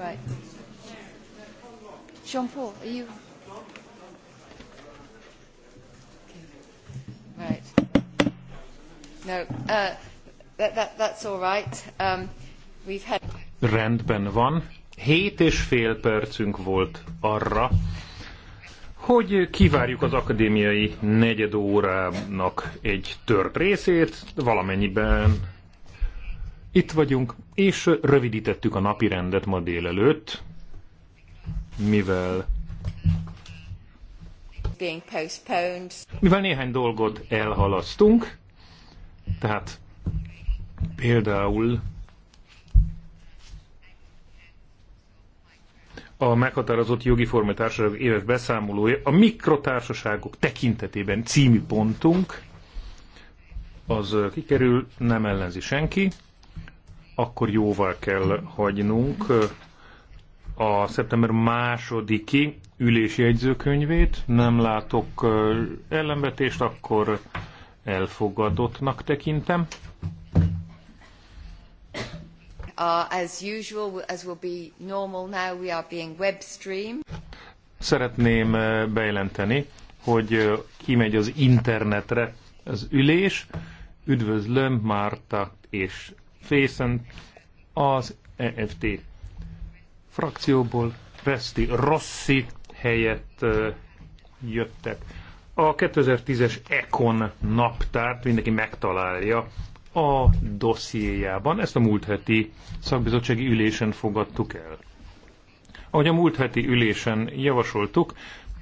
Right. Jean-Paul, are you... Right. No, uh, that, that, that's all right. Um, we've had... Rendben van. Hét és fél percünk volt arra, hogy kivárjuk az akadémiai negyed órának egy tört részét, valamennyiben itt vagyunk, és rövidítettük a napi rendet ma délelőtt, mivel mivel néhány dolgot elhalasztunk, tehát például a meghatározott jogi formai társaság éves beszámolója a mikrotársaságok tekintetében című pontunk, az kikerül, nem ellenzi senki akkor jóval kell hagynunk a szeptember másodiki ülési jegyzőkönyvét. Nem látok ellenvetést, akkor elfogadottnak tekintem. Uh, as usual, as will be normal now, we are being web stream. Szeretném bejelenteni, hogy kimegy az internetre az ülés. Üdvözlöm Márta és Fészen az EFT frakcióból Reszti Rossi helyett jöttek. A 2010-es Econ naptárt mindenki megtalálja a dossziéjában. Ezt a múlt heti szakbizottsági ülésen fogadtuk el. Ahogy a múlt heti ülésen javasoltuk,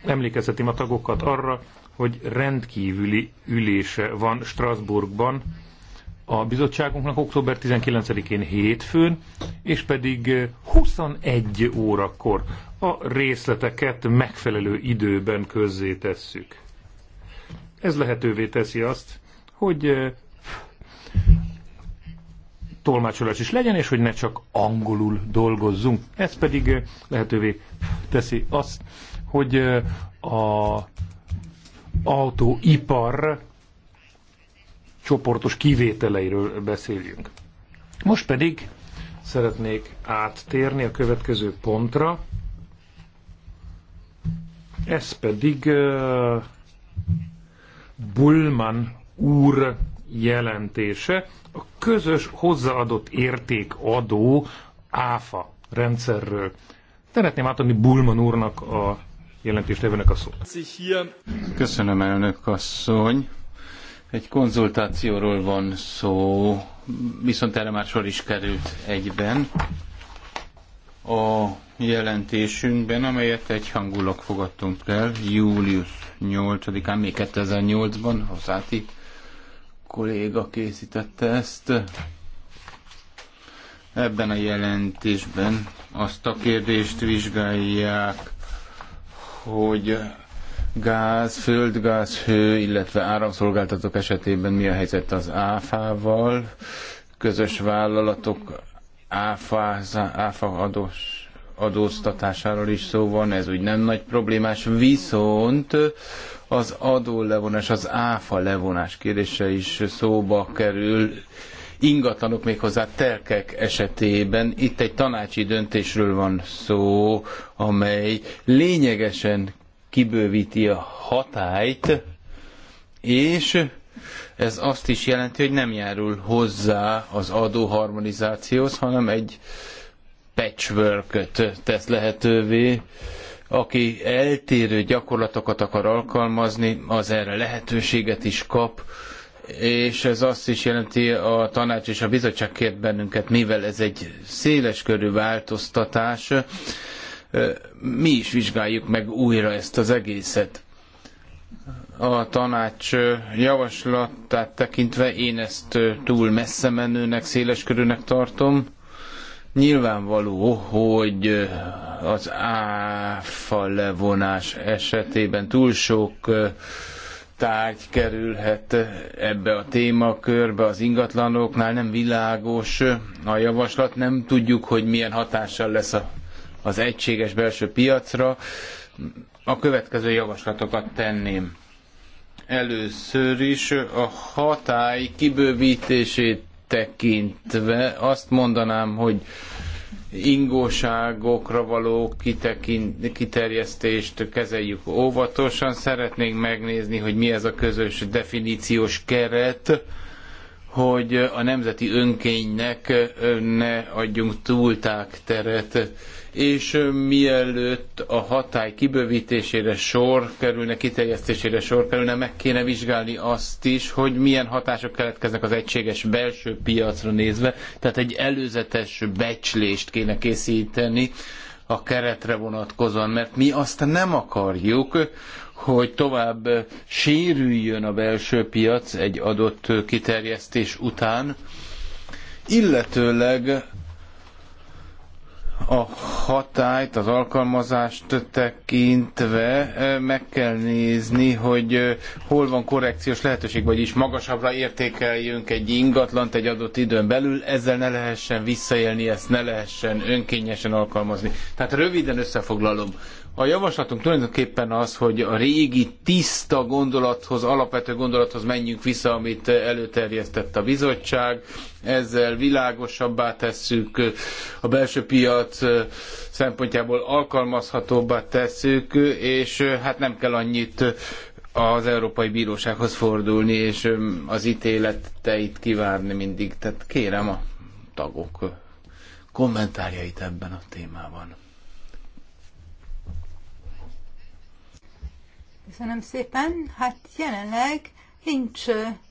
emlékeztetem a tagokat arra, hogy rendkívüli ülése van Strasbourgban a bizottságunknak október 19-én hétfőn, és pedig 21 eh, órakor a részleteket megfelelő időben közzé tesszük. Ez lehetővé teszi azt, hogy eh, tolmácsolás is legyen, és hogy ne csak angolul dolgozzunk. Ez pedig eh, lehetővé teszi azt, hogy a autóipar csoportos kivételeiről beszéljünk. Most pedig szeretnék áttérni a következő pontra, ez pedig uh, Bullman úr jelentése, a közös hozzáadott érték adó áfa rendszerről. Szeretném átadni Bullman úrnak a jelentést a szót. Köszönöm, elnök asszony. Egy konzultációról van szó, viszont erre már sor is került egyben a jelentésünkben, amelyet egyhangulag fogadtunk el július 8-án, még 2008-ban, hozzáti kolléga készítette ezt. Ebben a jelentésben azt a kérdést vizsgálják, hogy gáz, földgáz, hő, illetve áramszolgáltatók esetében mi a helyzet az áfával, közös vállalatok áfa, áfa adós, adóztatásáról is szó van, ez úgy nem nagy problémás, viszont az adó levonás, az áfa levonás kérdése is szóba kerül, ingatlanok méghozzá telkek esetében. Itt egy tanácsi döntésről van szó, amely lényegesen kibővíti a hatályt, és ez azt is jelenti, hogy nem járul hozzá az adóharmonizációhoz, hanem egy patchwork tesz lehetővé, aki eltérő gyakorlatokat akar alkalmazni, az erre lehetőséget is kap, és ez azt is jelenti, a tanács és a bizottság kért bennünket, mivel ez egy széles körű változtatás, mi is vizsgáljuk meg újra ezt az egészet. A tanács javaslatát tekintve én ezt túl messze menőnek, széleskörűnek tartom. Nyilvánvaló, hogy az áfa levonás esetében túl sok tárgy kerülhet ebbe a témakörbe, az ingatlanoknál nem világos a javaslat, nem tudjuk, hogy milyen hatással lesz a az egységes belső piacra, a következő javaslatokat tenném. Először is a hatály kibővítését tekintve azt mondanám, hogy ingóságokra való kitekint, kiterjesztést kezeljük óvatosan. Szeretnénk megnézni, hogy mi ez a közös definíciós keret, hogy a nemzeti önkénynek ne adjunk túlták teret és mielőtt a hatály kibővítésére sor kerülne, kiterjesztésére sor kerülne, meg kéne vizsgálni azt is, hogy milyen hatások keletkeznek az egységes belső piacra nézve, tehát egy előzetes becslést kéne készíteni a keretre vonatkozóan, mert mi azt nem akarjuk, hogy tovább sérüljön a belső piac egy adott kiterjesztés után, illetőleg a hatályt, az alkalmazást tekintve meg kell nézni, hogy hol van korrekciós lehetőség, vagyis magasabbra értékeljünk egy ingatlant egy adott időn belül, ezzel ne lehessen visszaélni, ezt ne lehessen önkényesen alkalmazni. Tehát röviden összefoglalom, a javaslatunk tulajdonképpen az, hogy a régi tiszta gondolathoz, alapvető gondolathoz menjünk vissza, amit előterjesztett a bizottság. Ezzel világosabbá tesszük, a belső piac szempontjából alkalmazhatóbbá tesszük, és hát nem kell annyit az Európai Bírósághoz fordulni, és az ítéleteit kivárni mindig. Tehát kérem a tagok kommentárjait ebben a témában. Köszönöm szépen. Hát jelenleg nincs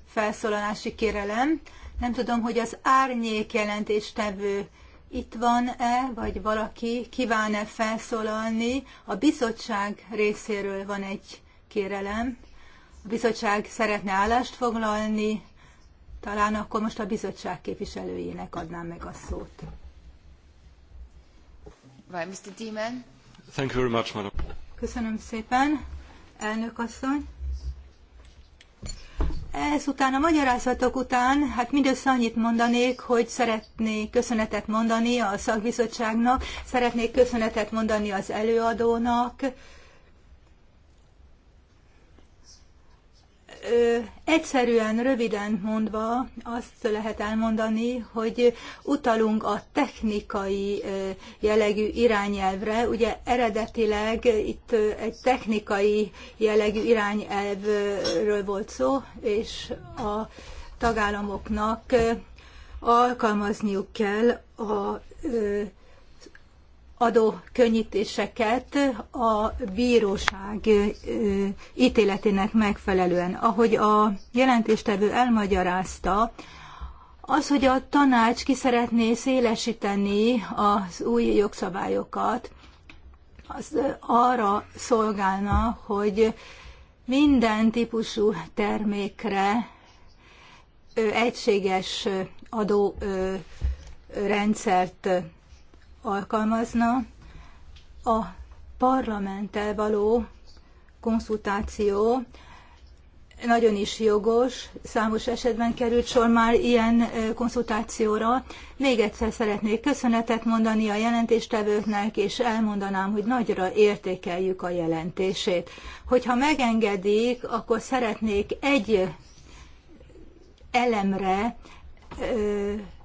felszólalási kérelem. Nem tudom, hogy az árnyék jelentéstevő itt van-e, vagy valaki kíván-e felszólalni. A bizottság részéről van egy kérelem. A bizottság szeretne állást foglalni. Talán akkor most a bizottság képviselőjének adnám meg a szót. Right, Mr. Thank you very much, madam. Köszönöm szépen elnök asszony. Ezután a magyarázatok után, hát mindössze annyit mondanék, hogy szeretnék köszönetet mondani a szakbizottságnak, szeretnék köszönetet mondani az előadónak, egyszerűen, röviden mondva azt lehet elmondani, hogy utalunk a technikai jellegű irányelvre. Ugye eredetileg itt egy technikai jellegű irányelvről volt szó, és a tagállamoknak alkalmazniuk kell a adókönnyítéseket a bíróság ítéletének megfelelően. Ahogy a jelentéstevő elmagyarázta, az, hogy a tanács ki szeretné szélesíteni az új jogszabályokat, az arra szolgálna, hogy minden típusú termékre egységes adórendszert alkalmazna. A parlamenttel való konzultáció nagyon is jogos, számos esetben került sor már ilyen konzultációra. Még egyszer szeretnék köszönetet mondani a jelentéstevőknek, és elmondanám, hogy nagyra értékeljük a jelentését. Hogyha megengedik, akkor szeretnék egy elemre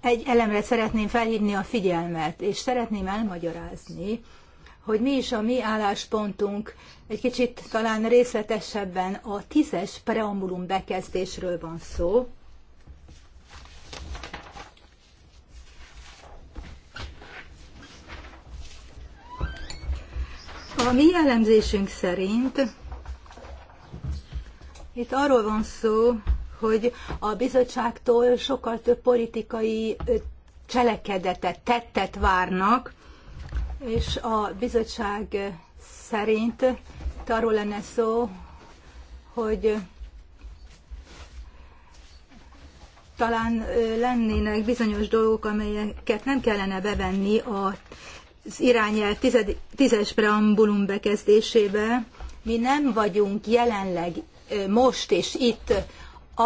egy elemre szeretném felhívni a figyelmet, és szeretném elmagyarázni, hogy mi is a mi álláspontunk, egy kicsit talán részletesebben a tízes preambulum bekezdésről van szó. A mi elemzésünk szerint itt arról van szó, hogy a bizottságtól sokkal több politikai cselekedetet, tettet várnak, és a bizottság szerint arról lenne szó, hogy talán lennének bizonyos dolgok, amelyeket nem kellene bevenni az irányelv tízes preambulum bekezdésébe. Mi nem vagyunk jelenleg most és itt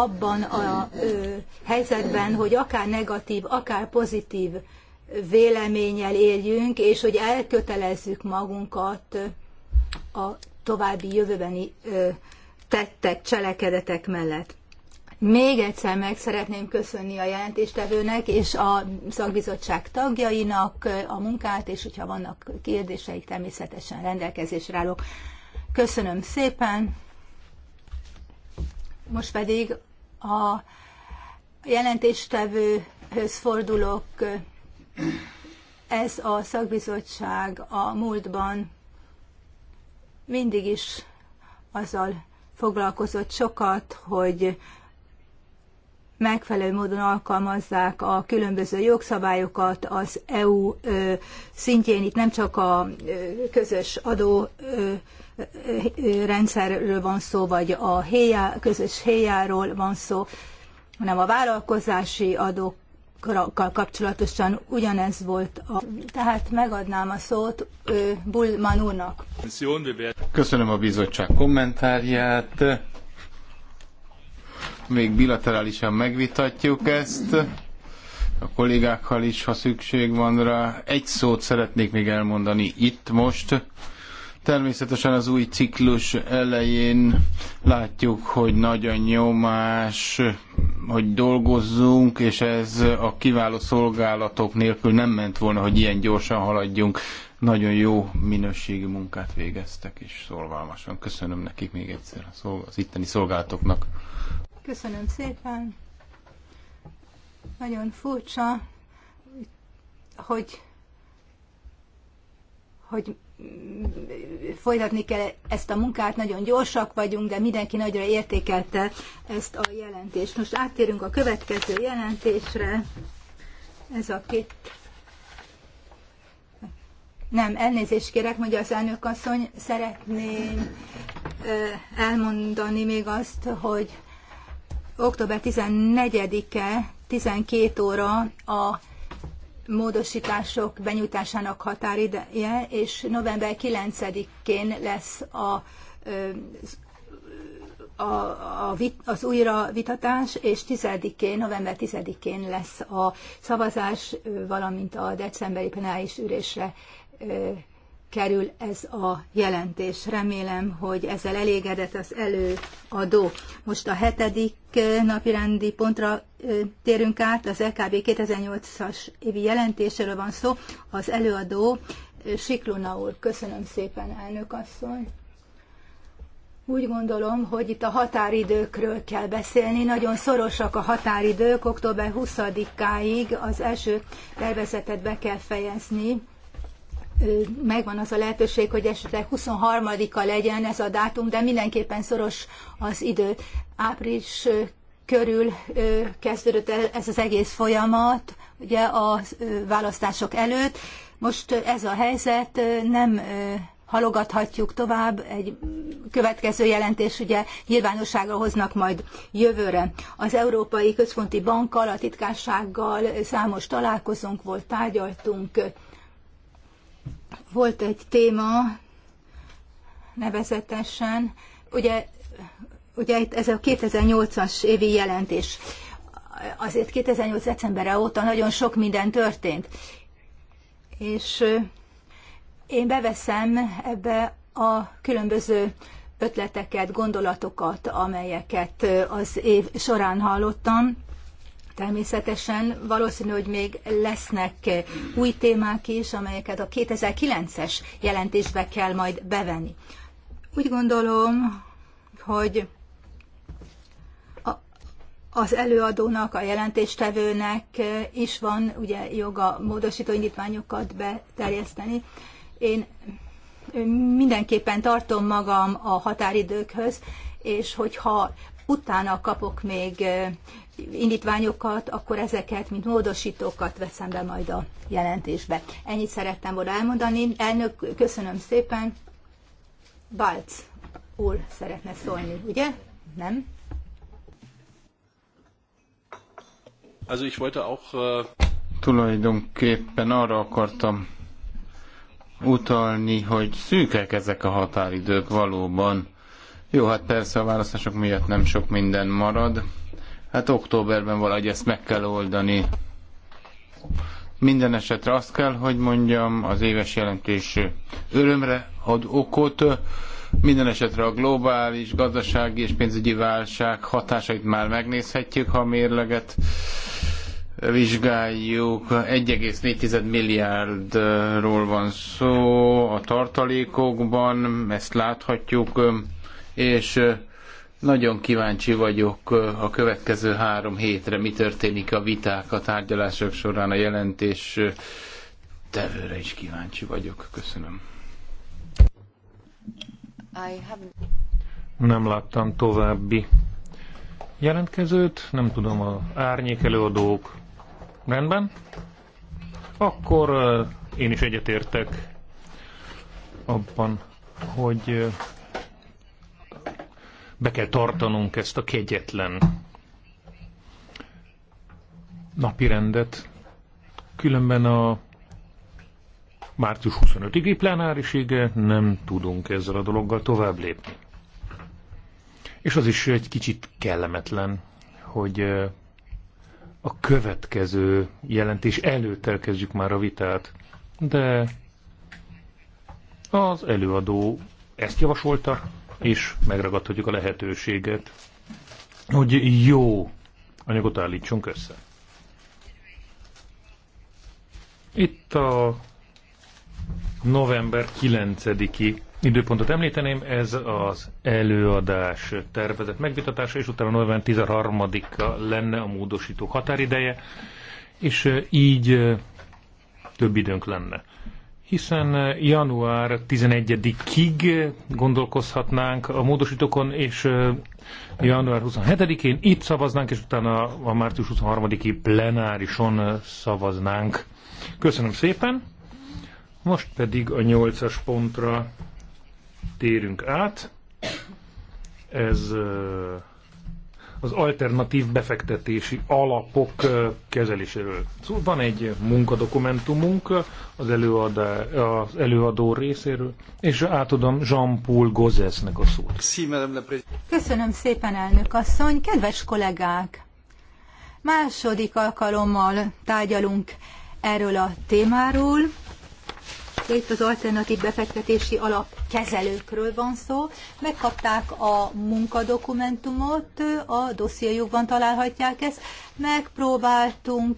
abban a ö, helyzetben, hogy akár negatív, akár pozitív véleménnyel éljünk, és hogy elkötelezzük magunkat a további jövőbeni ö, tettek, cselekedetek mellett. Még egyszer meg szeretném köszönni a jelentéstevőnek és a szakbizottság tagjainak a munkát, és hogyha vannak kérdéseik, természetesen rendelkezésre állok. Köszönöm szépen! Most pedig a jelentéstevőhöz fordulok. Ez a szakbizottság a múltban mindig is azzal foglalkozott sokat, hogy megfelelő módon alkalmazzák a különböző jogszabályokat az EU szintjén, itt nem csak a közös adó rendszerről van szó, vagy a héjá, közös héjáról van szó, hanem a vállalkozási adókkal kapcsolatosan ugyanez volt. A, tehát megadnám a szót Bullman úrnak. Köszönöm a bizottság kommentárját még bilaterálisan megvitatjuk ezt a kollégákkal is, ha szükség van rá. Egy szót szeretnék még elmondani itt most. Természetesen az új ciklus elején látjuk, hogy nagy a nyomás, hogy dolgozzunk, és ez a kiváló szolgálatok nélkül nem ment volna, hogy ilyen gyorsan haladjunk. Nagyon jó minőségi munkát végeztek, és szolgálmasan köszönöm nekik még egyszer az itteni szolgálatoknak. Köszönöm szépen. Nagyon furcsa, hogy, hogy folytatni kell ezt a munkát, nagyon gyorsak vagyunk, de mindenki nagyra értékelte ezt a jelentést. Most áttérünk a következő jelentésre. Ez a két... Nem, elnézést kérek, mondja az elnök asszony, szeretném elmondani még azt, hogy Október 14-e 12 óra a módosítások benyújtásának határideje, és november 9-én lesz a, a, a, a az újra vitatás, és 10-én, november 10-én lesz a szavazás, valamint a decemberi penális ülésre kerül ez a jelentés. Remélem, hogy ezzel elégedett az előadó. Most a hetedik eh, napirendi pontra eh, térünk át, az LKB 2008-as évi jelentéséről van szó. Az előadó eh, Sikluna úr. Köszönöm szépen, elnök asszony. Úgy gondolom, hogy itt a határidőkről kell beszélni. Nagyon szorosak a határidők. Október 20-áig az első tervezetet be kell fejezni megvan az a lehetőség, hogy esetleg 23-a legyen ez a dátum, de mindenképpen szoros az idő. Április körül kezdődött ez az egész folyamat, ugye a választások előtt. Most ez a helyzet nem halogathatjuk tovább, egy következő jelentés ugye nyilvánosságra hoznak majd jövőre. Az Európai Központi Bankkal, a titkársággal számos találkozónk volt, tárgyaltunk, volt egy téma, nevezetesen, ugye, ugye itt ez a 2008-as évi jelentés. Azért 2008. decemberre óta nagyon sok minden történt. És én beveszem ebbe a különböző ötleteket, gondolatokat, amelyeket az év során hallottam. Természetesen valószínű, hogy még lesznek új témák is, amelyeket a 2009-es jelentésbe kell majd bevenni. Úgy gondolom, hogy az előadónak, a jelentéstevőnek is van ugye joga módosító indítványokat beterjeszteni. Én mindenképpen tartom magam a határidőkhöz, és hogyha utána kapok még indítványokat, akkor ezeket, mint módosítókat veszem be majd a jelentésbe. Ennyit szerettem volna elmondani. Elnök, köszönöm szépen. Balc úr szeretne szólni, ugye? Nem? Also ich wollte auch... Uh... Tulajdonképpen arra akartam utalni, hogy szűkek ezek a határidők valóban. Jó, hát persze a választások miatt nem sok minden marad, Hát októberben valahogy ezt meg kell oldani. Minden esetre azt kell, hogy mondjam, az éves jelentés örömre ad okot. Minden esetre a globális gazdasági és pénzügyi válság hatásait már megnézhetjük, ha a mérleget vizsgáljuk. 1,4 milliárdról van szó a tartalékokban, ezt láthatjuk, és nagyon kíváncsi vagyok a következő három hétre, mi történik a viták, a tárgyalások során, a jelentés tevőre is kíváncsi vagyok. Köszönöm. Nem láttam további jelentkezőt, nem tudom, a árnyék előadók. Rendben? Akkor én is egyetértek abban, hogy be kell tartanunk ezt a kegyetlen napirendet. Különben a március 25-i plenárisig nem tudunk ezzel a dologgal tovább lépni. És az is egy kicsit kellemetlen, hogy eh, a következő jelentés előtt elkezdjük már a vitát, de az előadó ezt javasolta, és megragadhatjuk a lehetőséget, hogy jó anyagot állítsunk össze. Itt a november 9-i időpontot említeném, ez az előadás tervezett megvitatása, és utána november 13-a lenne a módosító határideje, és így több időnk lenne hiszen eh, január 11-ig gondolkozhatnánk a módosítókon, és eh, január 27-én itt szavaznánk, és utána a március 23-i plenárison eh, szavaznánk. Köszönöm szépen! Most pedig a 8-as pontra térünk át. Ez az alternatív befektetési alapok kezeléséről. Szóval van egy munkadokumentumunk az, előadá, az előadó részéről, és átadom Jean-Paul Gozesnek a szót. Köszönöm szépen, elnök asszony! Kedves kollégák! Második alkalommal tárgyalunk erről a témáról ugye itt az alternatív befektetési alap kezelőkről van szó, megkapták a munkadokumentumot, a dossziójukban találhatják ezt, megpróbáltunk,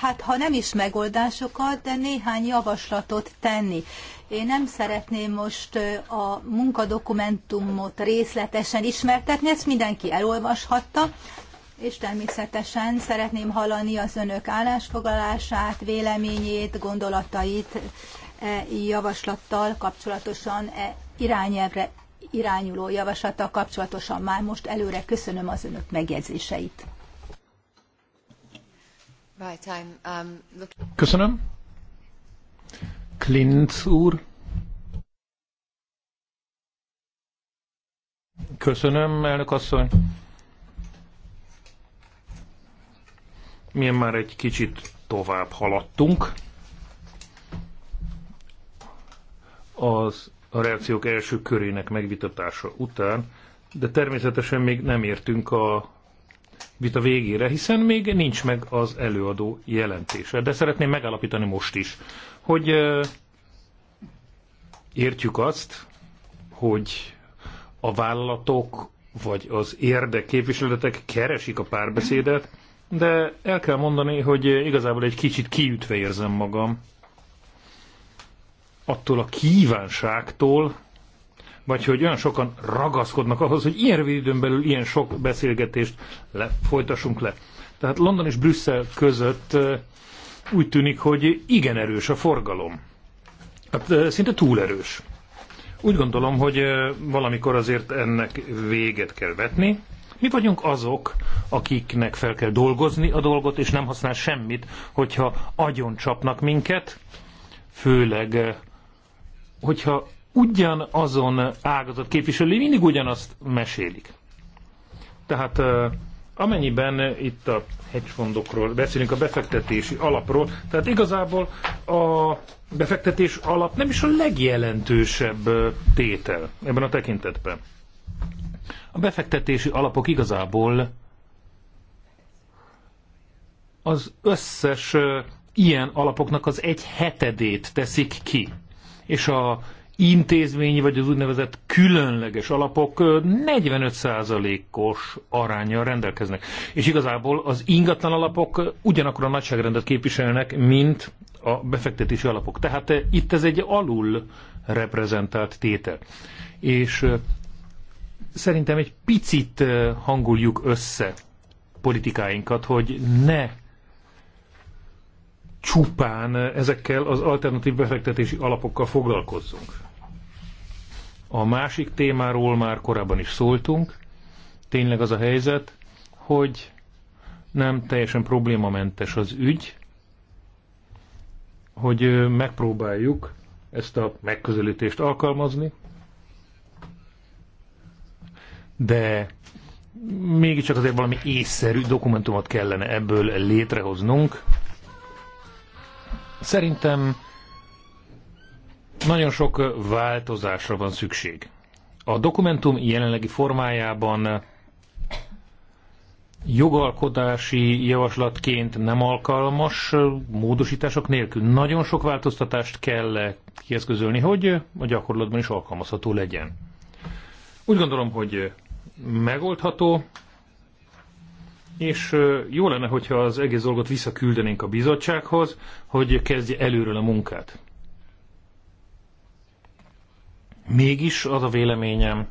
hát ha nem is megoldásokat, de néhány javaslatot tenni. Én nem szeretném most a munkadokumentumot részletesen ismertetni, ezt mindenki elolvashatta, és természetesen szeretném hallani az önök állásfoglalását, véleményét, gondolatait E, javaslattal kapcsolatosan, e irányelvre irányuló javaslattal kapcsolatosan már most előre köszönöm az önök megjegyzéseit. Um, köszönöm. Klint úr. Köszönöm, elnök asszony. Milyen már egy kicsit tovább haladtunk. az a reakciók első körének megvitatása után, de természetesen még nem értünk a vita végére, hiszen még nincs meg az előadó jelentése. De szeretném megállapítani most is, hogy értjük azt, hogy a vállalatok vagy az érdekképviseletek keresik a párbeszédet, de el kell mondani, hogy igazából egy kicsit kiütve érzem magam attól a kívánságtól, vagy hogy olyan sokan ragaszkodnak ahhoz, hogy ilyen rövid időn belül ilyen sok beszélgetést le, folytassunk le. Tehát London és Brüsszel között úgy tűnik, hogy igen erős a forgalom. Hát szinte túl erős. Úgy gondolom, hogy valamikor azért ennek véget kell vetni. Mi vagyunk azok, akiknek fel kell dolgozni a dolgot, és nem használ semmit, hogyha agyon csapnak minket, főleg hogyha ugyanazon ágazat képviselői mindig ugyanazt mesélik. Tehát amennyiben itt a hedgefondokról beszélünk, a befektetési alapról, tehát igazából a befektetés alap nem is a legjelentősebb tétel ebben a tekintetben. A befektetési alapok igazából az összes ilyen alapoknak az egy hetedét teszik ki és a intézményi vagy az úgynevezett különleges alapok 45%-os arányjal rendelkeznek. És igazából az ingatlan alapok ugyanakkor a nagyságrendet képviselnek, mint a befektetési alapok. Tehát itt ez egy alul reprezentált tétel. És szerintem egy picit hanguljuk össze politikáinkat, hogy ne csupán ezekkel az alternatív befektetési alapokkal foglalkozzunk. A másik témáról már korábban is szóltunk. Tényleg az a helyzet, hogy nem teljesen problémamentes az ügy, hogy megpróbáljuk ezt a megközelítést alkalmazni, de mégiscsak azért valami észszerű dokumentumot kellene ebből létrehoznunk, Szerintem nagyon sok változásra van szükség. A dokumentum jelenlegi formájában jogalkodási javaslatként nem alkalmas módosítások nélkül. Nagyon sok változtatást kell kieszközölni, hogy a gyakorlatban is alkalmazható legyen. Úgy gondolom, hogy megoldható, és jó lenne, hogyha az egész dolgot visszaküldenénk a bizottsághoz, hogy kezdje előről a munkát. Mégis az a véleményem,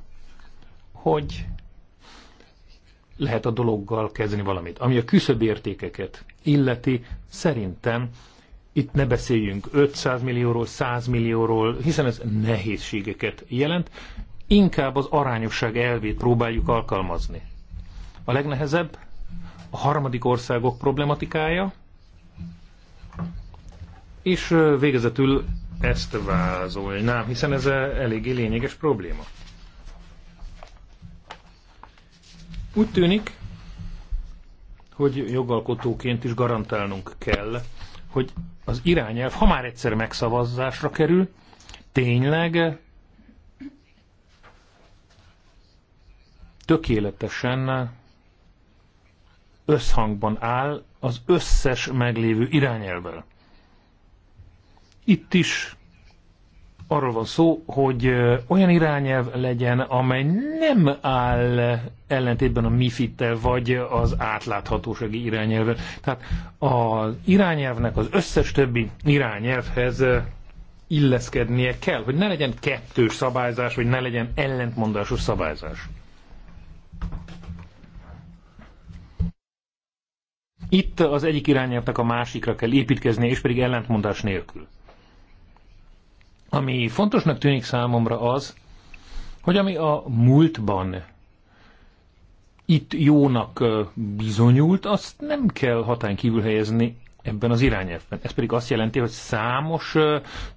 hogy lehet a dologgal kezdeni valamit. Ami a értékeket illeti, szerintem itt ne beszéljünk 500 millióról, 100 millióról, hiszen ez nehézségeket jelent. Inkább az arányosság elvét próbáljuk alkalmazni. A legnehezebb a harmadik országok problematikája, és végezetül ezt vázolnám, hiszen ez eléggé lényeges probléma. Úgy tűnik, hogy jogalkotóként is garantálnunk kell, hogy az irányelv, ha már egyszer megszavazásra kerül, tényleg tökéletesen összhangban áll az összes meglévő irányelvvel. Itt is arról van szó, hogy olyan irányelv legyen, amely nem áll ellentétben a mifit vagy az átláthatósági irányelvvel. Tehát az irányelvnek az összes többi irányelvhez illeszkednie kell, hogy ne legyen kettős szabályzás, vagy ne legyen ellentmondásos szabályzás. Itt az egyik irányelvnek a másikra kell építkezni, és pedig ellentmondás nélkül. Ami fontosnak tűnik számomra az, hogy ami a múltban itt jónak bizonyult, azt nem kell hatán kívül helyezni ebben az irányelvben. Ez pedig azt jelenti, hogy számos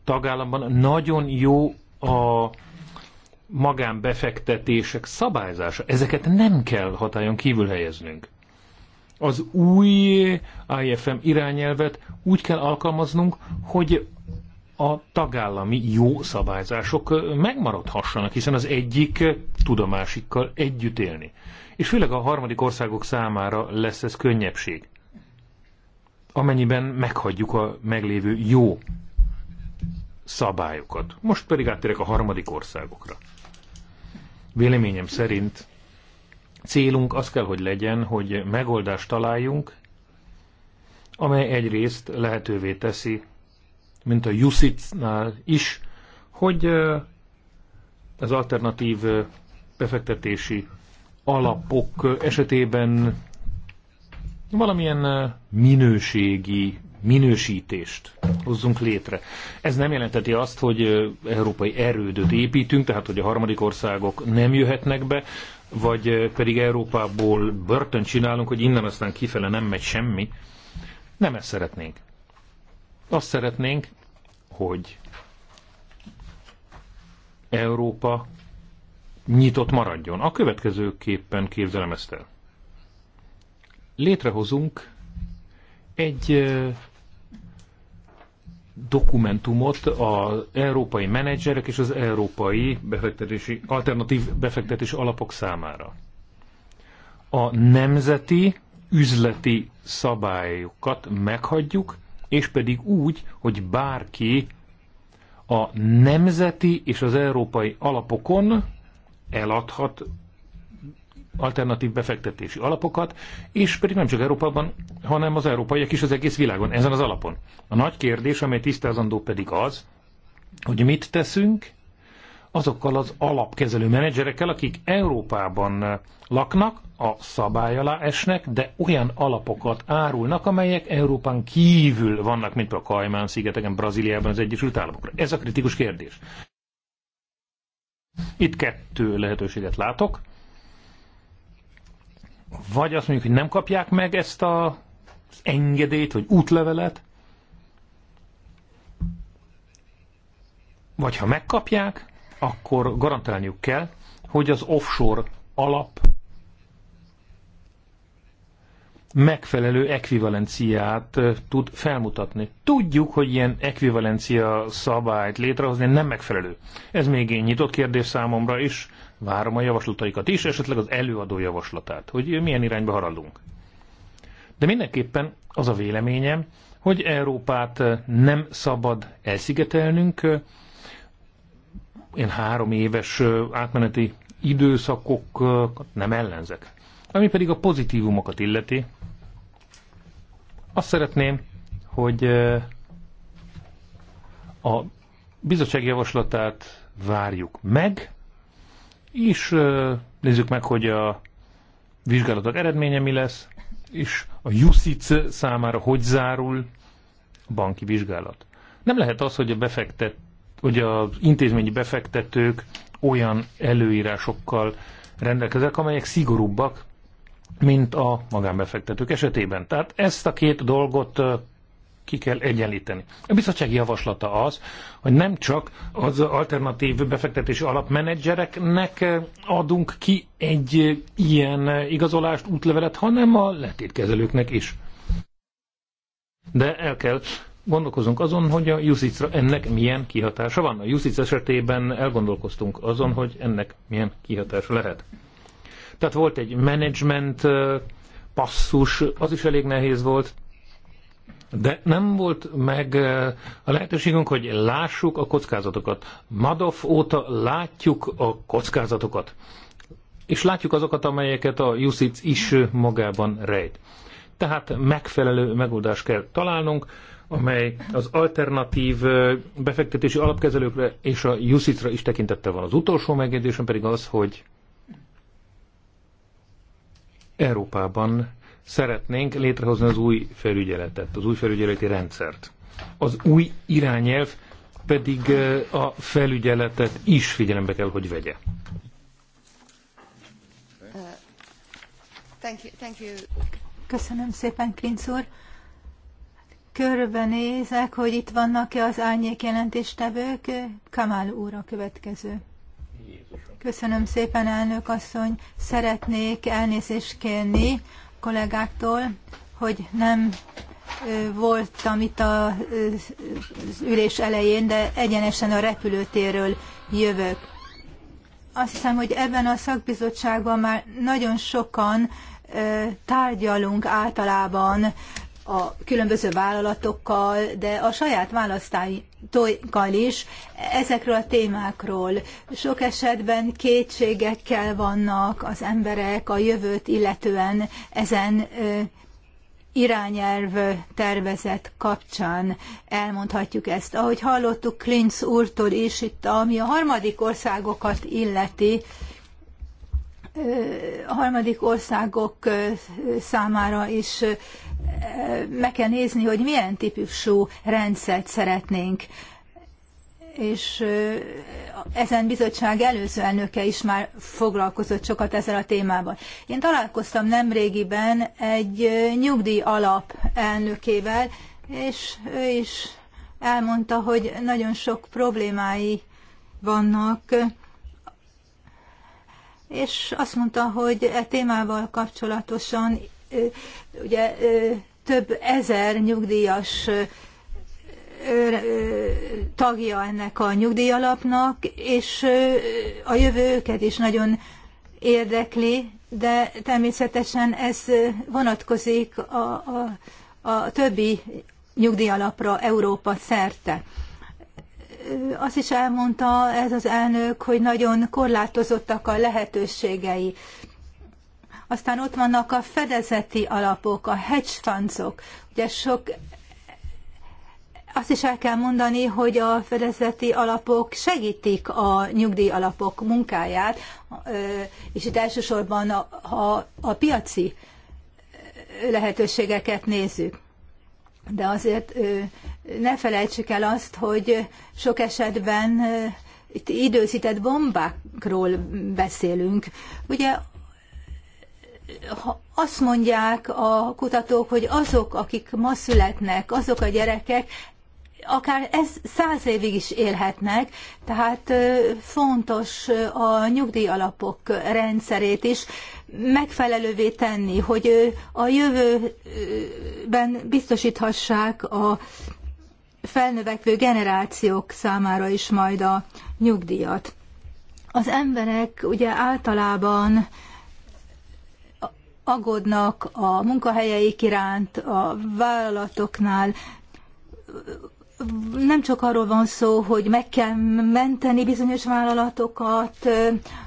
tagállamban nagyon jó a magánbefektetések szabályzása. Ezeket nem kell hatályon kívül helyeznünk az új IFM irányelvet úgy kell alkalmaznunk, hogy a tagállami jó szabályzások megmaradhassanak, hiszen az egyik tud a másikkal együtt élni. És főleg a harmadik országok számára lesz ez könnyebbség. Amennyiben meghagyjuk a meglévő jó szabályokat. Most pedig áttérek a harmadik országokra. Véleményem szerint Célunk az kell, hogy legyen, hogy megoldást találjunk, amely egyrészt lehetővé teszi, mint a Jusicnál is, hogy az alternatív befektetési alapok esetében valamilyen minőségi minősítést hozzunk létre. Ez nem jelenteti azt, hogy európai erődöt építünk, tehát hogy a harmadik országok nem jöhetnek be, vagy pedig Európából börtön csinálunk, hogy innen aztán kifele nem megy semmi. Nem ezt szeretnénk. Azt szeretnénk, hogy Európa nyitott maradjon. A következőképpen képzelem ezt el. Létrehozunk egy dokumentumot az európai menedzserek és az európai befektetési, alternatív befektetési alapok számára. A nemzeti üzleti szabályokat meghagyjuk, és pedig úgy, hogy bárki a nemzeti és az európai alapokon eladhat alternatív befektetési alapokat, és pedig nem csak Európában, hanem az európaiak is az egész világon, ezen az alapon. A nagy kérdés, amely tisztázandó pedig az, hogy mit teszünk azokkal az alapkezelő menedzserekkel, akik Európában laknak, a szabály alá esnek, de olyan alapokat árulnak, amelyek Európán kívül vannak, mint a Kajmán-szigeteken, Brazíliában, az Egyesült Államokra. Ez a kritikus kérdés. Itt kettő lehetőséget látok vagy azt mondjuk, hogy nem kapják meg ezt a, engedélyt, vagy útlevelet, vagy ha megkapják, akkor garantálniuk kell, hogy az offshore alap megfelelő ekvivalenciát tud felmutatni. Tudjuk, hogy ilyen ekvivalencia szabályt létrehozni nem megfelelő. Ez még én nyitott kérdés számomra is, várom a javaslataikat is, esetleg az előadó javaslatát, hogy milyen irányba haradunk. De mindenképpen az a véleményem, hogy Európát eh, nem szabad elszigetelnünk. Én három éves eh, átmeneti időszakokat nem ellenzek. Ami pedig a pozitívumokat illeti, azt szeretném, hogy eh, a bizottság javaslatát várjuk meg, és nézzük meg, hogy a vizsgálatok eredménye mi lesz, és a Jusic számára hogy zárul a banki vizsgálat. Nem lehet az, hogy a befektet, hogy az intézményi befektetők olyan előírásokkal rendelkeznek, amelyek szigorúbbak, mint a magánbefektetők esetében. Tehát ezt a két dolgot ki kell egyenlíteni. A bizottság javaslata az, hogy nem csak az alternatív befektetési alapmenedzsereknek adunk ki egy ilyen igazolást, útlevelet, hanem a letétkezelőknek is. De el kell gondolkozunk azon, hogy a Jusicra ennek milyen kihatása van. A Jusic esetében elgondolkoztunk azon, hogy ennek milyen kihatása lehet. Tehát volt egy management passzus, az is elég nehéz volt, de nem volt meg eh, a lehetőségünk, hogy lássuk a kockázatokat. Madoff óta látjuk a kockázatokat. És látjuk azokat, amelyeket a Jusic is magában rejt. Tehát megfelelő megoldást kell találnunk, amely az alternatív eh, befektetési alapkezelőkre és a Jusicra is tekintettel van. Az utolsó megjegyzésem pedig az, hogy Európában szeretnénk létrehozni az új felügyeletet, az új felügyeleti rendszert. Az új irányelv pedig a felügyeletet is figyelembe kell, hogy vegye. Uh, thank you, thank you. Köszönöm szépen, Klinc úr. Körbenézek, hogy itt vannak-e az árnyék jelentéstevők. Kamál úr a következő. Köszönöm szépen, elnök asszony. Szeretnék elnézést kérni kollégáktól, hogy nem voltam itt az ülés elején, de egyenesen a repülőtérről jövök. Azt hiszem, hogy ebben a szakbizottságban már nagyon sokan tárgyalunk általában a különböző vállalatokkal, de a saját tojkal is ezekről a témákról. Sok esetben kétségekkel vannak az emberek a jövőt illetően ezen irányelv tervezet kapcsán elmondhatjuk ezt. Ahogy hallottuk Klinz úrtól is, itt ami a harmadik országokat illeti, a harmadik országok számára is meg kell nézni, hogy milyen típusú rendszert szeretnénk. És ezen bizottság előző elnöke is már foglalkozott sokat ezzel a témával. Én találkoztam nemrégiben egy nyugdíj alap elnökével, és ő is elmondta, hogy nagyon sok problémái vannak és azt mondta, hogy e témával kapcsolatosan ugye több ezer nyugdíjas tagja ennek a nyugdíjalapnak, és a jövő őket is nagyon érdekli, de természetesen ez vonatkozik a, a, a többi nyugdíjalapra Európa szerte azt is elmondta ez az elnök, hogy nagyon korlátozottak a lehetőségei. Aztán ott vannak a fedezeti alapok, a hedge fundsok. Ugye sok azt is el kell mondani, hogy a fedezeti alapok segítik a nyugdíj alapok munkáját, és itt elsősorban, ha a piaci lehetőségeket nézzük de azért ne felejtsük el azt, hogy sok esetben itt időzített bombákról beszélünk. Ugye azt mondják a kutatók, hogy azok, akik ma születnek, azok a gyerekek akár ez száz évig is élhetnek, tehát fontos a nyugdíjalapok rendszerét is megfelelővé tenni, hogy a jövőben biztosíthassák a felnövekvő generációk számára is majd a nyugdíjat. Az emberek ugye általában agodnak a munkahelyeik iránt, a vállalatoknál, nem csak arról van szó, hogy meg kell menteni bizonyos vállalatokat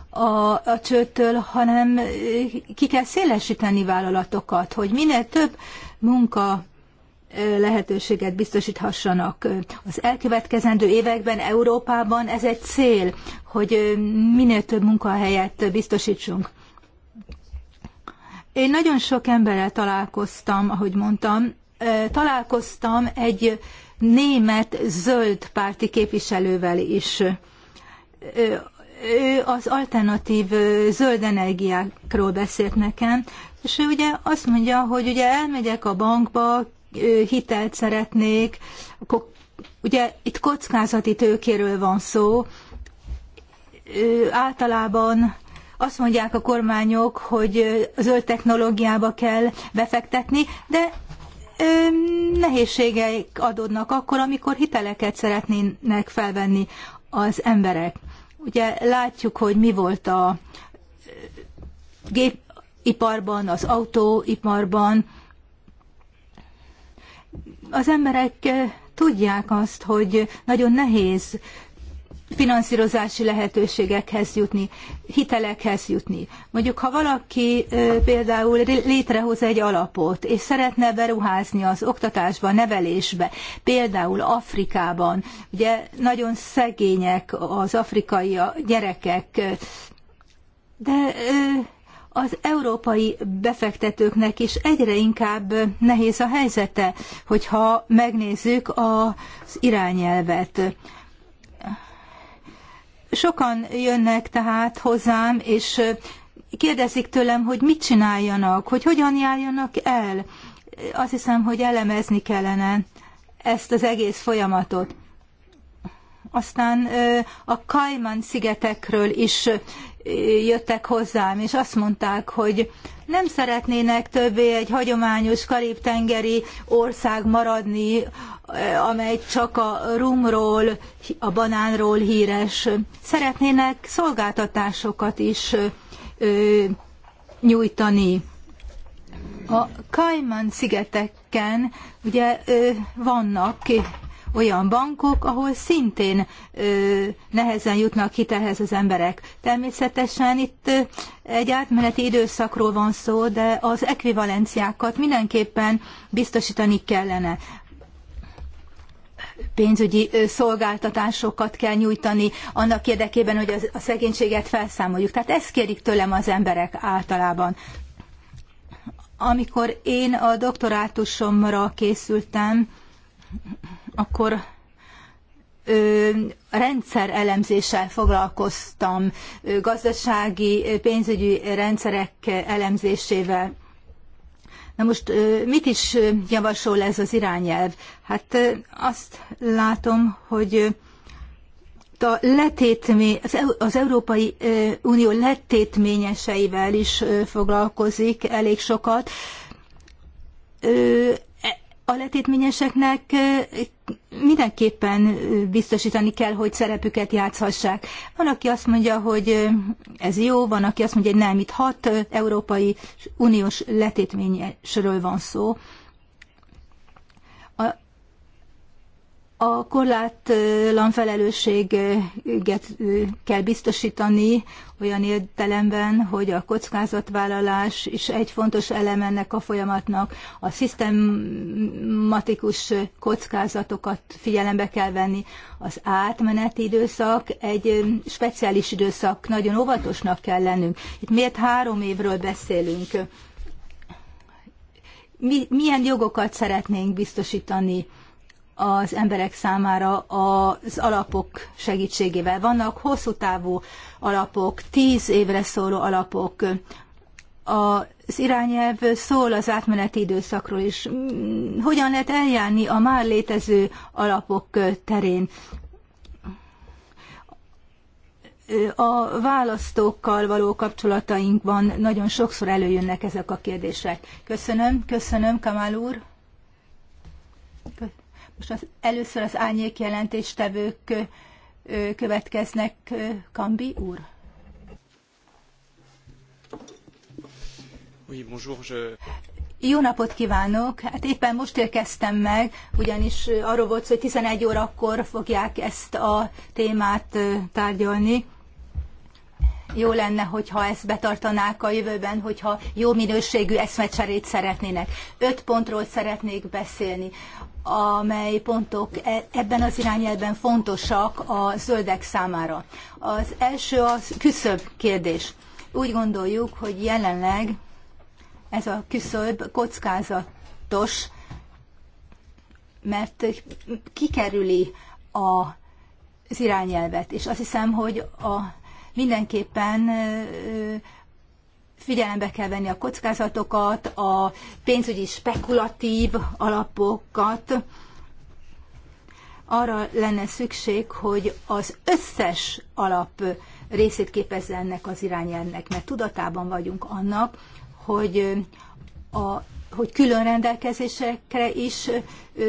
a, a csőtől, hanem ki kell szélesíteni vállalatokat, hogy minél több munka lehetőséget biztosíthassanak. Az elkövetkezendő években Európában ez egy cél, hogy minél több munkahelyet biztosítsunk. Én nagyon sok emberrel találkoztam, ahogy mondtam, találkoztam egy német zöld párti képviselővel is. Ő az alternatív zöld energiákról beszélt nekem, és ő ugye azt mondja, hogy ugye elmegyek a bankba, hitelt szeretnék, akkor ugye itt kockázati tőkéről van szó, általában azt mondják a kormányok, hogy zöld technológiába kell befektetni, de nehézségeik adódnak akkor, amikor hiteleket szeretnének felvenni az emberek. Ugye látjuk, hogy mi volt a gépiparban, az autóiparban. Az emberek tudják azt, hogy nagyon nehéz finanszírozási lehetőségekhez jutni, hitelekhez jutni. Mondjuk, ha valaki például létrehoz egy alapot, és szeretne beruházni az oktatásba, nevelésbe, például Afrikában, ugye nagyon szegények az afrikai gyerekek, de az európai befektetőknek is egyre inkább nehéz a helyzete, hogyha megnézzük az irányelvet. Sokan jönnek tehát hozzám, és kérdezik tőlem, hogy mit csináljanak, hogy hogyan járjanak el. Azt hiszem, hogy elemezni kellene ezt az egész folyamatot. Aztán a Kajman szigetekről is jöttek hozzám, és azt mondták, hogy nem szeretnének többé egy hagyományos karib-tengeri ország maradni, amely csak a rumról, a banánról híres. Szeretnének szolgáltatásokat is nyújtani. A Kaiman szigeteken ugye vannak olyan bankok, ahol szintén ö, nehezen jutnak hitelhez az emberek. Természetesen itt egy átmeneti időszakról van szó, de az ekvivalenciákat mindenképpen biztosítani kellene pénzügyi szolgáltatásokat kell nyújtani annak érdekében, hogy a szegénységet felszámoljuk. Tehát ezt kérik tőlem az emberek általában. Amikor én a doktorátusomra készültem, akkor rendszer elemzéssel foglalkoztam, gazdasági, pénzügyi rendszerek elemzésével. Na most mit is javasol ez az irányelv? Hát azt látom, hogy a letétmény, az Európai Unió letétményeseivel is foglalkozik elég sokat a letétményeseknek mindenképpen biztosítani kell, hogy szerepüket játszhassák. Van, aki azt mondja, hogy ez jó, van, aki azt mondja, hogy nem, itt hat Európai Uniós letétményesről van szó, A korlátlan felelősséget kell biztosítani olyan értelemben, hogy a kockázatvállalás is egy fontos elem ennek a folyamatnak. A szisztematikus kockázatokat figyelembe kell venni. Az átmeneti időszak egy speciális időszak, nagyon óvatosnak kell lennünk. Itt miért három évről beszélünk? Mi, milyen jogokat szeretnénk biztosítani? az emberek számára az alapok segítségével. Vannak hosszú távú alapok, tíz évre szóló alapok. Az irányelv szól az átmeneti időszakról is. Hogyan lehet eljárni a már létező alapok terén? a választókkal való kapcsolatainkban nagyon sokszor előjönnek ezek a kérdések. Köszönöm, köszönöm, Kamál úr. Most az, először az árnyék jelentéstevők következnek. Kambi úr. Oui, bonjour, je... Jó napot kívánok! Hát éppen most érkeztem meg, ugyanis arról volt hogy 11 órakor fogják ezt a témát tárgyalni jó lenne, hogyha ezt betartanák a jövőben, hogyha jó minőségű eszmecserét szeretnének. Öt pontról szeretnék beszélni, amely pontok e- ebben az irányelben fontosak a zöldek számára. Az első a küszöb kérdés. Úgy gondoljuk, hogy jelenleg ez a küszöb kockázatos, mert kikerüli a az irányelvet. És azt hiszem, hogy a mindenképpen figyelembe kell venni a kockázatokat, a pénzügyi spekulatív alapokat. Arra lenne szükség, hogy az összes alap részét képezze ennek az irányelvnek, mert tudatában vagyunk annak, hogy a hogy külön rendelkezésekre is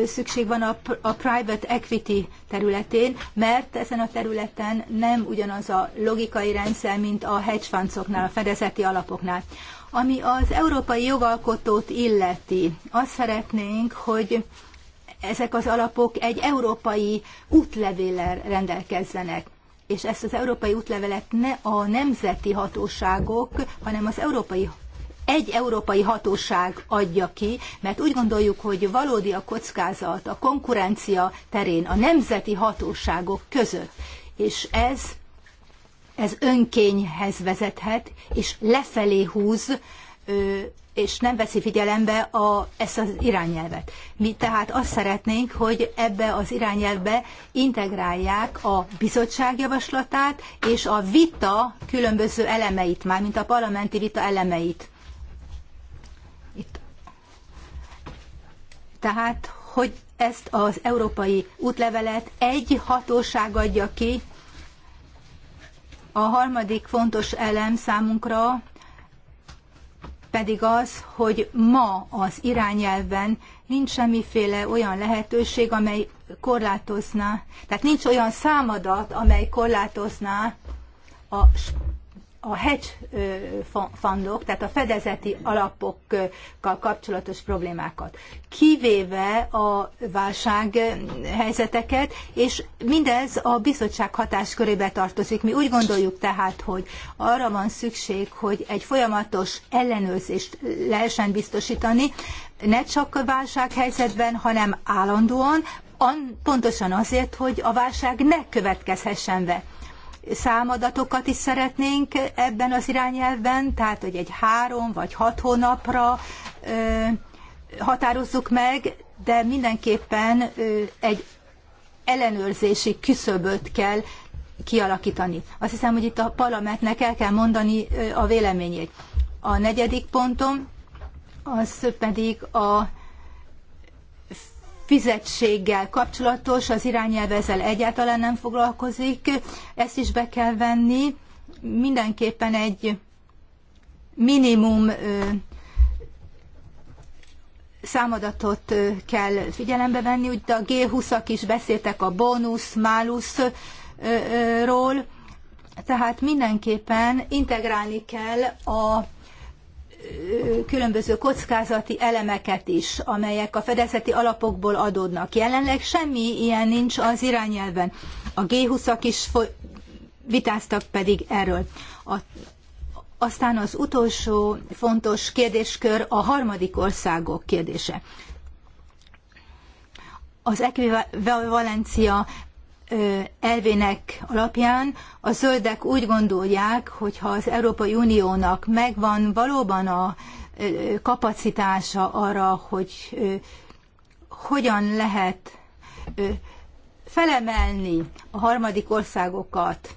szükség van a, private equity területén, mert ezen a területen nem ugyanaz a logikai rendszer, mint a hedge fundsoknál, a fedezeti alapoknál. Ami az európai jogalkotót illeti, azt szeretnénk, hogy ezek az alapok egy európai útlevéllel rendelkezzenek és ezt az európai útlevelet ne a nemzeti hatóságok, hanem az európai egy európai hatóság adja ki, mert úgy gondoljuk, hogy valódi a kockázat a konkurencia terén a nemzeti hatóságok között, és ez ez önkényhez vezethet, és lefelé húz, és nem veszi figyelembe a, ezt az irányelvet. Mi tehát azt szeretnénk, hogy ebbe az irányelvbe integrálják a bizottság javaslatát és a vita különböző elemeit, mármint a parlamenti vita elemeit. tehát, hogy ezt az európai útlevelet egy hatóság adja ki. A harmadik fontos elem számunkra pedig az, hogy ma az irányelven nincs semmiféle olyan lehetőség, amely korlátozná, tehát nincs olyan számadat, amely korlátozná a a hedge fundok, tehát a fedezeti alapokkal kapcsolatos problémákat, kivéve a válság helyzeteket, és mindez a bizottság hatáskörébe tartozik. Mi úgy gondoljuk tehát, hogy arra van szükség, hogy egy folyamatos ellenőrzést lehessen biztosítani, ne csak a válsághelyzetben, hanem állandóan, pontosan azért, hogy a válság ne következhessen be számadatokat is szeretnénk ebben az irányelvben, tehát hogy egy három vagy hat hónapra határozzuk meg, de mindenképpen egy ellenőrzési küszöböt kell kialakítani. Azt hiszem, hogy itt a parlamentnek el kell mondani a véleményét. A negyedik pontom, az pedig a fizetséggel kapcsolatos, az irányelv ezzel egyáltalán nem foglalkozik, ezt is be kell venni. Mindenképpen egy minimum számadatot kell figyelembe venni, úgy a G20-ak is beszéltek a bónusz, máluszról, tehát mindenképpen integrálni kell a különböző kockázati elemeket is, amelyek a fedezeti alapokból adódnak. Jelenleg semmi ilyen nincs az irányelven. A G20-ak is vitáztak pedig erről. A, aztán az utolsó fontos kérdéskör a harmadik országok kérdése. Az ekvivalencia elvének alapján a zöldek úgy gondolják, hogy ha az Európai Uniónak megvan valóban a kapacitása arra, hogy hogyan lehet felemelni a harmadik országokat,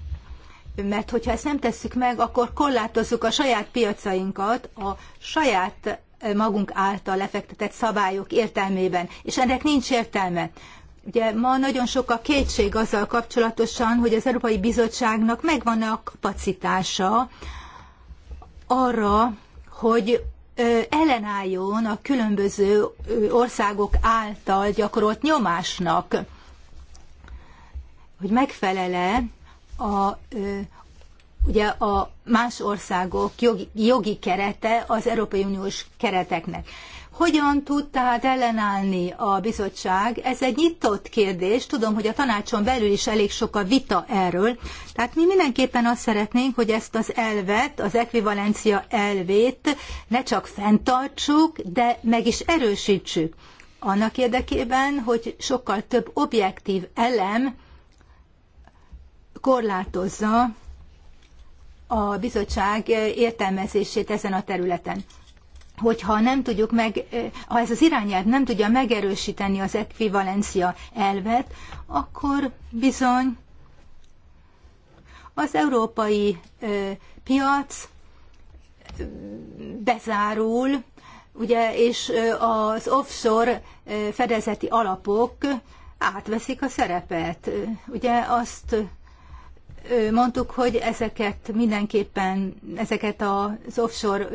mert hogyha ezt nem tesszük meg, akkor korlátozzuk a saját piacainkat a saját magunk által lefektetett szabályok értelmében, és ennek nincs értelme. Ugye ma nagyon sok a kétség azzal kapcsolatosan, hogy az Európai Bizottságnak megvan a kapacitása arra, hogy ellenálljon a különböző országok által gyakorolt nyomásnak, hogy megfelele a, ugye a más országok jogi, jogi kerete az Európai Uniós kereteknek. Hogyan tud tehát ellenállni a bizottság? Ez egy nyitott kérdés, tudom, hogy a tanácson belül is elég sok a vita erről. Tehát mi mindenképpen azt szeretnénk, hogy ezt az elvet, az ekvivalencia elvét ne csak fenntartsuk, de meg is erősítsük. Annak érdekében, hogy sokkal több objektív elem korlátozza a bizottság értelmezését ezen a területen hogyha nem tudjuk meg, ha ez az irányelv nem tudja megerősíteni az ekvivalencia elvet, akkor bizony az európai piac bezárul, ugye, és az offshore fedezeti alapok átveszik a szerepet. Ugye azt mondtuk, hogy ezeket mindenképpen, ezeket az offshore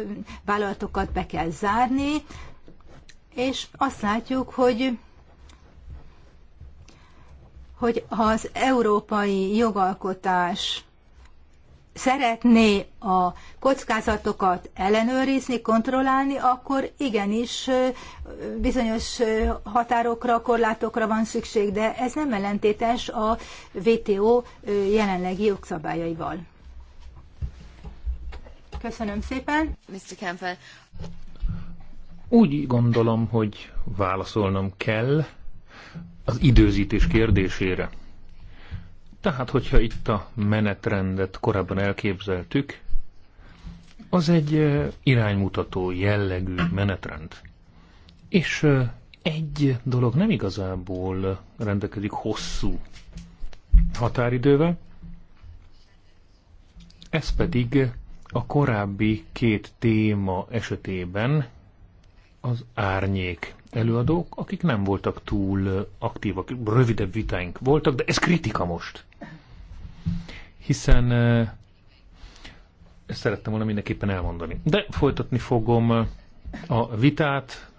vállalatokat be kell zárni, és azt látjuk, hogy hogy ha az európai jogalkotás szeretné a kockázatokat ellenőrizni, kontrollálni, akkor igenis bizonyos határokra, korlátokra van szükség, de ez nem ellentétes a WTO jelenlegi jogszabályaival. Köszönöm szépen. Mr. Campbell. Úgy gondolom, hogy válaszolnom kell az időzítés kérdésére. Tehát, hogyha itt a menetrendet korábban elképzeltük, az egy iránymutató jellegű menetrend. És egy dolog nem igazából rendelkezik hosszú határidővel, ez pedig a korábbi két téma esetében az árnyék előadók, akik nem voltak túl aktívak, rövidebb vitáink voltak, de ez kritika most hiszen ezt szerettem volna mindenképpen elmondani. De folytatni fogom a vitát,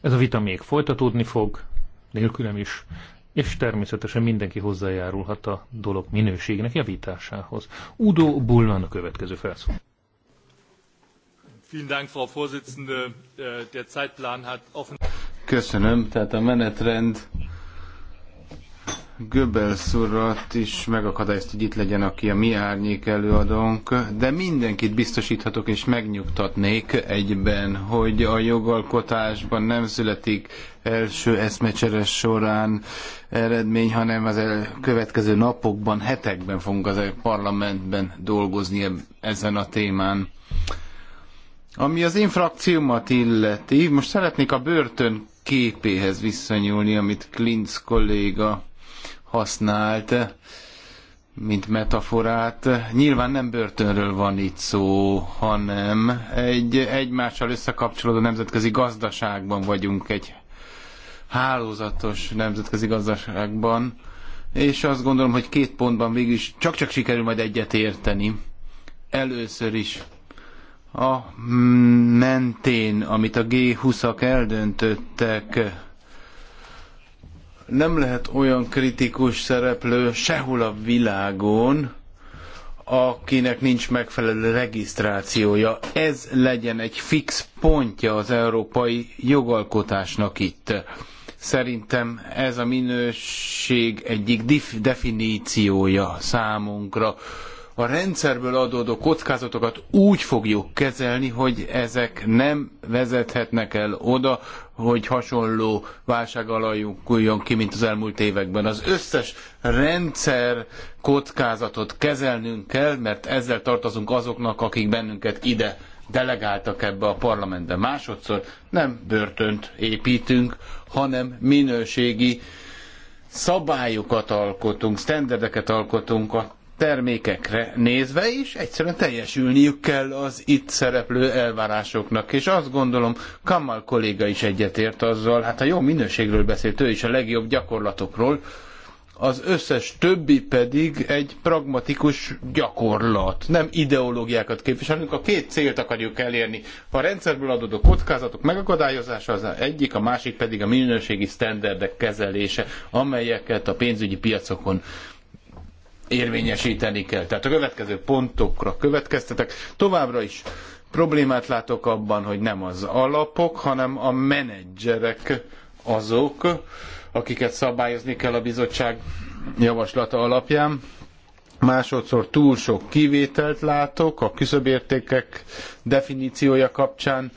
ez a vita még folytatódni fog, nélkülem is, és természetesen mindenki hozzájárulhat a dolog minőségének javításához. Udo Bullman a következő felszól. Äh, Köszönöm, tehát a menetrend Göbbels urat is megakadályozt, hogy itt legyen, aki a mi árnyék előadónk, de mindenkit biztosíthatok és megnyugtatnék egyben, hogy a jogalkotásban nem születik első eszmecseres során eredmény, hanem az következő napokban, hetekben fogunk az e- parlamentben dolgozni ezen a témán. Ami az infrakciómat illeti, most szeretnék a börtön képéhez visszanyúlni, amit Klintz kolléga használt, mint metaforát. Nyilván nem börtönről van itt szó, hanem egy egymással összekapcsolódó nemzetközi gazdaságban vagyunk, egy hálózatos nemzetközi gazdaságban, és azt gondolom, hogy két pontban végül is csak-csak sikerül majd egyet érteni. Először is a mentén, amit a G20-ak eldöntöttek, nem lehet olyan kritikus szereplő sehol a világon, akinek nincs megfelelő regisztrációja. Ez legyen egy fix pontja az európai jogalkotásnak itt. Szerintem ez a minőség egyik definíciója számunkra. A rendszerből adódó kockázatokat úgy fogjuk kezelni, hogy ezek nem vezethetnek el oda, hogy hasonló válság alakuljon ki, mint az elmúlt években. Az összes rendszer kockázatot kezelnünk kell, mert ezzel tartozunk azoknak, akik bennünket ide delegáltak ebbe a parlamentbe. Másodszor nem börtönt építünk, hanem minőségi szabályokat alkotunk, sztenderdeket alkotunk a termékekre nézve is egyszerűen teljesülniük kell az itt szereplő elvárásoknak. És azt gondolom, Kamal kolléga is egyetért azzal, hát a jó minőségről beszélt ő is a legjobb gyakorlatokról, az összes többi pedig egy pragmatikus gyakorlat. Nem ideológiákat képviselünk, a két célt akarjuk elérni. A rendszerből adódó kockázatok megakadályozása az egyik, a másik pedig a minőségi sztenderdek kezelése, amelyeket a pénzügyi piacokon érvényesíteni kell. Tehát a következő pontokra következtetek. Továbbra is problémát látok abban, hogy nem az alapok, hanem a menedzserek azok, akiket szabályozni kell a bizottság javaslata alapján. Másodszor túl sok kivételt látok a küszöbértékek definíciója kapcsán,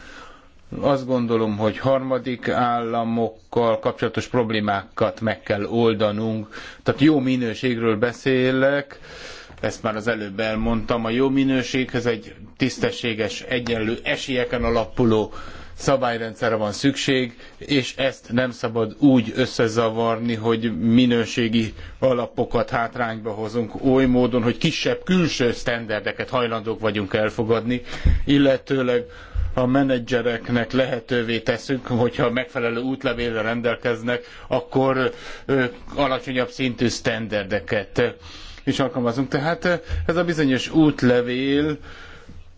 azt gondolom, hogy harmadik államokkal kapcsolatos problémákat meg kell oldanunk. Tehát jó minőségről beszélek, ezt már az előbb elmondtam, a jó minőséghez egy tisztességes, egyenlő esélyeken alapuló szabályrendszerre van szükség, és ezt nem szabad úgy összezavarni, hogy minőségi alapokat hátrányba hozunk oly módon, hogy kisebb külső sztenderdeket hajlandók vagyunk elfogadni, illetőleg a menedzsereknek lehetővé teszünk, hogyha megfelelő útlevélre rendelkeznek, akkor alacsonyabb szintű sztenderdeket is alkalmazunk. Tehát ez a bizonyos útlevél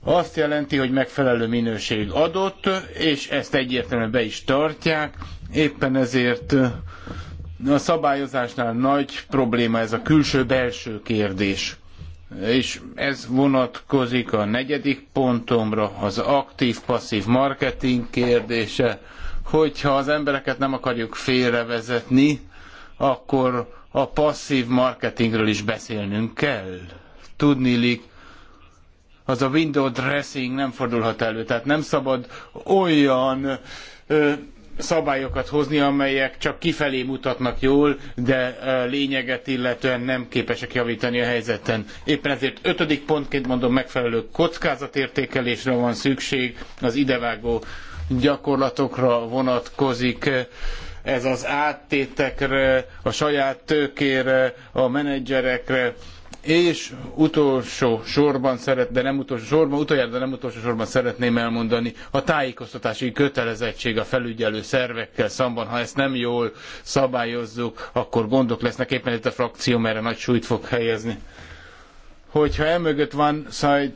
azt jelenti, hogy megfelelő minőség adott, és ezt egyértelműen be is tartják. Éppen ezért a szabályozásnál nagy probléma ez a külső-belső kérdés és ez vonatkozik a negyedik pontomra, az aktív-passzív marketing kérdése, hogyha az embereket nem akarjuk félrevezetni, akkor a passzív marketingről is beszélnünk kell. Tudnilik, az a window dressing nem fordulhat elő, tehát nem szabad olyan ö, szabályokat hozni, amelyek csak kifelé mutatnak jól, de lényeget illetően nem képesek javítani a helyzeten. Éppen ezért ötödik pontként mondom, megfelelő kockázatértékelésre van szükség, az idevágó gyakorlatokra vonatkozik ez az áttétekre, a saját tőkére, a menedzserekre, és utolsó sorban szeret, de nem utolsó sorban, utoljára, de nem utolsó sorban szeretném elmondani, a tájékoztatási kötelezettség a felügyelő szervekkel szemben, ha ezt nem jól szabályozzuk, akkor gondok lesznek, éppen itt a frakció erre nagy súlyt fog helyezni. Hogyha emögött van side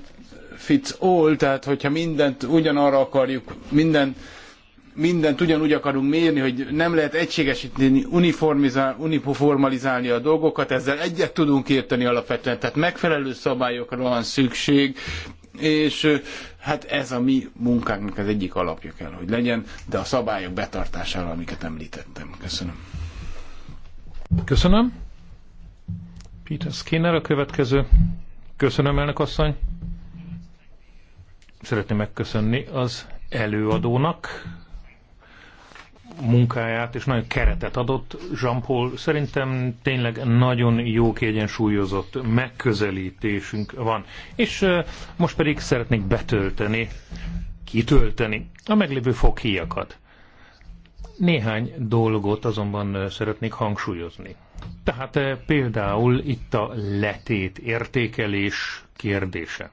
fits all, tehát hogyha mindent ugyanarra akarjuk, minden mindent ugyanúgy akarunk mérni, hogy nem lehet egységesíteni, uniformalizálni a dolgokat, ezzel egyet tudunk érteni alapvetően, tehát megfelelő szabályokra van szükség, és hát ez a mi munkánknak az egyik alapja kell, hogy legyen, de a szabályok betartására, amiket említettem. Köszönöm. Köszönöm. Peter Skinner a következő. Köszönöm, elnök asszony. Szeretném megköszönni az előadónak munkáját, és nagyon keretet adott Jean-Paul. Szerintem tényleg nagyon jó kiegyensúlyozott megközelítésünk van. És most pedig szeretnék betölteni, kitölteni a meglévő foghíjakat. Néhány dolgot azonban szeretnék hangsúlyozni. Tehát például itt a letét értékelés kérdése.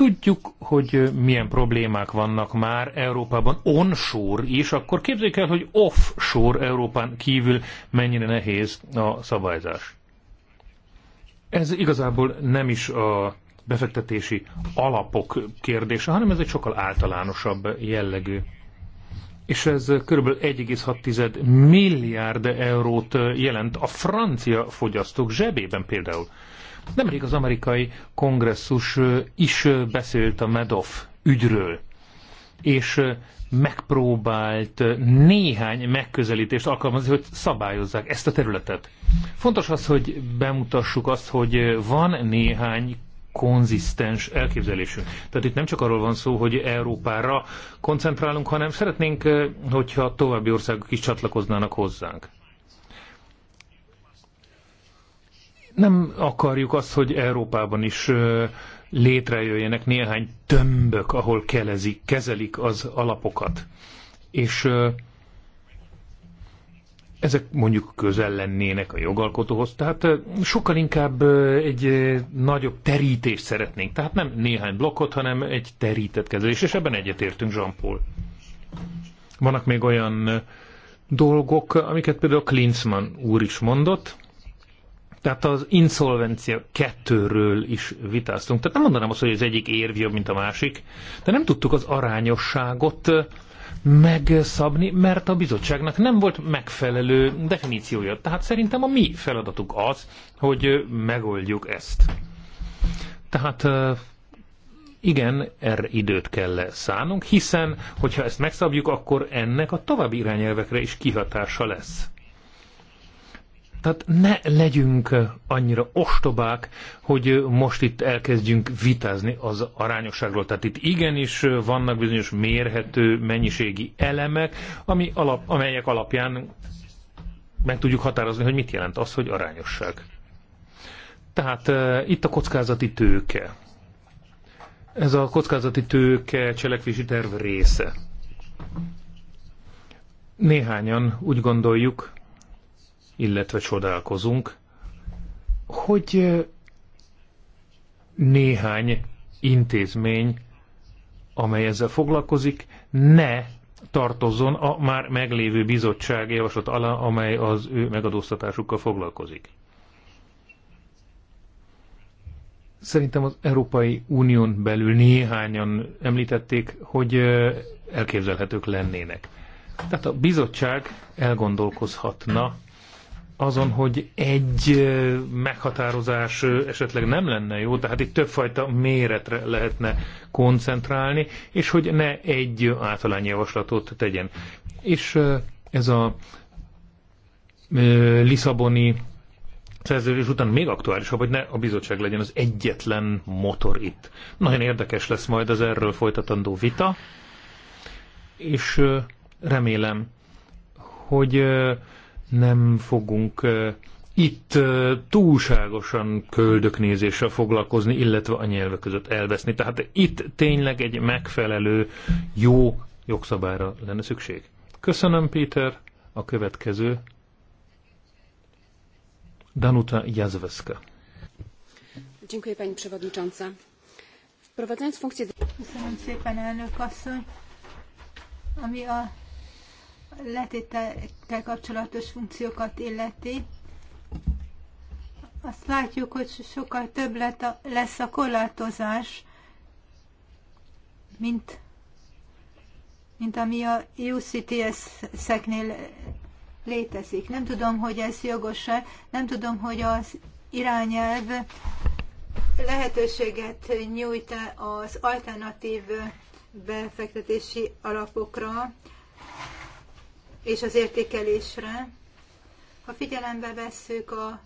Tudjuk, hogy milyen problémák vannak már Európában onshore is, akkor képzeljük el, hogy offshore Európán kívül mennyire nehéz a szabályzás. Ez igazából nem is a befektetési alapok kérdése, hanem ez egy sokkal általánosabb jellegű. És ez kb. 1,6 milliárd eurót jelent a francia fogyasztók zsebében például. Nemrég az amerikai kongresszus is beszélt a Medoff ügyről, és megpróbált néhány megközelítést alkalmazni, hogy szabályozzák ezt a területet. Fontos az, hogy bemutassuk azt, hogy van néhány konzisztens elképzelésünk. Tehát itt nem csak arról van szó, hogy Európára koncentrálunk, hanem szeretnénk, hogyha további országok is csatlakoznának hozzánk. nem akarjuk azt, hogy Európában is létrejöjjenek néhány tömbök, ahol kelezik, kezelik az alapokat. És ezek mondjuk közel lennének a jogalkotóhoz, tehát sokkal inkább egy nagyobb terítést szeretnénk. Tehát nem néhány blokkot, hanem egy terített kezelés, és ebben egyetértünk Jean-Paul. Vannak még olyan dolgok, amiket például Klinsmann úr is mondott, tehát az insolvencia kettőről is vitáztunk. Tehát nem mondanám azt, hogy az egyik érv jobb, mint a másik, de nem tudtuk az arányosságot megszabni, mert a bizottságnak nem volt megfelelő definíciója. Tehát szerintem a mi feladatunk az, hogy megoldjuk ezt. Tehát igen, erre időt kell szánunk, hiszen hogyha ezt megszabjuk, akkor ennek a további irányelvekre is kihatása lesz. Tehát ne legyünk annyira ostobák, hogy most itt elkezdjünk vitázni az arányosságról. Tehát itt igenis vannak bizonyos mérhető mennyiségi elemek, ami alap, amelyek alapján meg tudjuk határozni, hogy mit jelent az, hogy arányosság. Tehát uh, itt a kockázati tőke. Ez a kockázati tőke cselekvési terv része. Néhányan úgy gondoljuk, illetve csodálkozunk, hogy néhány intézmény, amely ezzel foglalkozik, ne tartozzon a már meglévő bizottság javaslat alá, amely az ő megadóztatásukkal foglalkozik. Szerintem az Európai Unión belül néhányan említették, hogy elképzelhetők lennének. Tehát a bizottság elgondolkozhatna azon, hogy egy meghatározás esetleg nem lenne jó, tehát itt többfajta méretre lehetne koncentrálni, és hogy ne egy javaslatot tegyen. És ez a Lisszaboni szerződés után még aktuálisabb, hogy ne a bizottság legyen az egyetlen motor itt. Nagyon érdekes lesz majd az erről folytatandó vita, és remélem, hogy nem fogunk itt túlságosan köldöknézéssel foglalkozni, illetve a nyelve között elveszni. Tehát itt tényleg egy megfelelő, jó jogszabályra lenne szükség. Köszönöm, Péter. A következő Danuta Jazweska. Dziękuję Pani Przewodnicząca. Wprowadzając funkcję... Köszönöm szépen, elnök asszony. Ami a letétel kapcsolatos funkciókat illeti. Azt látjuk, hogy sokkal több lesz a korlátozás, mint, mint ami a ucts szeknél létezik. Nem tudom, hogy ez jogos-e, nem tudom, hogy az irányelv lehetőséget nyújt e az alternatív befektetési alapokra, és az értékelésre, ha figyelembe vesszük a,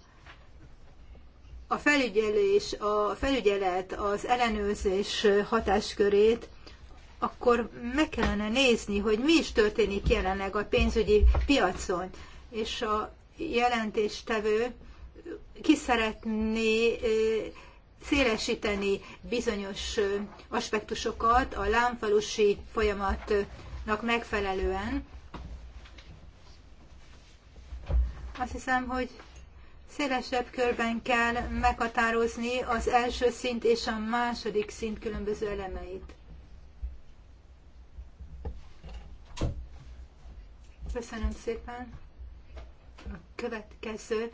a felügyelés, a felügyelet, az ellenőrzés hatáskörét, akkor meg kellene nézni, hogy mi is történik jelenleg a pénzügyi piacon. És a jelentéstevő ki szeretné szélesíteni bizonyos aspektusokat a lámfalusi folyamatnak megfelelően, Azt hiszem, hogy szélesebb körben kell meghatározni az első szint és a második szint különböző elemeit. Köszönöm szépen. A következő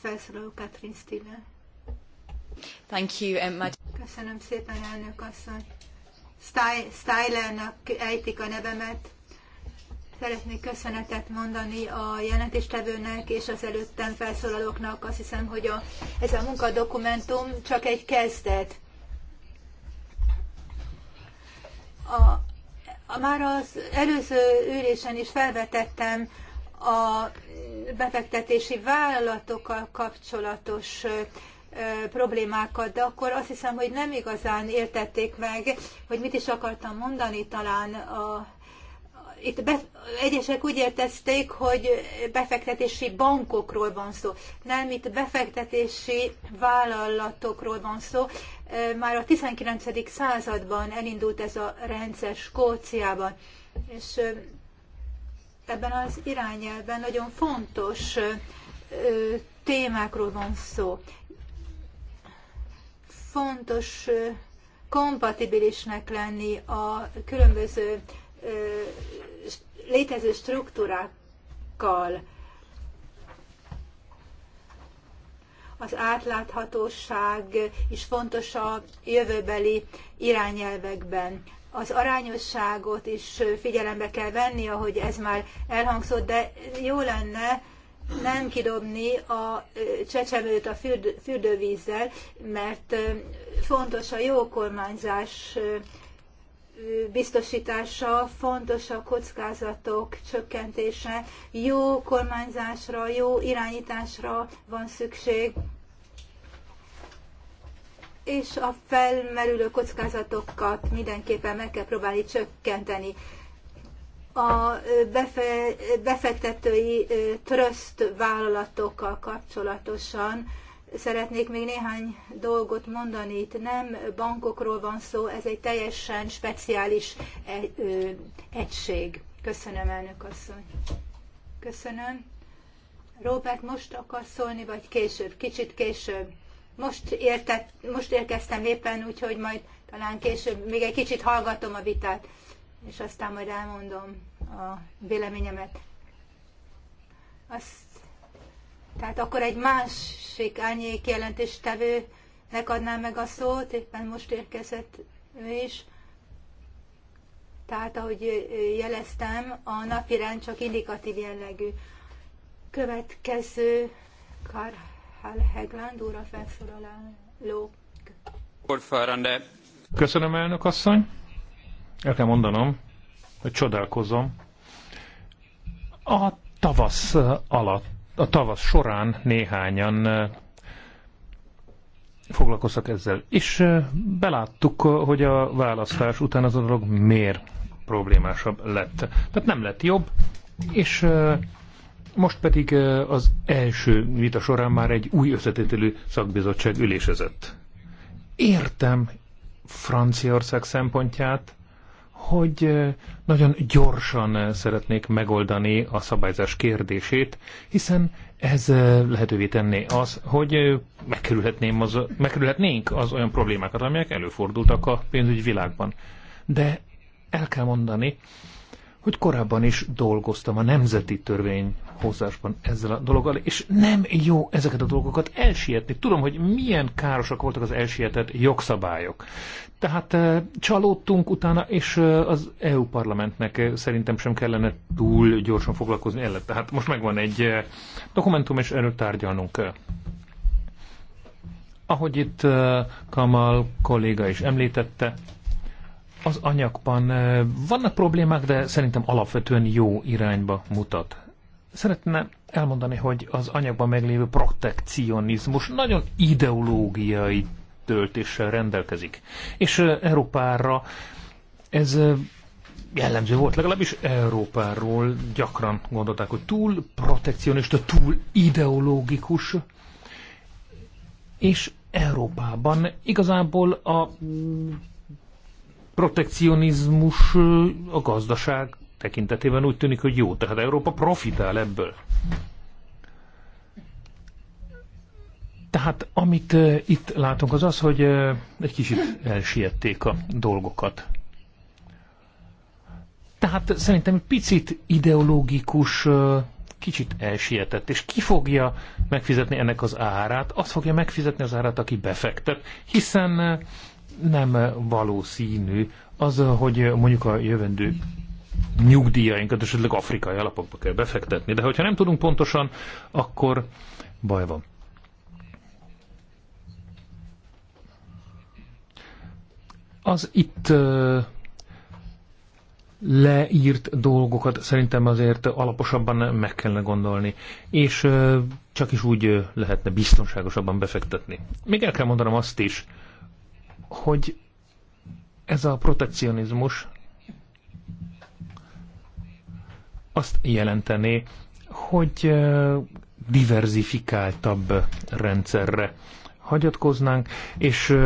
felszólaló Katrin Stille. Thank you, Emma. Um, Köszönöm szépen, elnök asszony. Stylernak ejtik a nevemet. Szeretnék köszönetet mondani a jelentéstevőnek és az előttem felszólalóknak. Azt hiszem, hogy a, ez a munkadokumentum csak egy kezdet. A, a, már az előző ülésen is felvetettem a befektetési vállalatokkal kapcsolatos problémákat, de akkor azt hiszem, hogy nem igazán értették meg, hogy mit is akartam mondani talán a itt be, egyesek úgy értezték, hogy befektetési bankokról van szó. Nem, itt befektetési vállalatokról van szó. Már a 19. században elindult ez a rendszer Skóciában, és ebben az irányelben nagyon fontos témákról van szó. Fontos kompatibilisnek lenni a különböző létező struktúrákkal. Az átláthatóság is fontos a jövőbeli irányelvekben. Az arányosságot is figyelembe kell venni, ahogy ez már elhangzott, de jó lenne, nem kidobni a csecsemőt a fürdővízzel, mert fontos a jó kormányzás biztosítása, fontos a kockázatok csökkentése, jó kormányzásra, jó irányításra van szükség, és a felmerülő kockázatokat mindenképpen meg kell próbálni csökkenteni. A befektetői tröszt vállalatokkal kapcsolatosan szeretnék még néhány dolgot mondani. Itt nem bankokról van szó, ez egy teljesen speciális egység. Köszönöm, elnök asszony. Köszönöm. Robert, most akarsz szólni, vagy később? Kicsit később. Most, értett, most érkeztem éppen, úgyhogy majd talán később még egy kicsit hallgatom a vitát, és aztán majd elmondom a véleményemet. Azt tehát akkor egy másik árnyék jelentéstevőnek adnám meg a szót, éppen most érkezett ő is. Tehát, ahogy jeleztem, a rend csak indikatív jellegű. Következő Karl Hegland úr a felszólaló. Köszönöm, elnök asszony. El kell mondanom, hogy csodálkozom. A tavasz alatt a tavasz során néhányan foglalkoztak ezzel. És beláttuk, hogy a választás után az a dolog miért problémásabb lett. Tehát nem lett jobb, és most pedig az első vita során már egy új összetételű szakbizottság ülésezett. Értem Franciaország szempontját, hogy nagyon gyorsan szeretnék megoldani a szabályzás kérdését, hiszen ez lehetővé tenné az, hogy megkerülhetném az, megkerülhetnénk az olyan problémákat, amelyek előfordultak a pénzügyi világban. De el kell mondani, hogy korábban is dolgoztam a nemzeti törvényhozásban ezzel a dologgal, és nem jó ezeket a dolgokat elsietni. Tudom, hogy milyen károsak voltak az elsietett jogszabályok. Tehát eh, csalódtunk utána, és eh, az EU parlamentnek eh, szerintem sem kellene túl gyorsan foglalkozni ellen. Tehát most megvan egy dokumentum, és erről tárgyalnunk kell. Ahogy itt Kamal kolléga is említette, az anyagban vannak problémák, de szerintem alapvetően jó irányba mutat. Szeretném elmondani, hogy az anyagban meglévő protekcionizmus nagyon ideológiai töltéssel rendelkezik. És Európára ez jellemző volt, legalábbis Európáról gyakran gondolták, hogy túl protekcionista, túl ideológikus, és Európában igazából a protekcionizmus a gazdaság tekintetében úgy tűnik, hogy jó, tehát Európa profitál ebből. Tehát amit itt látunk az az, hogy egy kicsit elsiették a dolgokat. Tehát szerintem egy picit ideológikus, kicsit elsietett, és ki fogja megfizetni ennek az árát? Azt fogja megfizetni az árát, aki befektet, hiszen nem valószínű az, hogy mondjuk a jövendő nyugdíjainkat esetleg afrikai alapokba kell befektetni, de hogyha nem tudunk pontosan, akkor baj van. Az itt leírt dolgokat szerintem azért alaposabban meg kellene gondolni, és csak is úgy lehetne biztonságosabban befektetni. Még el kell mondanom azt is, hogy ez a protekcionizmus azt jelenteni, hogy diverzifikáltabb rendszerre hagyatkoznánk, és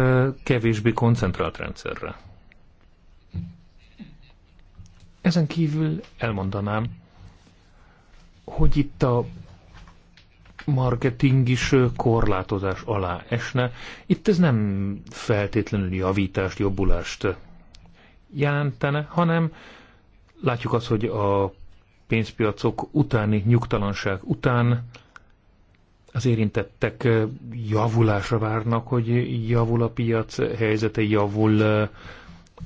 kevésbé koncentrált rendszerre. Ezen kívül elmondanám, hogy itt a marketing is korlátozás alá esne. Itt ez nem feltétlenül javítást, jobbulást jelentene, hanem látjuk azt, hogy a pénzpiacok utáni nyugtalanság után az érintettek javulásra várnak, hogy javul a piac helyzete, javul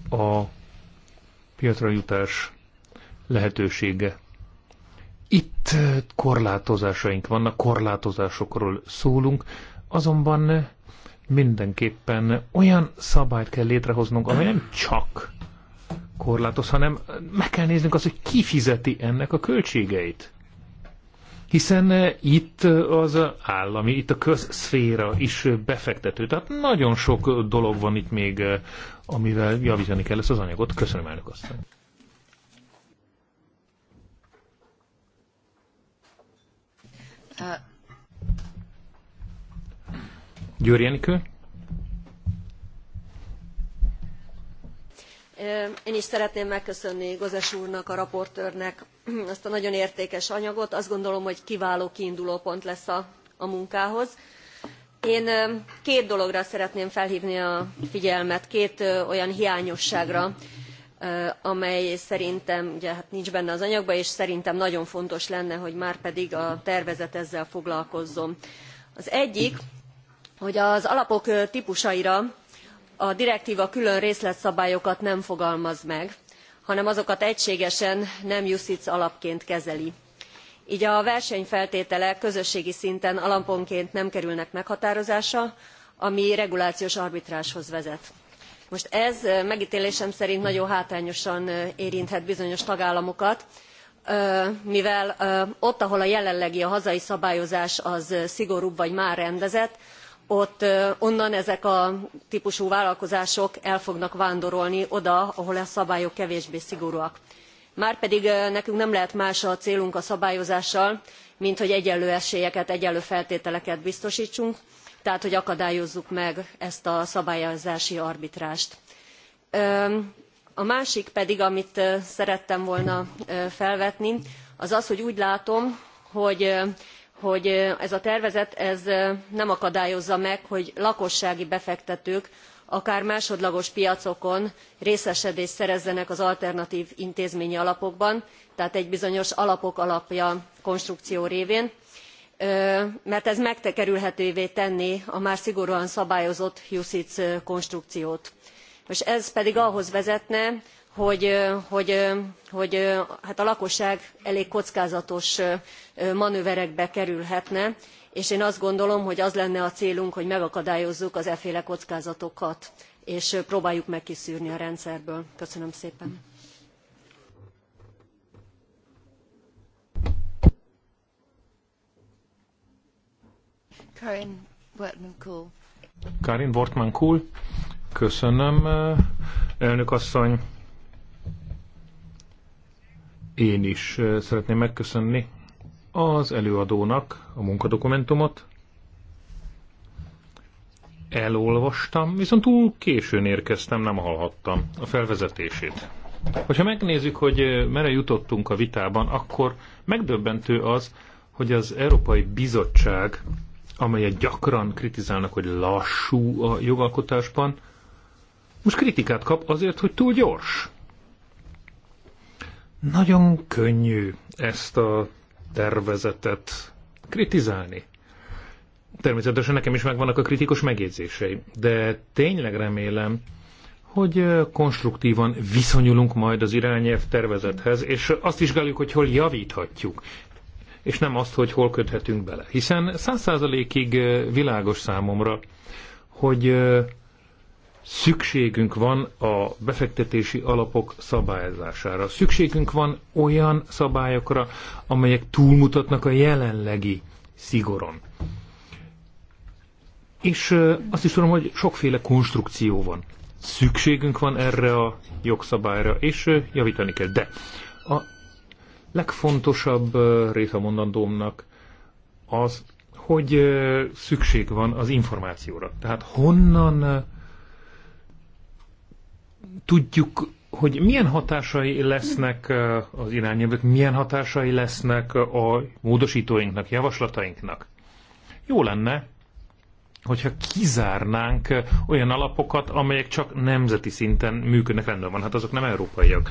a piacra jutás lehetősége. Itt korlátozásaink vannak, korlátozásokról szólunk, azonban mindenképpen olyan szabályt kell létrehoznunk, amely nem csak korlátoz, hanem meg kell néznünk azt, hogy ki fizeti ennek a költségeit. Hiszen itt az állami, itt a közszféra is befektető. Tehát nagyon sok dolog van itt még, amivel javítani kell ezt az anyagot. Köszönöm, elnök asszony. Győr Jenikő? Én is szeretném megköszönni Gozes úrnak, a raportőrnek ezt a nagyon értékes anyagot. Azt gondolom, hogy kiváló kiindulópont lesz a, a munkához. Én két dologra szeretném felhívni a figyelmet, két olyan hiányosságra, amely szerintem ugye hát nincs benne az anyagban, és szerintem nagyon fontos lenne, hogy márpedig a tervezet ezzel foglalkozzon. Az egyik, hogy az alapok típusaira a direktva külön részletszabályokat nem fogalmaz meg, hanem azokat egységesen nem UCITS alapként kezeli. Így a versenyfeltételek közösségi szinten alaponként nem kerülnek meghatározásra, ami regulációs arbitráshoz vezet most ez megtélésem szerint nagyon hátrányosan érinthet bizonyos tagállamokat mivel ott ahol a jelenlegi a hazai szabályozás az szigorúbb vagy már rendezett ott onnan ezek a tpusú vállalkozások el fognak vándorolni oda ahol a szabályok kevésbé szigorúak. márpedig nekünk nem lehet más a célunk a szabályozással mint hogy egyenlő esélyeket egyenlő feltételeket biztostsunk tehát hogy akadályozzuk meg ezt a szabályozási arbitrást. a másik pedig amit szerettem volna felvetni az az hogy úgy látom hogy hogy ez a tervezet ez nem akadályozza meg hogy lakossági befektetők akár másodlagos piacokon részesedést szerezzenek az alternatv intézményi alapokban tehát egy bizonyos alapok alapja konstrukció révén mert ez megkerülhetővé tenné a már szigorúan szabályozott ucits konstrukciót és ez pedig ahhoz vezetne hogy, hát a lakosság elég kockázatos manőverekbe kerülhetne és én azt gondolom hogy az lenne a célunk hogy megakadályozzuk az e féle kockázatokat és próbáljuk meg kiszűrni a rendszerből. köszönöm szépen! Karin wortmann Kuhl. Karin wortmann Kuhl. Köszönöm, eh, elnök asszony. Én is eh, szeretném megköszönni az előadónak a munkadokumentumot. Elolvastam, viszont túl későn érkeztem, nem hallhattam a felvezetését. Hogyha megnézzük, hogy eh, merre jutottunk a vitában, akkor megdöbbentő az, hogy az Európai Bizottság amelyet gyakran kritizálnak, hogy lassú a jogalkotásban, most kritikát kap azért, hogy túl gyors. Nagyon könnyű ezt a tervezetet kritizálni. Természetesen nekem is megvannak a kritikus megjegyzései, de tényleg remélem, hogy konstruktívan viszonyulunk majd az irányelv tervezethez, és azt vizsgáljuk, hogy hol javíthatjuk és nem azt, hogy hol köthetünk bele. Hiszen száz százalékig világos számomra, hogy szükségünk van a befektetési alapok szabályozására. Szükségünk van olyan szabályokra, amelyek túlmutatnak a jelenlegi szigoron. És azt is tudom, hogy sokféle konstrukció van. Szükségünk van erre a jogszabályra, és javítani kell. De a legfontosabb rész a mondandómnak az, hogy szükség van az információra. Tehát honnan tudjuk, hogy milyen hatásai lesznek az irányelvek, milyen hatásai lesznek a módosítóinknak, javaslatainknak. Jó lenne, hogyha kizárnánk olyan alapokat, amelyek csak nemzeti szinten működnek, rendben van, hát azok nem európaiak.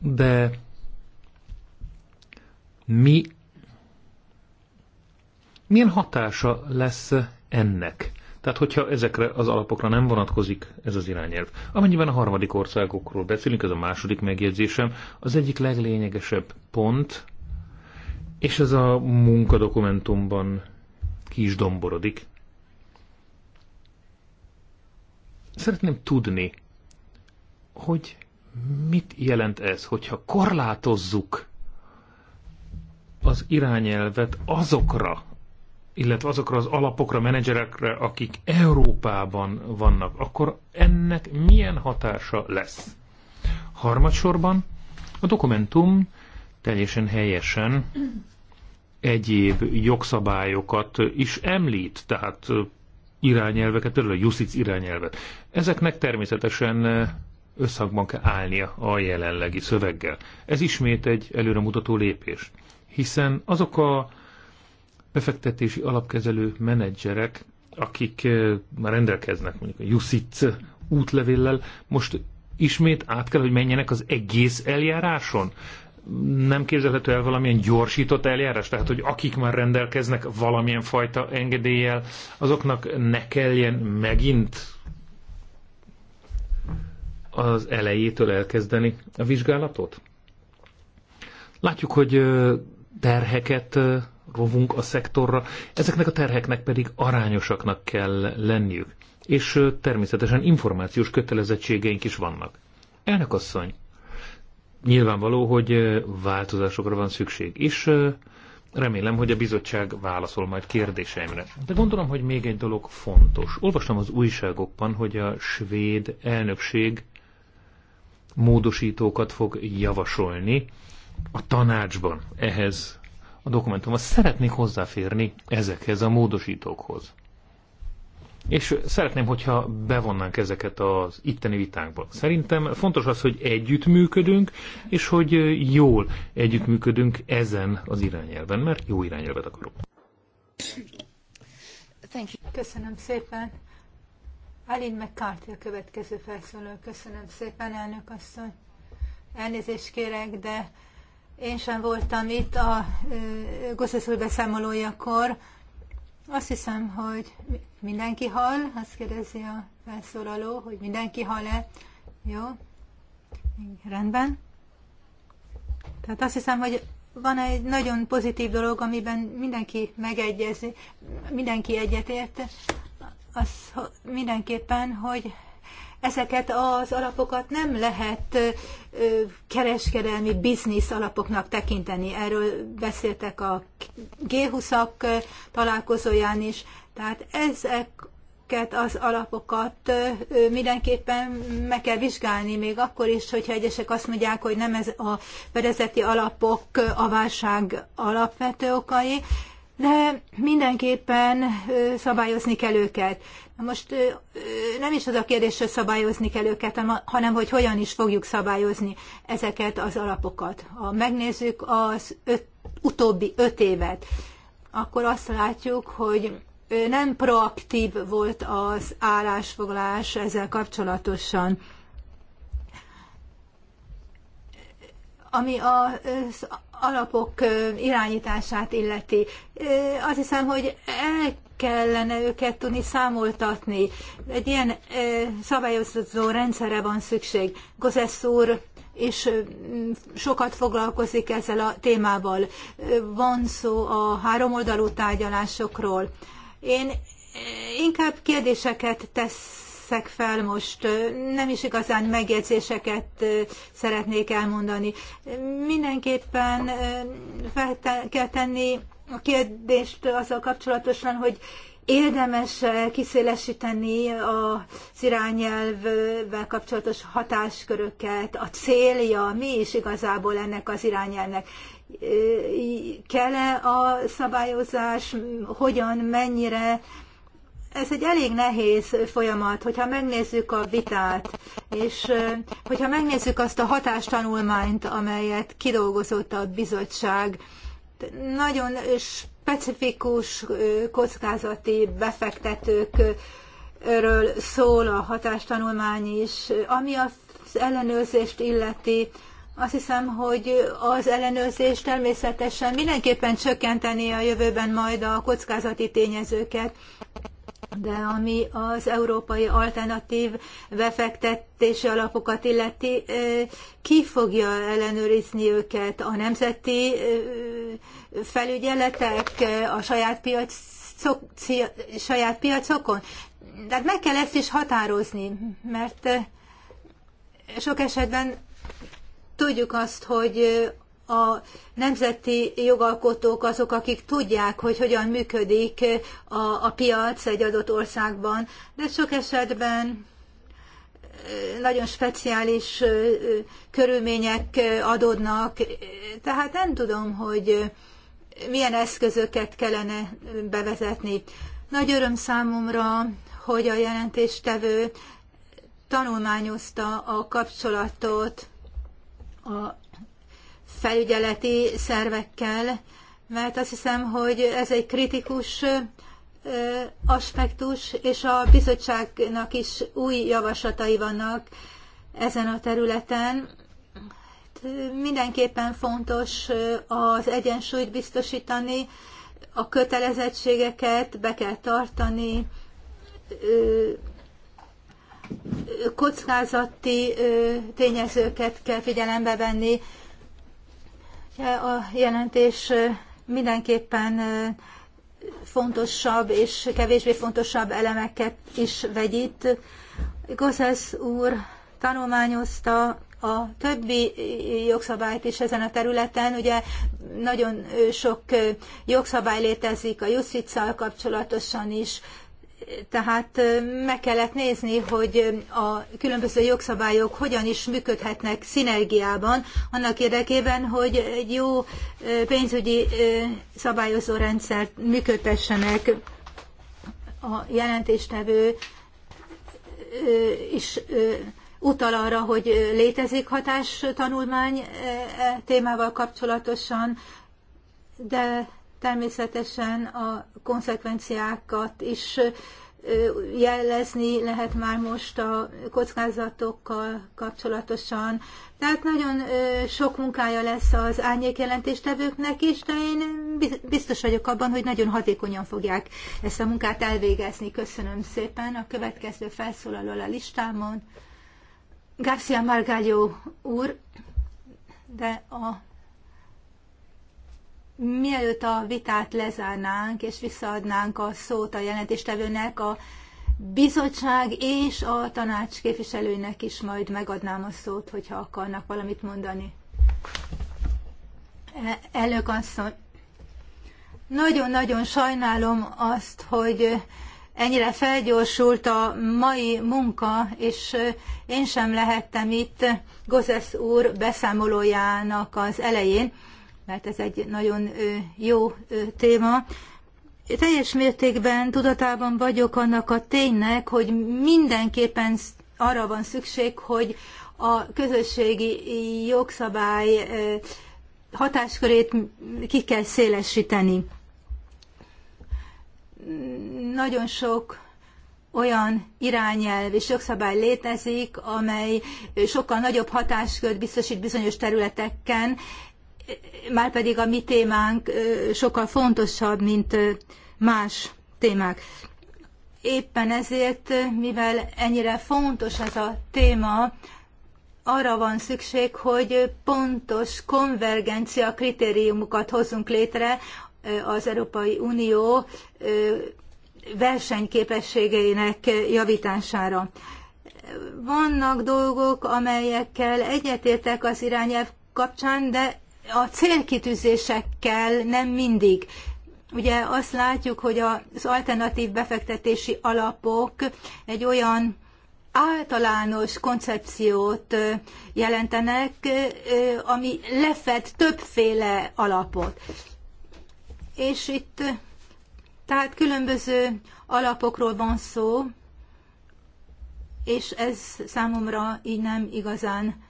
De mi, milyen hatása lesz ennek? Tehát, hogyha ezekre az alapokra nem vonatkozik ez az irányelv. Amennyiben a harmadik országokról beszélünk, ez a második megjegyzésem, az egyik leglényegesebb pont, és ez a munkadokumentumban ki is domborodik. Szeretném tudni, hogy mit jelent ez, hogyha korlátozzuk az irányelvet azokra, illetve azokra az alapokra, menedzserekre, akik Európában vannak, akkor ennek milyen hatása lesz? Harmadsorban a dokumentum teljesen helyesen egyéb jogszabályokat is említ, tehát irányelveket, például a Jusic irányelvet. Ezeknek természetesen összhangban kell állnia a jelenlegi szöveggel. Ez ismét egy előremutató lépés hiszen azok a befektetési alapkezelő menedzserek, akik eh, már rendelkeznek mondjuk a Jusic útlevéllel, most ismét át kell, hogy menjenek az egész eljáráson. Nem képzelhető el valamilyen gyorsított eljárás? Tehát, hogy akik már rendelkeznek valamilyen fajta engedéllyel, azoknak ne kelljen megint az elejétől elkezdeni a vizsgálatot? Látjuk, hogy eh, terheket rovunk a szektorra, ezeknek a terheknek pedig arányosaknak kell lenniük. És természetesen információs kötelezettségeink is vannak. Elnök asszony, nyilvánvaló, hogy változásokra van szükség, és remélem, hogy a bizottság válaszol majd kérdéseimre. De gondolom, hogy még egy dolog fontos. Olvastam az újságokban, hogy a svéd elnökség módosítókat fog javasolni a tanácsban ehhez a dokumentumhoz. Szeretnék hozzáférni ezekhez a módosítókhoz. És szeretném, hogyha bevonnánk ezeket az itteni vitánkba. Szerintem fontos az, hogy együttműködünk, és hogy jól együttműködünk ezen az irányelven, mert jó irányelvet akarok. Köszönöm szépen. Alin McCarthy a következő felszóló. Köszönöm szépen, elnök asszony. Elnézést kérek, de én sem voltam itt a Gosszeszúr beszámolójakor. Azt hiszem, hogy mindenki hall, azt kérdezi a felszólaló, hogy mindenki hall-e. Jó, rendben. Tehát azt hiszem, hogy van egy nagyon pozitív dolog, amiben mindenki megegyezi, mindenki egyetért, az mindenképpen, hogy ezeket az alapokat nem lehet kereskedelmi biznisz alapoknak tekinteni. Erről beszéltek a G20-ak találkozóján is. Tehát ezeket az alapokat mindenképpen meg kell vizsgálni, még akkor is, hogyha egyesek azt mondják, hogy nem ez a fedezeti alapok a válság alapvető okai, de mindenképpen szabályozni kell őket. Most nem is az a kérdés, hogy szabályozni kell őket, hanem hogy hogyan is fogjuk szabályozni ezeket az alapokat. Ha megnézzük az öt, utóbbi öt évet, akkor azt látjuk, hogy nem proaktív volt az állásfoglalás ezzel kapcsolatosan. Ami az alapok irányítását illeti. Azt hiszem, hogy el kellene őket tudni számoltatni. Egy ilyen szabályozó rendszerre van szükség. Gozesz úr és sokat foglalkozik ezzel a témával. Van szó a háromoldalú tárgyalásokról. Én inkább kérdéseket tesz teszek fel, most nem is igazán megjegyzéseket szeretnék elmondani. Mindenképpen fel kell tenni a kérdést azzal kapcsolatosan, hogy érdemes kiszélesíteni az irányelvvel kapcsolatos hatásköröket, a célja, mi is igazából ennek az irányelvnek. Kell-e a szabályozás, hogyan, mennyire ez egy elég nehéz folyamat, hogyha megnézzük a vitát, és hogyha megnézzük azt a hatástanulmányt, amelyet kidolgozott a bizottság, nagyon specifikus kockázati befektetőkről szól a hatástanulmány is, ami az ellenőrzést illeti, azt hiszem, hogy az ellenőrzés természetesen mindenképpen csökkenteni a jövőben majd a kockázati tényezőket, de ami az európai alternatív befektetési alapokat illeti, ki fogja ellenőrizni őket? A nemzeti felügyeletek a saját, piac, saját piacokon? Tehát meg kell ezt is határozni, mert sok esetben tudjuk azt, hogy a nemzeti jogalkotók azok, akik tudják, hogy hogyan működik a, a piac egy adott országban, de sok esetben nagyon speciális körülmények adódnak, tehát nem tudom, hogy milyen eszközöket kellene bevezetni. Nagy öröm számomra, hogy a jelentéstevő tanulmányozta a kapcsolatot a felügyeleti szervekkel, mert azt hiszem, hogy ez egy kritikus aspektus, és a bizottságnak is új javaslatai vannak ezen a területen. Mindenképpen fontos az egyensúlyt biztosítani, a kötelezettségeket be kell tartani, kockázati tényezőket kell figyelembe venni, a jelentés mindenképpen fontosabb és kevésbé fontosabb elemeket is vegyít. Gozesz úr tanulmányozta a többi jogszabályt is ezen a területen. Ugye nagyon sok jogszabály létezik a justizzal kapcsolatosan is, tehát meg kellett nézni, hogy a különböző jogszabályok hogyan is működhetnek szinergiában, annak érdekében, hogy egy jó pénzügyi szabályozó rendszert működtessenek a jelentéstevő is utal arra, hogy létezik hatástanulmány e témával kapcsolatosan, de Természetesen a konsekvenciákat is jellezni lehet már most a kockázatokkal kapcsolatosan. Tehát nagyon sok munkája lesz az árnyékjelentéstevőknek is, de én biztos vagyok abban, hogy nagyon hatékonyan fogják ezt a munkát elvégezni. Köszönöm szépen. A következő felszólaló a listámon. Garcia Margallo úr, de a Mielőtt a vitát lezárnánk és visszaadnánk a szót a jelentéstevőnek, a bizottság és a tanács képviselőinek is majd megadnám a szót, hogyha akarnak valamit mondani. Elnök asszony, nagyon-nagyon sajnálom azt, hogy ennyire felgyorsult a mai munka, és én sem lehettem itt Gozesz úr beszámolójának az elején mert ez egy nagyon jó téma. Teljes mértékben tudatában vagyok annak a ténynek, hogy mindenképpen arra van szükség, hogy a közösségi jogszabály hatáskörét ki kell szélesíteni. Nagyon sok olyan irányelv és jogszabály létezik, amely sokkal nagyobb hatáskört biztosít bizonyos területeken, már pedig a mi témánk sokkal fontosabb, mint más témák. Éppen ezért, mivel ennyire fontos ez a téma, arra van szükség, hogy pontos konvergencia kritériumokat hozzunk létre az Európai Unió versenyképességeinek javítására. Vannak dolgok, amelyekkel egyetértek az irányelv kapcsán, de a célkitűzésekkel nem mindig. Ugye azt látjuk, hogy az alternatív befektetési alapok egy olyan általános koncepciót jelentenek, ami lefed többféle alapot. És itt tehát különböző alapokról van szó, és ez számomra így nem igazán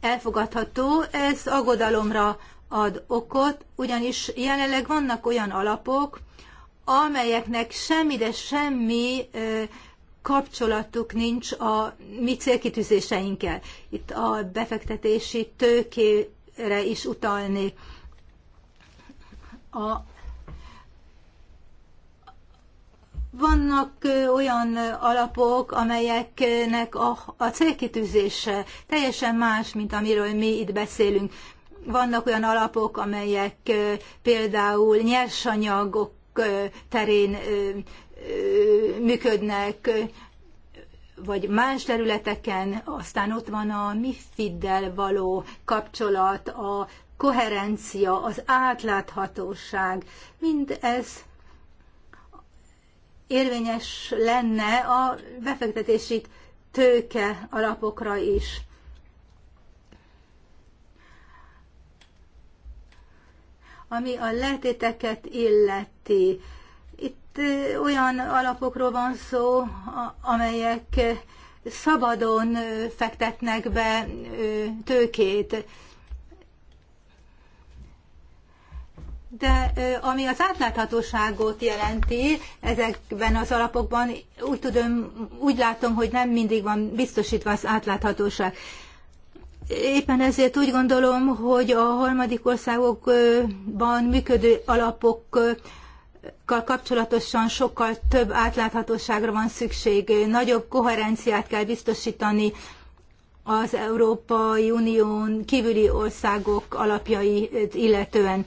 elfogadható, ez aggodalomra ad okot, ugyanis jelenleg vannak olyan alapok, amelyeknek semmi, de semmi kapcsolatuk nincs a mi célkitűzéseinkkel. Itt a befektetési tőkére is utalni. A Vannak olyan alapok, amelyeknek a, a célkitűzése teljesen más, mint amiről mi itt beszélünk. Vannak olyan alapok, amelyek például nyersanyagok terén működnek, vagy más területeken, aztán ott van a MIFID-del való kapcsolat, a koherencia, az átláthatóság, mind ez érvényes lenne a befektetési tőke alapokra is. Ami a letéteket illeti. Itt olyan alapokról van szó, amelyek szabadon fektetnek be tőkét. De ami az átláthatóságot jelenti ezekben az alapokban, úgy tudom, úgy látom, hogy nem mindig van biztosítva az átláthatóság. Éppen ezért úgy gondolom, hogy a harmadik országokban működő alapokkal kapcsolatosan sokkal több átláthatóságra van szükség, nagyobb koherenciát kell biztosítani az Európai Unión kívüli országok alapjait illetően.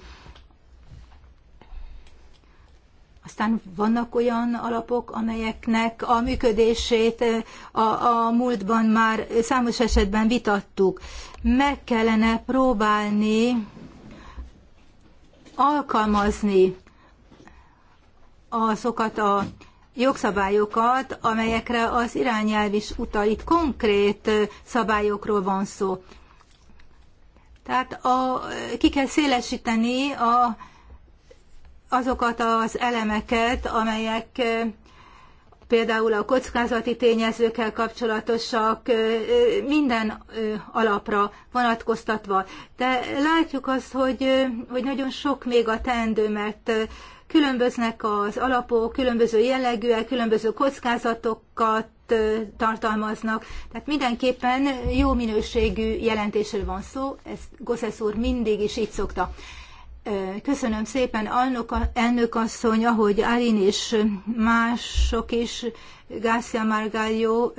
Aztán vannak olyan alapok, amelyeknek a működését eh, a, a múltban már számos esetben vitattuk. Meg kellene próbálni alkalmazni azokat a jogszabályokat, amelyekre az irányelv is utal. Itt konkrét eh, szabályokról van szó. Tehát a, ki kell szélesíteni a azokat az elemeket, amelyek például a kockázati tényezőkkel kapcsolatosak, minden alapra vonatkoztatva. De látjuk azt, hogy, hogy nagyon sok még a teendő, mert különböznek az alapok, különböző jellegűek, különböző kockázatokat tartalmaznak. Tehát mindenképpen jó minőségű jelentésről van szó, ezt Gosszesz úr mindig is így szokta Köszönöm szépen, elnök asszony, ahogy Árin és mások is, Gácia Margallo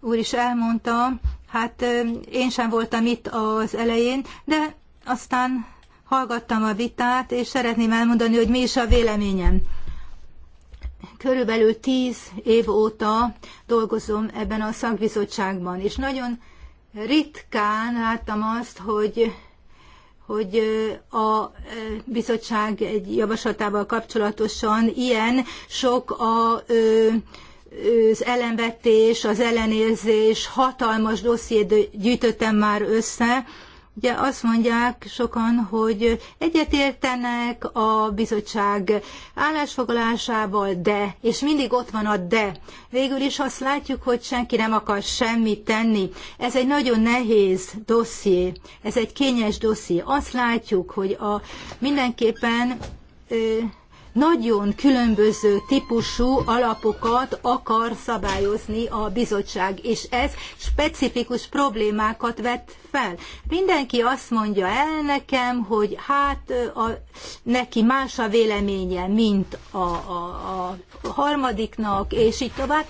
úr is elmondta, hát én sem voltam itt az elején, de aztán hallgattam a vitát, és szeretném elmondani, hogy mi is a véleményem. Körülbelül tíz év óta dolgozom ebben a szakbizottságban, és nagyon ritkán láttam azt, hogy hogy a bizottság egy javaslatával kapcsolatosan ilyen sok a az ellenvetés, az ellenérzés, hatalmas dossziét gyűjtöttem már össze, Ugye azt mondják sokan, hogy egyetértenek a bizottság állásfoglalásával, de, és mindig ott van a de. Végül is azt látjuk, hogy senki nem akar semmit tenni. Ez egy nagyon nehéz dosszié, ez egy kényes dosszié. Azt látjuk, hogy a, mindenképpen ö, nagyon különböző típusú alapokat akar szabályozni a bizottság, és ez specifikus problémákat vet fel. Mindenki azt mondja el nekem, hogy hát a, neki más a véleménye, mint a, a, a harmadiknak, és így tovább.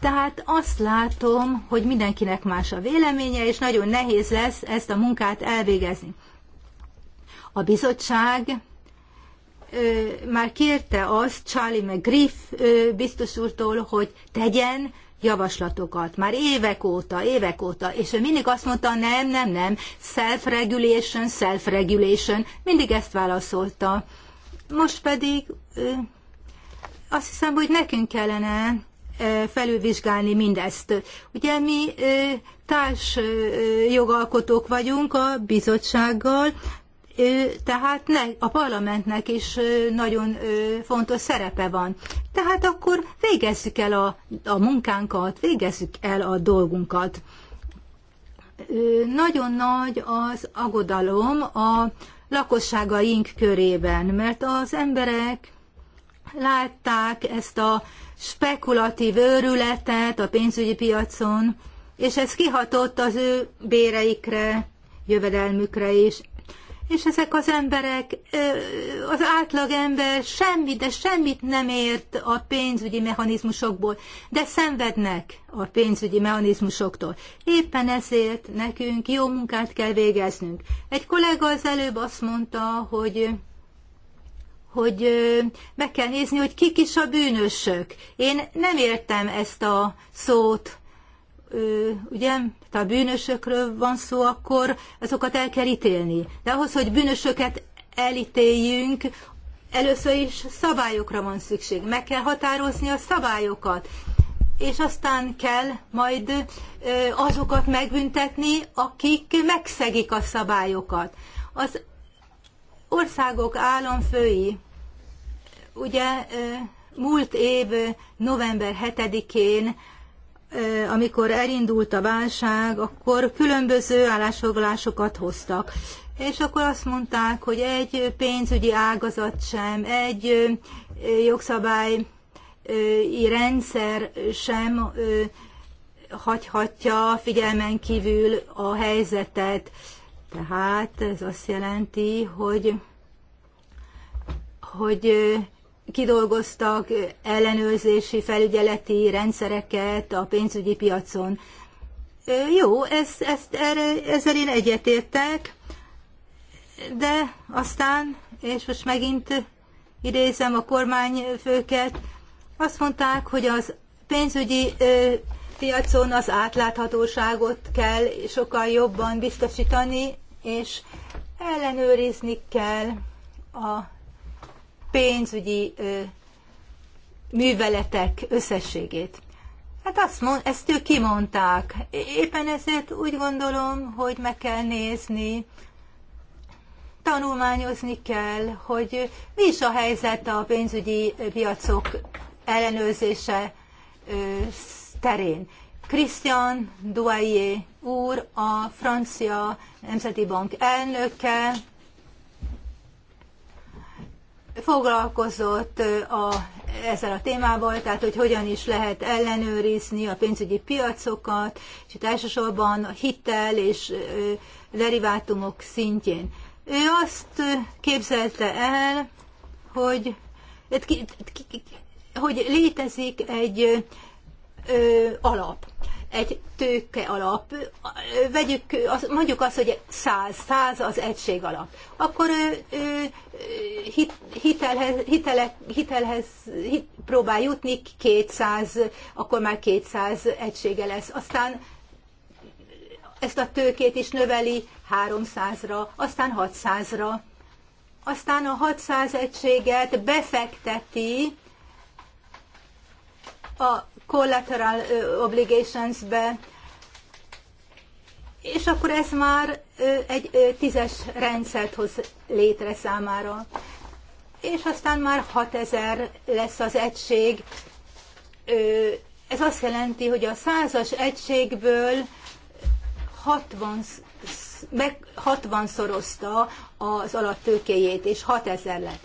Tehát azt látom, hogy mindenkinek más a véleménye, és nagyon nehéz lesz ezt a munkát elvégezni. A bizottság már kérte azt Charlie McGriff biztos úrtól, hogy tegyen javaslatokat, már évek óta, évek óta, és ő mindig azt mondta, nem, nem, nem, self-regulation, self-regulation, mindig ezt válaszolta. Most pedig azt hiszem, hogy nekünk kellene felülvizsgálni mindezt. Ugye mi társ jogalkotók vagyunk a bizottsággal, tehát ne, a parlamentnek is nagyon fontos szerepe van. Tehát akkor végezzük el a, a munkánkat, végezzük el a dolgunkat. Nagyon nagy az agodalom a lakosságaink körében, mert az emberek látták ezt a spekulatív őrületet a pénzügyi piacon, és ez kihatott az ő béreikre, jövedelmükre is és ezek az emberek, az átlagember semmit, de semmit nem ért a pénzügyi mechanizmusokból, de szenvednek a pénzügyi mechanizmusoktól. Éppen ezért nekünk jó munkát kell végeznünk. Egy kollega az előbb azt mondta, hogy hogy meg kell nézni, hogy kik is a bűnösök. Én nem értem ezt a szót, ugye tehát bűnösökről van szó, akkor azokat el kell ítélni. De ahhoz, hogy bűnösöket elítéljünk, először is szabályokra van szükség. Meg kell határozni a szabályokat, és aztán kell majd azokat megbüntetni, akik megszegik a szabályokat. Az országok államfői ugye múlt év november 7-én Eh, amikor elindult a válság, akkor különböző állásfoglalásokat hoztak. És akkor azt mondták, hogy egy pénzügyi ágazat sem, egy jogszabályi rendszer sem hagyhatja figyelmen kívül a helyzetet. Tehát ez azt jelenti, hogy, hogy kidolgoztak ellenőrzési, felügyeleti rendszereket a pénzügyi piacon. Jó, ezt, ezt, erre, ezzel én egyetértek, de aztán, és most megint idézem a kormányfőket, azt mondták, hogy az pénzügyi piacon az átláthatóságot kell sokkal jobban biztosítani, és ellenőrizni kell a pénzügyi műveletek összességét. Hát azt mond, ezt ők kimondták. Éppen ezért úgy gondolom, hogy meg kell nézni, tanulmányozni kell, hogy mi is a helyzet a pénzügyi piacok ellenőrzése terén. Christian Douayé úr, a francia Nemzeti Bank elnöke, foglalkozott a, ezzel a témával, tehát hogy hogyan is lehet ellenőrizni a pénzügyi piacokat, és itt elsősorban a hitel és derivátumok szintjén. Ő azt képzelte el, hogy, hogy létezik egy ö, alap egy tőke alap, vegyük, mondjuk azt, hogy száz, száz az egység alap, akkor ő, ő hitelhez, hitele, hitelhez hit, próbál jutni 200, akkor már 200 egysége lesz. Aztán ezt a tőkét is növeli 300-ra, aztán 600-ra. Aztán a 600 egységet befekteti a collateral obligations-be, és akkor ez már egy tízes rendszert hoz létre számára. És aztán már 6000 lesz az egység. Ez azt jelenti, hogy a százas egységből 60, meg 60 szorozta az alattőkéjét, és 6000 lett.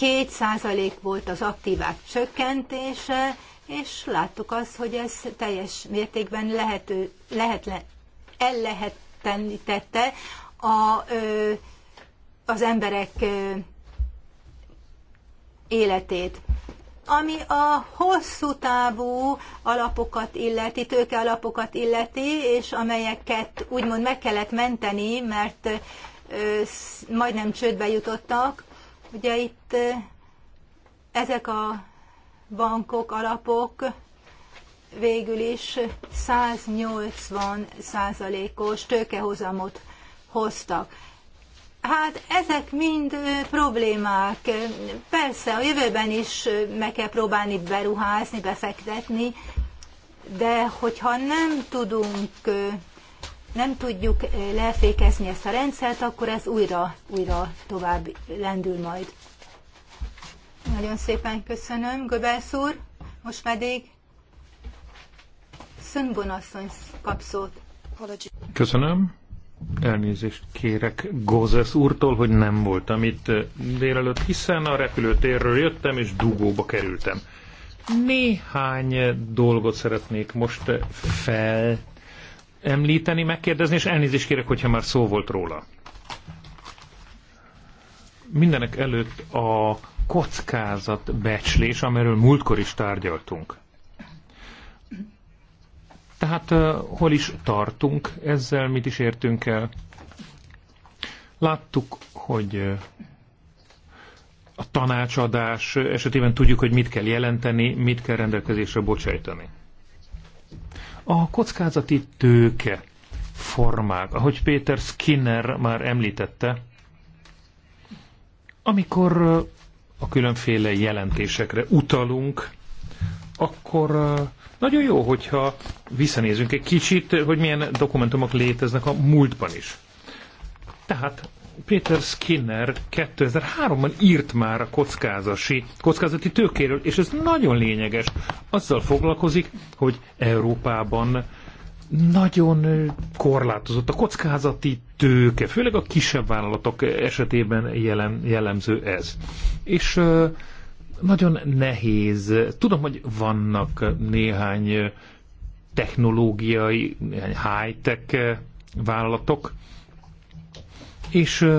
2% volt az aktívák csökkentése, és láttuk azt, hogy ez teljes mértékben lehető, lehetlen, tette a, az emberek életét. Ami a hosszú távú alapokat illeti, tőke alapokat illeti, és amelyeket úgymond meg kellett menteni, mert majdnem csődbe jutottak, Ugye itt ezek a bankok, alapok végül is 180 százalékos tőkehozamot hoztak. Hát ezek mind problémák. Persze a jövőben is meg kell próbálni beruházni, befektetni, de hogyha nem tudunk nem tudjuk eh, lefékezni ezt a rendszert, akkor ez újra, újra tovább lendül majd. Nagyon szépen köszönöm, Göbelsz úr. Most pedig Szönbonasszony asszony kap szót. Köszönöm. Elnézést kérek Gozes úrtól, hogy nem voltam itt eh, délelőtt, hiszen a repülőtérről jöttem és dugóba kerültem. Néhány eh, dolgot szeretnék most fel említeni, megkérdezni, és elnézést kérek, hogyha már szó volt róla. Mindenek előtt a kockázat becslés, amiről múltkor is tárgyaltunk. Tehát hol is tartunk ezzel, mit is értünk el? Láttuk, hogy a tanácsadás esetében tudjuk, hogy mit kell jelenteni, mit kell rendelkezésre bocsájtani. A kockázati tőke formák, ahogy Péter Skinner már említette, amikor a különféle jelentésekre utalunk, akkor nagyon jó, hogyha visszanézünk egy kicsit, hogy milyen dokumentumok léteznek a múltban is. Tehát Peter Skinner 2003-ban írt már a kockázasi, kockázati tőkéről, és ez nagyon lényeges. Azzal foglalkozik, hogy Európában nagyon korlátozott a kockázati tőke, főleg a kisebb vállalatok esetében jellem, jellemző ez. És nagyon nehéz. Tudom, hogy vannak néhány technológiai, high-tech vállalatok, és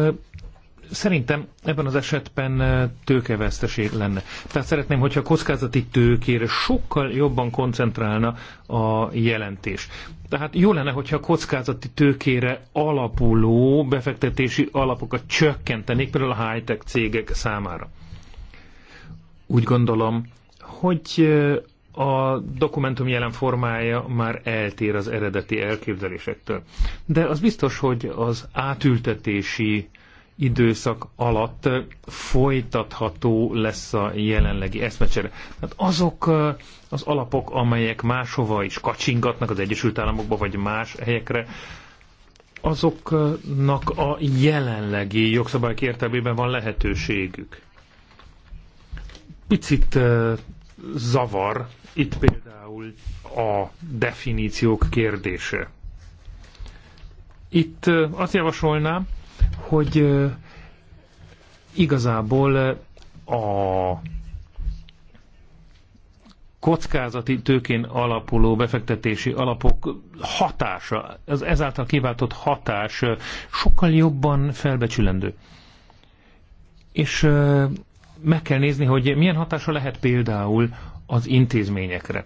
szerintem ebben az esetben tőkeveszteség lenne. Tehát szeretném, hogyha a kockázati tőkére sokkal jobban koncentrálna a jelentés. Tehát jó lenne, hogyha a kockázati tőkére alapuló befektetési alapokat csökkentenék, például a high-tech cégek számára. Úgy gondolom, hogy a dokumentum jelen formája már eltér az eredeti elképzelésektől. De az biztos, hogy az átültetési időszak alatt folytatható lesz a jelenlegi eszmecsere. Tehát azok az alapok, amelyek máshova is kacsingatnak az Egyesült Államokba, vagy más helyekre, azoknak a jelenlegi jogszabályok értelmében van lehetőségük. Picit zavar itt például a definíciók kérdése. Itt azt javasolnám, hogy igazából a kockázati tőkén alapuló befektetési alapok hatása, az ezáltal kiváltott hatás sokkal jobban felbecsülendő. És meg kell nézni, hogy milyen hatása lehet például az intézményekre.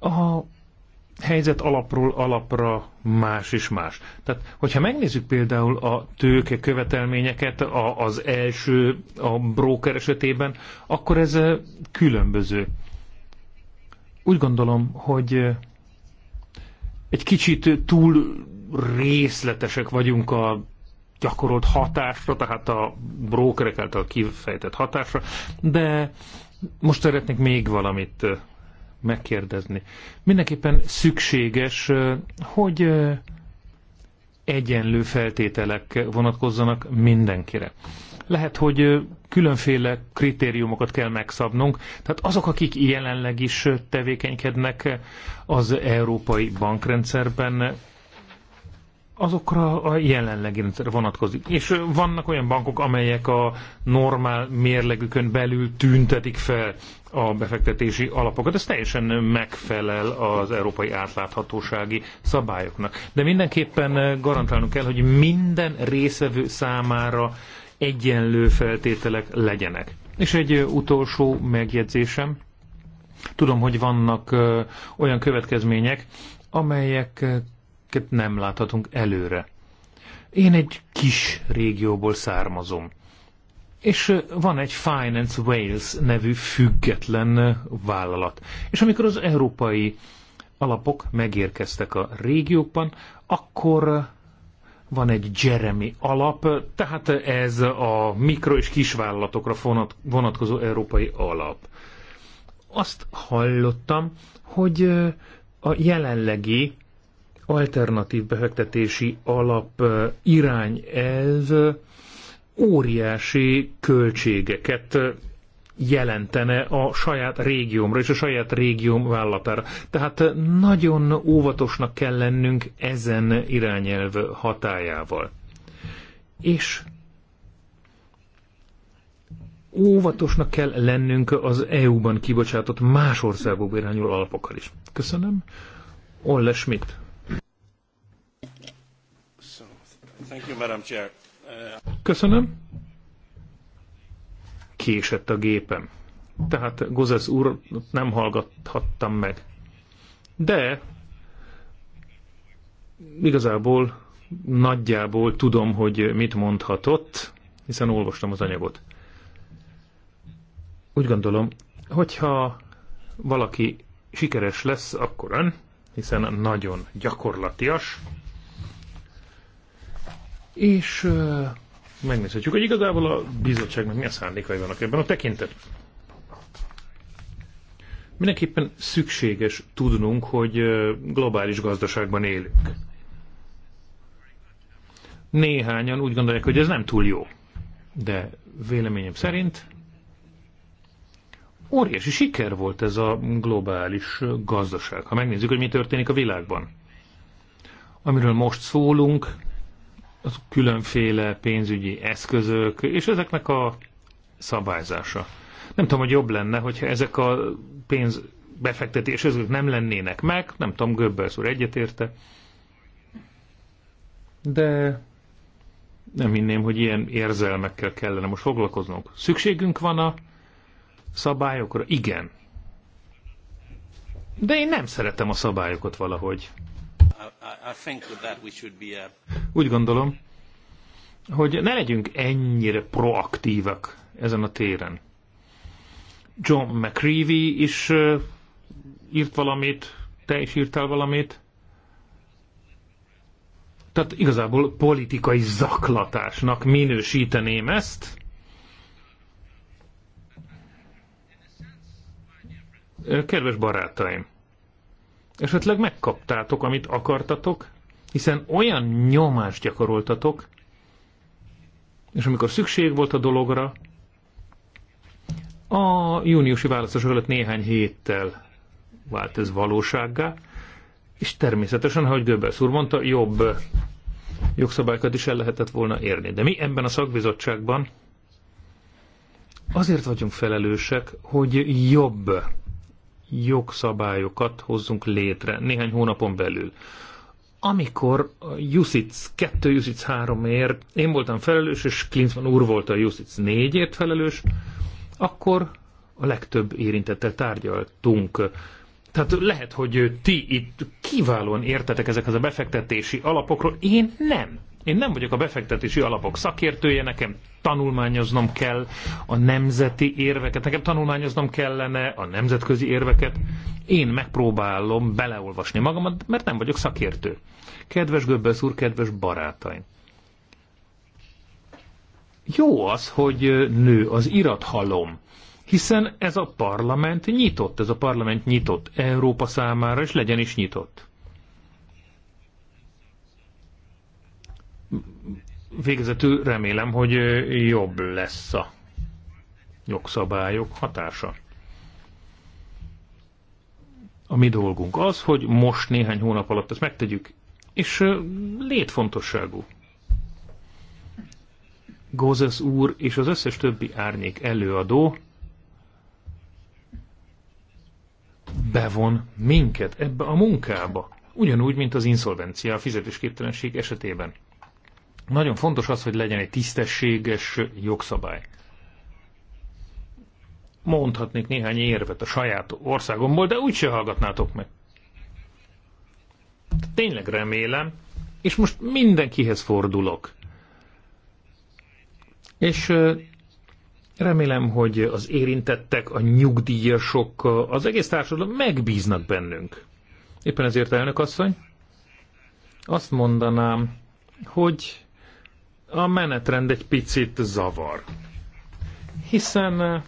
A helyzet alapról alapra más is más. Tehát, hogyha megnézzük például a tőke követelményeket a, az első, a broker esetében, akkor ez eh, különböző. Úgy gondolom, hogy eh, egy kicsit túl részletesek vagyunk a gyakorolt hatásra, tehát a brókerek által kifejtett hatásra, de most szeretnék még valamit megkérdezni. Mindenképpen szükséges, hogy egyenlő feltételek vonatkozzanak mindenkire. Lehet, hogy különféle kritériumokat kell megszabnunk, tehát azok, akik jelenleg is tevékenykednek az európai bankrendszerben, azokra a jelenlegi rendszerre vonatkozik. És vannak olyan bankok, amelyek a normál mérlegükön belül tüntetik fel a befektetési alapokat. Ez teljesen megfelel az európai átláthatósági szabályoknak. De mindenképpen garantálnunk kell, hogy minden részevő számára egyenlő feltételek legyenek. És egy utolsó megjegyzésem. Tudom, hogy vannak olyan következmények, amelyek nem láthatunk előre. Én egy kis régióból származom, és van egy Finance Wales nevű független vállalat. És amikor az európai alapok megérkeztek a régiókban, akkor van egy Jeremy alap, tehát ez a mikro és kisvállalatokra vonatkozó európai alap. Azt hallottam, hogy a jelenlegi alternatív befektetési alap irányelv óriási költségeket jelentene a saját régiómra és a saját régióm vállalatára. Tehát nagyon óvatosnak kell lennünk ezen irányelv hatájával. És óvatosnak kell lennünk az EU-ban kibocsátott más országok irányuló alapokkal is. Köszönöm. Olle Schmidt. Köszönöm. Késett a gépem. Tehát Gozes úr nem hallgathattam meg. De igazából nagyjából tudom, hogy mit mondhatott, hiszen olvastam az anyagot. Úgy gondolom, hogyha valaki sikeres lesz, akkor ön, hiszen nagyon gyakorlatias, és uh, megnézhetjük, hogy igazából a bizottságnak mi a szándékai vannak ebben a tekintetben. Mindenképpen szükséges tudnunk, hogy globális gazdaságban élünk. Néhányan úgy gondolják, hogy ez nem túl jó. De véleményem szerint óriási siker volt ez a globális gazdaság. Ha megnézzük, hogy mi történik a világban. Amiről most szólunk, az különféle pénzügyi eszközök, és ezeknek a szabályzása. Nem tudom, hogy jobb lenne, hogyha ezek a pénz befektetés ezek nem lennének meg, nem tudom, Göbbels úr egyetérte, de nem hinném, hogy ilyen érzelmekkel kellene most foglalkoznunk. Szükségünk van a szabályokra? Igen. De én nem szeretem a szabályokat valahogy. Uh, Úgy gondolom, hogy ne legyünk ennyire proaktívak ezen a téren. John McCreevy is írt valamit, te is írtál valamit. Tehát igazából politikai zaklatásnak minősíteném ezt. Kedves barátaim! Esetleg megkaptátok, amit akartatok, hiszen olyan nyomást gyakoroltatok, és amikor szükség volt a dologra, a júniusi választások előtt néhány héttel vált ez valósággá, és természetesen, ahogy Göbbels úr mondta, jobb jogszabályokat is el lehetett volna érni. De mi ebben a szakbizottságban azért vagyunk felelősek, hogy jobb jogszabályokat hozzunk létre néhány hónapon belül. Amikor a Jusic 2, Jusic 3 ér, én voltam felelős, és Klinsmann úr volt a Jusic 4-ért felelős, akkor a legtöbb érintettel tárgyaltunk. Tehát lehet, hogy ti itt kiválóan értetek ezekhez a befektetési alapokról, én nem. Én nem vagyok a befektetési alapok szakértője, nekem tanulmányoznom kell a nemzeti érveket, nekem tanulmányoznom kellene a nemzetközi érveket. Én megpróbálom beleolvasni magamat, mert nem vagyok szakértő. Kedves Göbbelsz úr, kedves barátaim! Jó az, hogy nő az irathalom, hiszen ez a parlament nyitott, ez a parlament nyitott Európa számára, és legyen is nyitott. Végezetül remélem, hogy jobb lesz a jogszabályok hatása. A mi dolgunk az, hogy most néhány hónap alatt ezt megtegyük, és létfontosságú. Gózes úr és az összes többi árnyék előadó bevon minket ebbe a munkába, ugyanúgy, mint az inszolvencia, a fizetésképtelenség esetében. Nagyon fontos az, hogy legyen egy tisztességes jogszabály. Mondhatnék néhány érvet a saját országomból, de úgyse hallgatnátok meg. Tényleg remélem, és most mindenkihez fordulok. És remélem, hogy az érintettek, a nyugdíjasok, az egész társadalom megbíznak bennünk. Éppen ezért, elnök asszony, azt mondanám, hogy a menetrend egy picit zavar. Hiszen eh,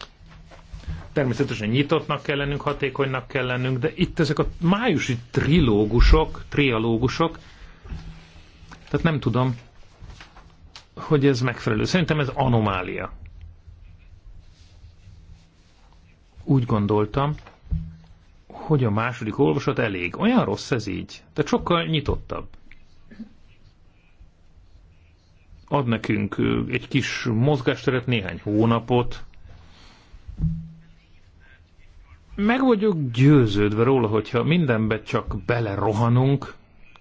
természetesen nyitottnak kell lennünk, hatékonynak kell lennünk, de itt ezek a májusi trilógusok, trialógusok, tehát nem tudom, hogy ez megfelelő. Szerintem ez anomália. Úgy gondoltam, hogy a második olvasat elég. Olyan rossz ez így. Tehát sokkal nyitottabb. ad nekünk egy kis mozgásteret, néhány hónapot. Meg vagyok győződve róla, hogyha mindenbe csak belerohanunk,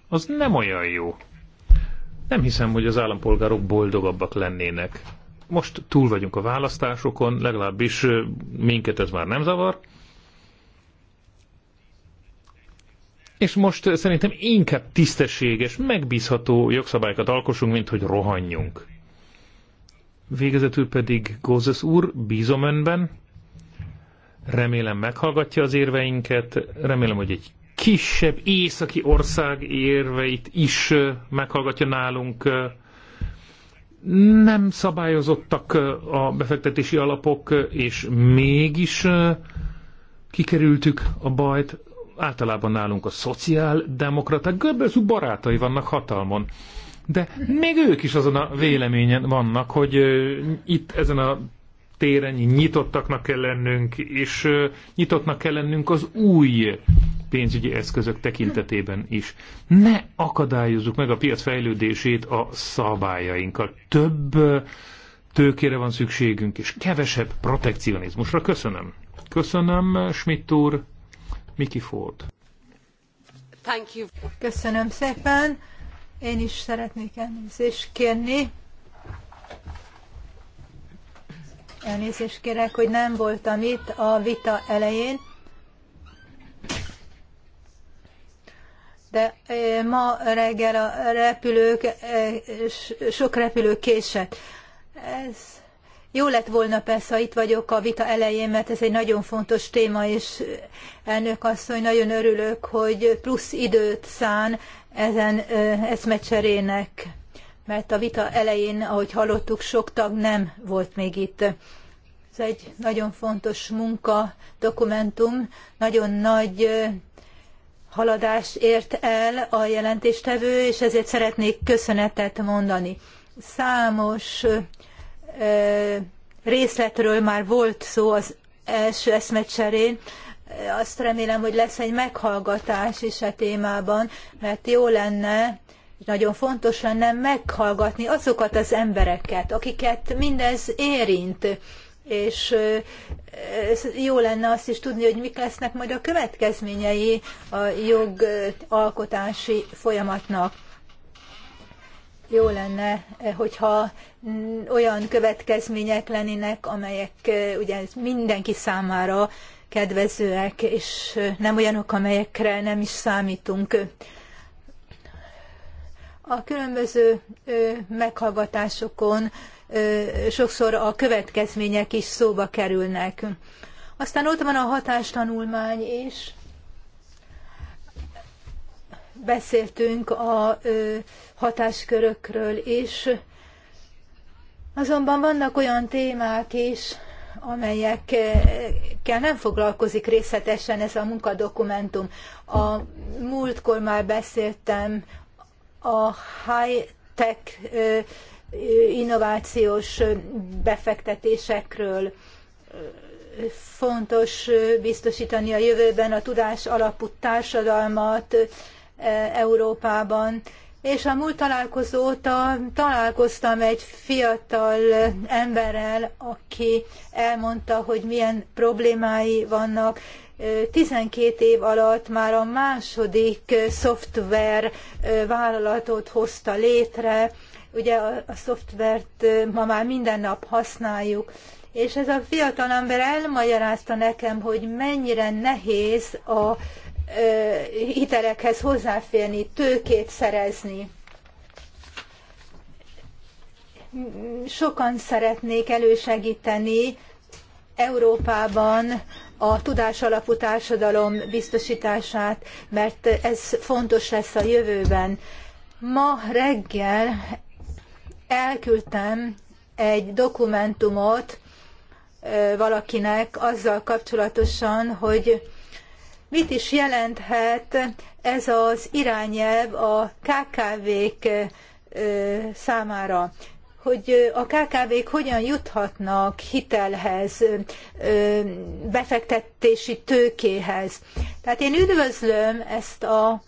az nem olyan jó. Nem hiszem, hogy az állampolgárok boldogabbak lennének. Most túl vagyunk a választásokon, legalábbis minket ez már nem zavar, És most eh, szerintem inkább tisztességes, megbízható jogszabályokat alkossunk, mint hogy rohanjunk. Végezetül pedig Gózes úr, bízom önben, remélem meghallgatja az érveinket, remélem, hogy egy kisebb északi ország érveit is eh, meghallgatja nálunk. Nem szabályozottak eh, a befektetési alapok, és mégis kikerültük a bajt általában nálunk a szociáldemokraták, Goebbels barátai vannak hatalmon. De még ők is azon a véleményen vannak, hogy itt ezen a téren nyitottaknak kell lennünk, és nyitottnak kell lennünk az új pénzügyi eszközök tekintetében is. Ne akadályozzuk meg a piac fejlődését a szabályainkkal. Több tőkére van szükségünk, és kevesebb protekcionizmusra. Köszönöm. Köszönöm, Schmidt úr. Ford. Thank you. Köszönöm szépen. Én is szeretnék elnézést kérni. Elnézést kérek, hogy nem voltam itt a vita elején. De eh, ma reggel a repülők, eh, sok repülő késett. Ez jó lett volna persze, ha itt vagyok a vita elején, mert ez egy nagyon fontos téma, és eh, elnök asszony, nagyon örülök, hogy plusz időt szán ezen eh, eszmecserének, mert a vita elején, ahogy hallottuk, sok tag nem volt még itt. Ez egy nagyon fontos munka, dokumentum, nagyon nagy eh, haladást ért el a jelentéstevő, és ezért szeretnék köszönetet mondani. Számos részletről már volt szó az első eszmecserén, azt remélem, hogy lesz egy meghallgatás is a témában, mert jó lenne, nagyon fontos lenne meghallgatni azokat az embereket, akiket mindez érint, és jó lenne azt is tudni, hogy mik lesznek majd a következményei a jogalkotási folyamatnak jó lenne, eh, hogyha mm, olyan következmények lennének, amelyek eh, ugye mindenki számára kedvezőek, és eh, nem olyanok, amelyekre nem is számítunk. A különböző meghallgatásokon sokszor a következmények is szóba kerülnek. Aztán ott van a hatástanulmány is, beszéltünk a hatáskörökről is, azonban vannak olyan témák is, amelyekkel nem foglalkozik részletesen ez a munkadokumentum. A múltkor már beszéltem a high-tech innovációs befektetésekről. Fontos biztosítani a jövőben a tudás alapú társadalmat, Európában. És a múlt találkozó óta találkoztam egy fiatal emberrel, aki elmondta, hogy milyen problémái vannak. 12 év alatt már a második szoftver vállalatot hozta létre. Ugye a, a szoftvert ma már minden nap használjuk. És ez a fiatal ember elmagyarázta nekem, hogy mennyire nehéz a hitelekhez hozzáférni, tőkét szerezni. Sokan szeretnék elősegíteni Európában a tudásalapú társadalom biztosítását, mert ez fontos lesz a jövőben. Ma reggel elküldtem egy dokumentumot valakinek azzal kapcsolatosan, hogy Mit is jelenthet ez az irányelv a KKV-k számára? hogy a KKV-k hogyan juthatnak hitelhez, befektetési tőkéhez. Tehát én üdvözlöm ezt a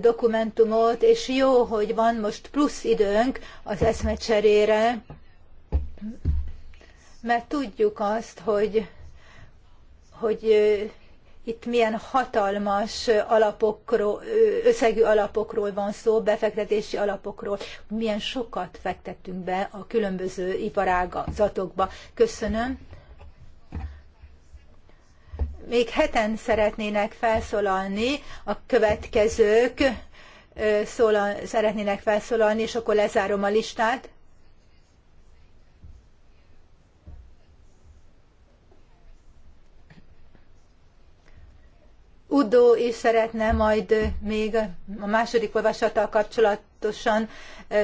dokumentumot, és jó, hogy van most plusz időnk az eszmecserére, mert tudjuk azt, hogy, hogy itt milyen hatalmas alapokról, összegű alapokról van szó, befektetési alapokról, milyen sokat fektettünk be a különböző iparágazatokba. Köszönöm. Még heten szeretnének felszólalni a következők, szólal, szeretnének felszólalni, és akkor lezárom a listát. Udo is szeretne majd még a második olvasattal kapcsolatosan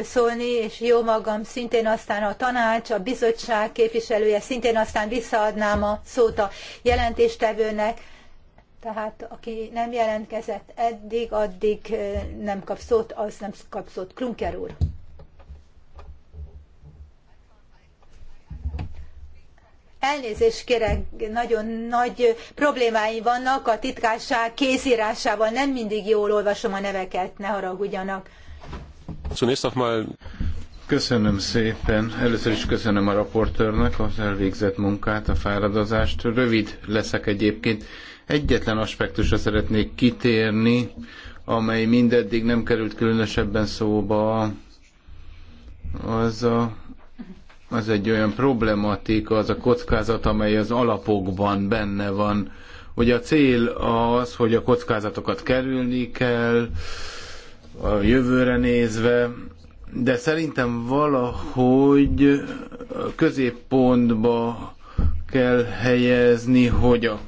szólni, és jó magam szintén aztán a tanács, a bizottság képviselője, szintén aztán visszaadnám a szót a jelentéstevőnek. Tehát aki nem jelentkezett eddig, addig nem kap szót, az nem kap szót. Klunker úr. Elnézést kérek, nagyon nagy problémái vannak a titkárság kézírásával, nem mindig jól olvasom a neveket, ne haragudjanak. Zunächst einmal szóval hát Köszönöm szépen. Először is köszönöm a raportőrnek az elvégzett munkát, a fáradozást. Rövid leszek egyébként. Egyetlen aspektusra szeretnék kitérni, amely mindeddig nem került különösebben szóba, az a az egy olyan problematika, az a kockázat, amely az alapokban benne van. Hogy a cél az, hogy a kockázatokat kerülni kell, a jövőre nézve, de szerintem valahogy középpontba kell helyezni, hogy a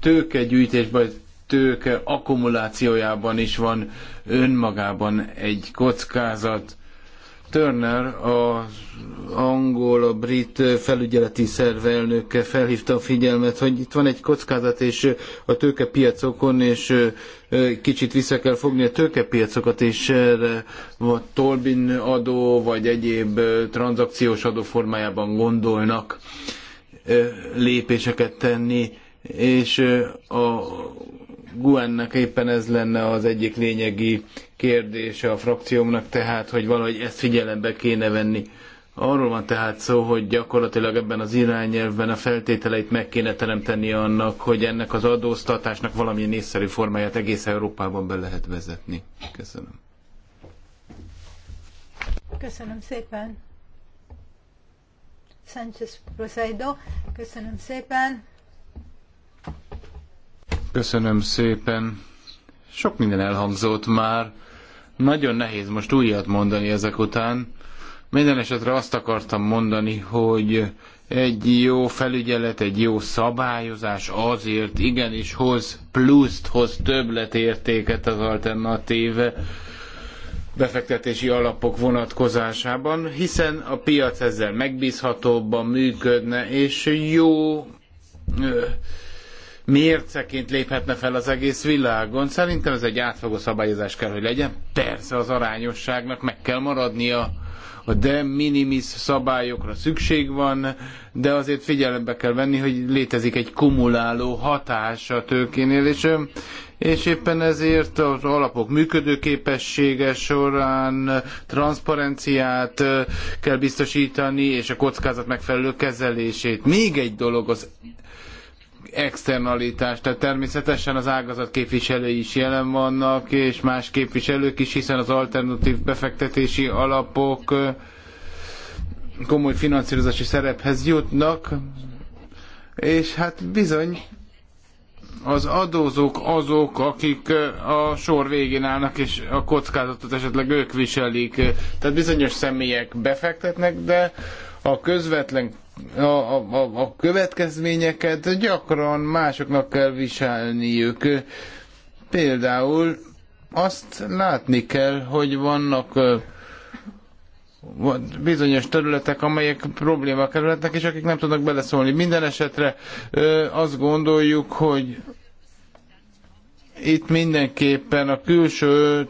tőkegyűjtésben, tőke akkumulációjában is van önmagában egy kockázat, Turner, az angol, a brit felügyeleti szerv elnöke felhívta a figyelmet, hogy itt van egy kockázat és a tőkepiacokon, és kicsit vissza kell fogni a tőkepiacokat, és erre a Tolbin adó, vagy egyéb tranzakciós adó formájában gondolnak lépéseket tenni, és a Guennek éppen ez lenne az egyik lényegi kérdése a frakciómnak, tehát, hogy valahogy ezt figyelembe kéne venni. Arról van tehát szó, hogy gyakorlatilag ebben az irányelvben a feltételeit meg kéne teremteni annak, hogy ennek az adóztatásnak valamilyen észszerű formáját egész Európában be lehet vezetni. Köszönöm. Köszönöm szépen. Sánchez Proseido, köszönöm szépen. Köszönöm szépen. Sok minden elhangzott már. Nagyon nehéz most újat mondani ezek után. Minden esetre azt akartam mondani, hogy egy jó felügyelet, egy jó szabályozás azért igenis hoz pluszt, hoz többletértéket az alternatív befektetési alapok vonatkozásában, hiszen a piac ezzel megbízhatóbban működne, és jó mérceként léphetne fel az egész világon. Szerintem ez egy átfogó szabályozás kell, hogy legyen. Persze az arányosságnak meg kell maradnia, a de minimis szabályokra szükség van, de azért figyelembe kell venni, hogy létezik egy kumuláló hatás a tőkénél, és, és éppen ezért az alapok működőképessége során transzparenciát kell biztosítani, és a kockázat megfelelő kezelését. Még egy dolog az externalitás, tehát természetesen az ágazat képviselői is jelen vannak, és más képviselők is, hiszen az alternatív befektetési alapok komoly finanszírozási szerephez jutnak, és hát bizony az adózók azok, akik a sor végén állnak, és a kockázatot esetleg ők viselik. Tehát bizonyos személyek befektetnek, de a közvetlen a, a, a következményeket gyakran másoknak kell viselniük. Például azt látni kell, hogy vannak bizonyos területek, amelyek problémák kerülhetnek, és akik nem tudnak beleszólni. Minden esetre azt gondoljuk, hogy itt mindenképpen a külső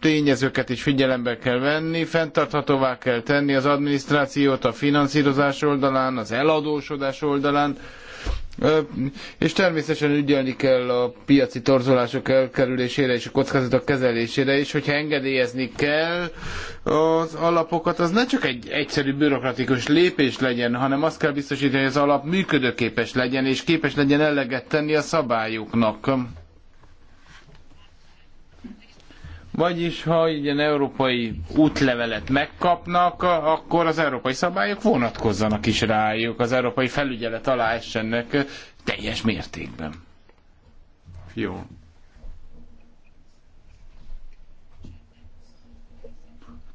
tényezőket is figyelembe kell venni, fenntarthatóvá kell tenni az adminisztrációt a finanszírozás oldalán, az eladósodás oldalán, és természetesen ügyelni kell a piaci torzulások elkerülésére és a kockázatok kezelésére is, hogyha engedélyezni kell az alapokat, az ne csak egy egyszerű bürokratikus lépés legyen, hanem azt kell biztosítani, hogy az alap működőképes legyen, és képes legyen eleget tenni a szabályoknak. Vagyis, ha ilyen európai útlevelet megkapnak, akkor az európai szabályok vonatkozzanak is rájuk, az európai felügyelet alá essenek teljes mértékben. Jó.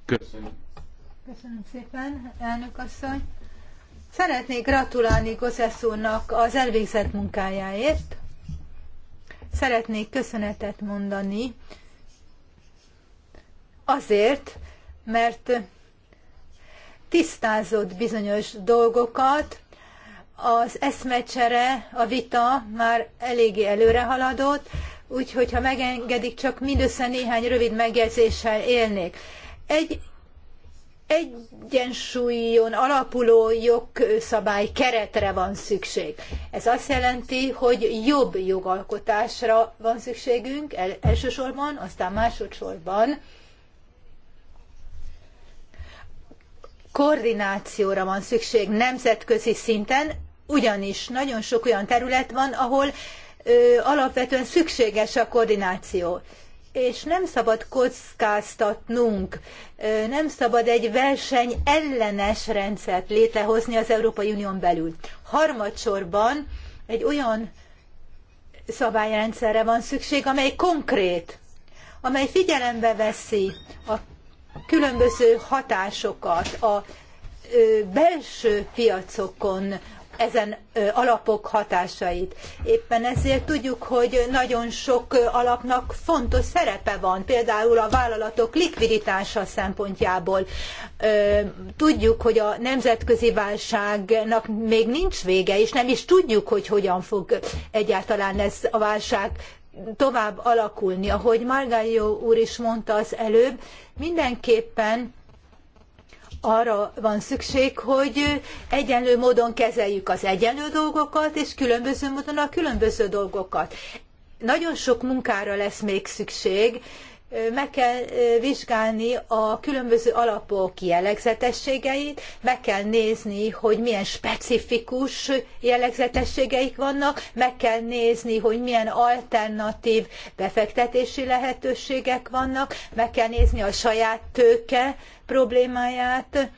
Köszönöm. Köszönöm szépen, elnök asszony. Szeretnék gratulálni Gozesz úrnak az elvégzett munkájáért. Szeretnék köszönetet mondani Azért, mert tisztázott bizonyos dolgokat, az eszmecsere, a vita már eléggé előre haladott, úgyhogy ha megengedik, csak mindössze néhány rövid megjegyzéssel élnék. Egy egyensúlyon alapuló jogszabály keretre van szükség. Ez azt jelenti, hogy jobb jogalkotásra van szükségünk el, elsősorban, aztán másodszorban koordinációra van szükség nemzetközi szinten, ugyanis nagyon sok olyan terület van, ahol ö, alapvetően szükséges a koordináció. És nem szabad kockáztatnunk, ö, nem szabad egy verseny ellenes rendszert létrehozni az Európai Unión belül. Harmadsorban egy olyan szabályrendszerre van szükség, amely konkrét, amely figyelembe veszi a különböző hatásokat a belső piacokon, ezen alapok hatásait. Éppen ezért tudjuk, hogy nagyon sok alapnak fontos szerepe van, például a vállalatok likviditása szempontjából. Tudjuk, hogy a nemzetközi válságnak még nincs vége, és nem is tudjuk, hogy hogyan fog egyáltalán ez a válság tovább alakulni. Ahogy Margályó úr is mondta az előbb, Mindenképpen arra van szükség, hogy egyenlő módon kezeljük az egyenlő dolgokat, és különböző módon a különböző dolgokat. Nagyon sok munkára lesz még szükség, meg kell vizsgálni a különböző alapok jellegzetességeit, meg kell nézni, hogy milyen specifikus jellegzetességeik vannak, meg kell nézni, hogy milyen alternatív befektetési lehetőségek vannak, meg kell nézni a saját tőke problémáját,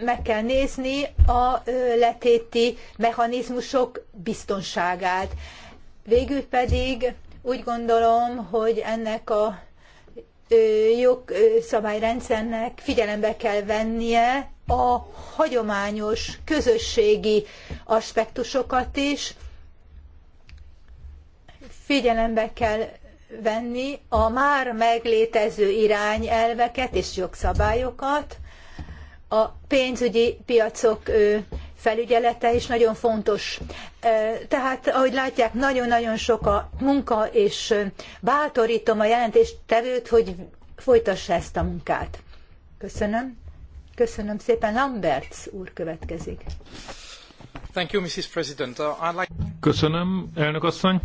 meg kell nézni a letéti mechanizmusok biztonságát. Végül pedig úgy gondolom, hogy ennek a jogszabályrendszernek figyelembe kell vennie a hagyományos közösségi aspektusokat is, figyelembe kell venni a már meglétező irányelveket és jogszabályokat, a pénzügyi piacok felügyelete is nagyon fontos. Tehát, ahogy látják, nagyon-nagyon sok a munka, és bátorítom a jelentéstevőt, hogy folytassa ezt a munkát. Köszönöm. Köszönöm szépen. Lamberts úr következik. Thank you, Mrs. President. Uh, like... Köszönöm, elnök asszony.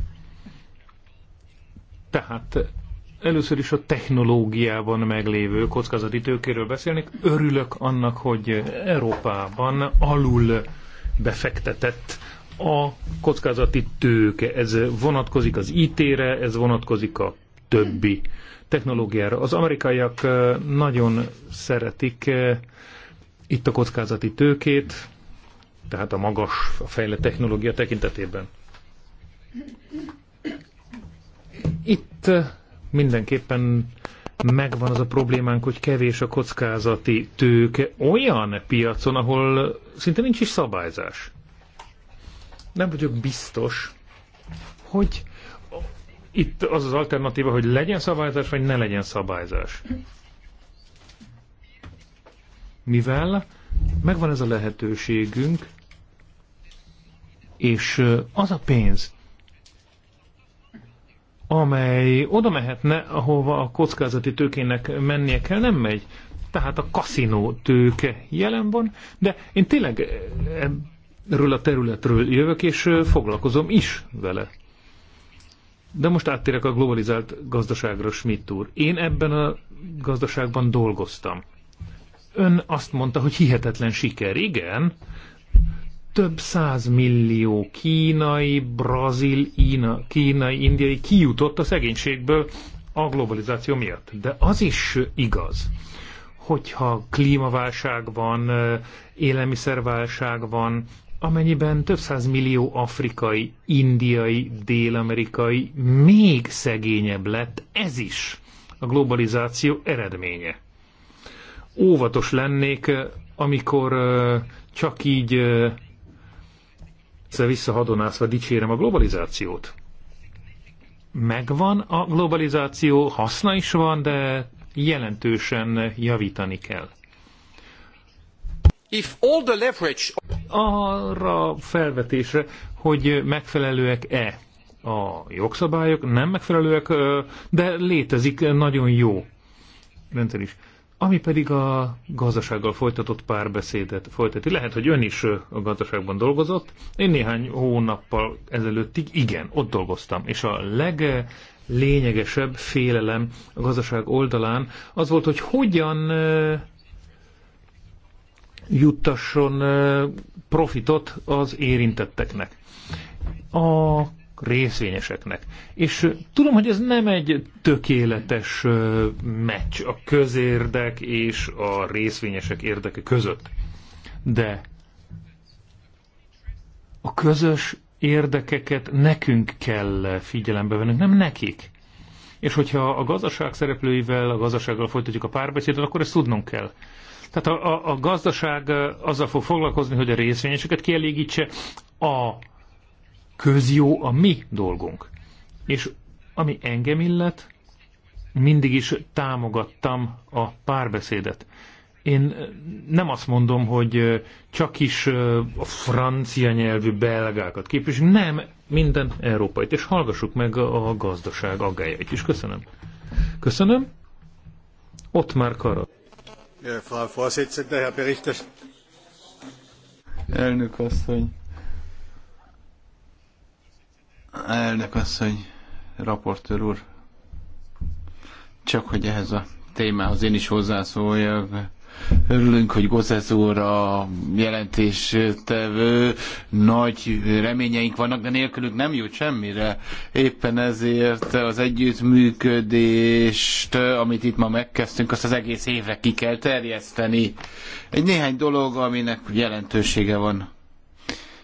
Tehát Először is a technológiában meglévő kockázati tőkéről beszélnék. Örülök annak, hogy Európában alul befektetett a kockázati tőke. Ez vonatkozik az IT-re, ez vonatkozik a többi technológiára. Az amerikaiak nagyon szeretik itt a kockázati tőkét, tehát a magas, a fejlett technológia tekintetében. Itt mindenképpen megvan az a problémánk, hogy kevés a kockázati tőke olyan piacon, ahol szinte nincs is szabályzás. Nem vagyok biztos, hogy itt az az alternatíva, hogy legyen szabályzás, vagy ne legyen szabályzás. Mivel megvan ez a lehetőségünk, és az a pénz, amely oda mehetne, ahova a kockázati tőkének mennie kell, nem megy. Tehát a kaszinó tőke jelen van, de én tényleg erről a területről jövök, és foglalkozom is vele. De most áttérek a globalizált gazdaságra, Schmidt úr. Én ebben a gazdaságban dolgoztam. Ön azt mondta, hogy hihetetlen siker. Igen, több száz millió kínai, brazil, ína, kínai, indiai kijutott a szegénységből a globalizáció miatt. De az is igaz, hogyha klímaválság van, élelmiszerválság van, amennyiben több száz millió afrikai, indiai, dél-amerikai még szegényebb lett, ez is a globalizáció eredménye. Óvatos lennék, amikor csak így össze visszahadonászva dicsérem a globalizációt. Megvan a globalizáció, haszna is van, de jelentősen javítani kell. Arra felvetésre, hogy megfelelőek-e a jogszabályok, nem megfelelőek, de létezik nagyon jó rendszer is. Ami pedig a gazdasággal folytatott párbeszédet folytatni Lehet, hogy ön is a gazdaságban dolgozott. Én néhány hónappal ezelőttig igen, ott dolgoztam. És a leglényegesebb félelem a gazdaság oldalán az volt, hogy hogyan juttasson profitot az érintetteknek. A részvényeseknek. És tudom, hogy ez nem egy tökéletes meccs a közérdek és a részvényesek érdeke között, de a közös érdekeket nekünk kell figyelembe vennünk, nem nekik. És hogyha a gazdaság szereplőivel, a gazdasággal folytatjuk a párbeszédet, akkor ezt tudnunk kell. Tehát a, a, a gazdaság azzal fog foglalkozni, hogy a részvényeseket kielégítse, a közjó a mi dolgunk. És ami engem illet, mindig is támogattam a párbeszédet. Én nem azt mondom, hogy csak is a francia nyelvű belgákat képviselünk, nem, minden európait. És hallgassuk meg a gazdaság aggájait is. Köszönöm. Köszönöm. Ott már Kara. Frau Vorsitzende, Herr Berichter. Elnök asszony, Elnök asszony, raportőr úr, csak hogy ehhez a témához én is hozzászóljak. Örülünk, hogy Gozesz úr a jelentéstevő, nagy reményeink vannak, de nélkülük nem jut semmire. Éppen ezért az együttműködést, amit itt ma megkezdtünk, azt az egész évre ki kell terjeszteni. Egy néhány dolog, aminek jelentősége van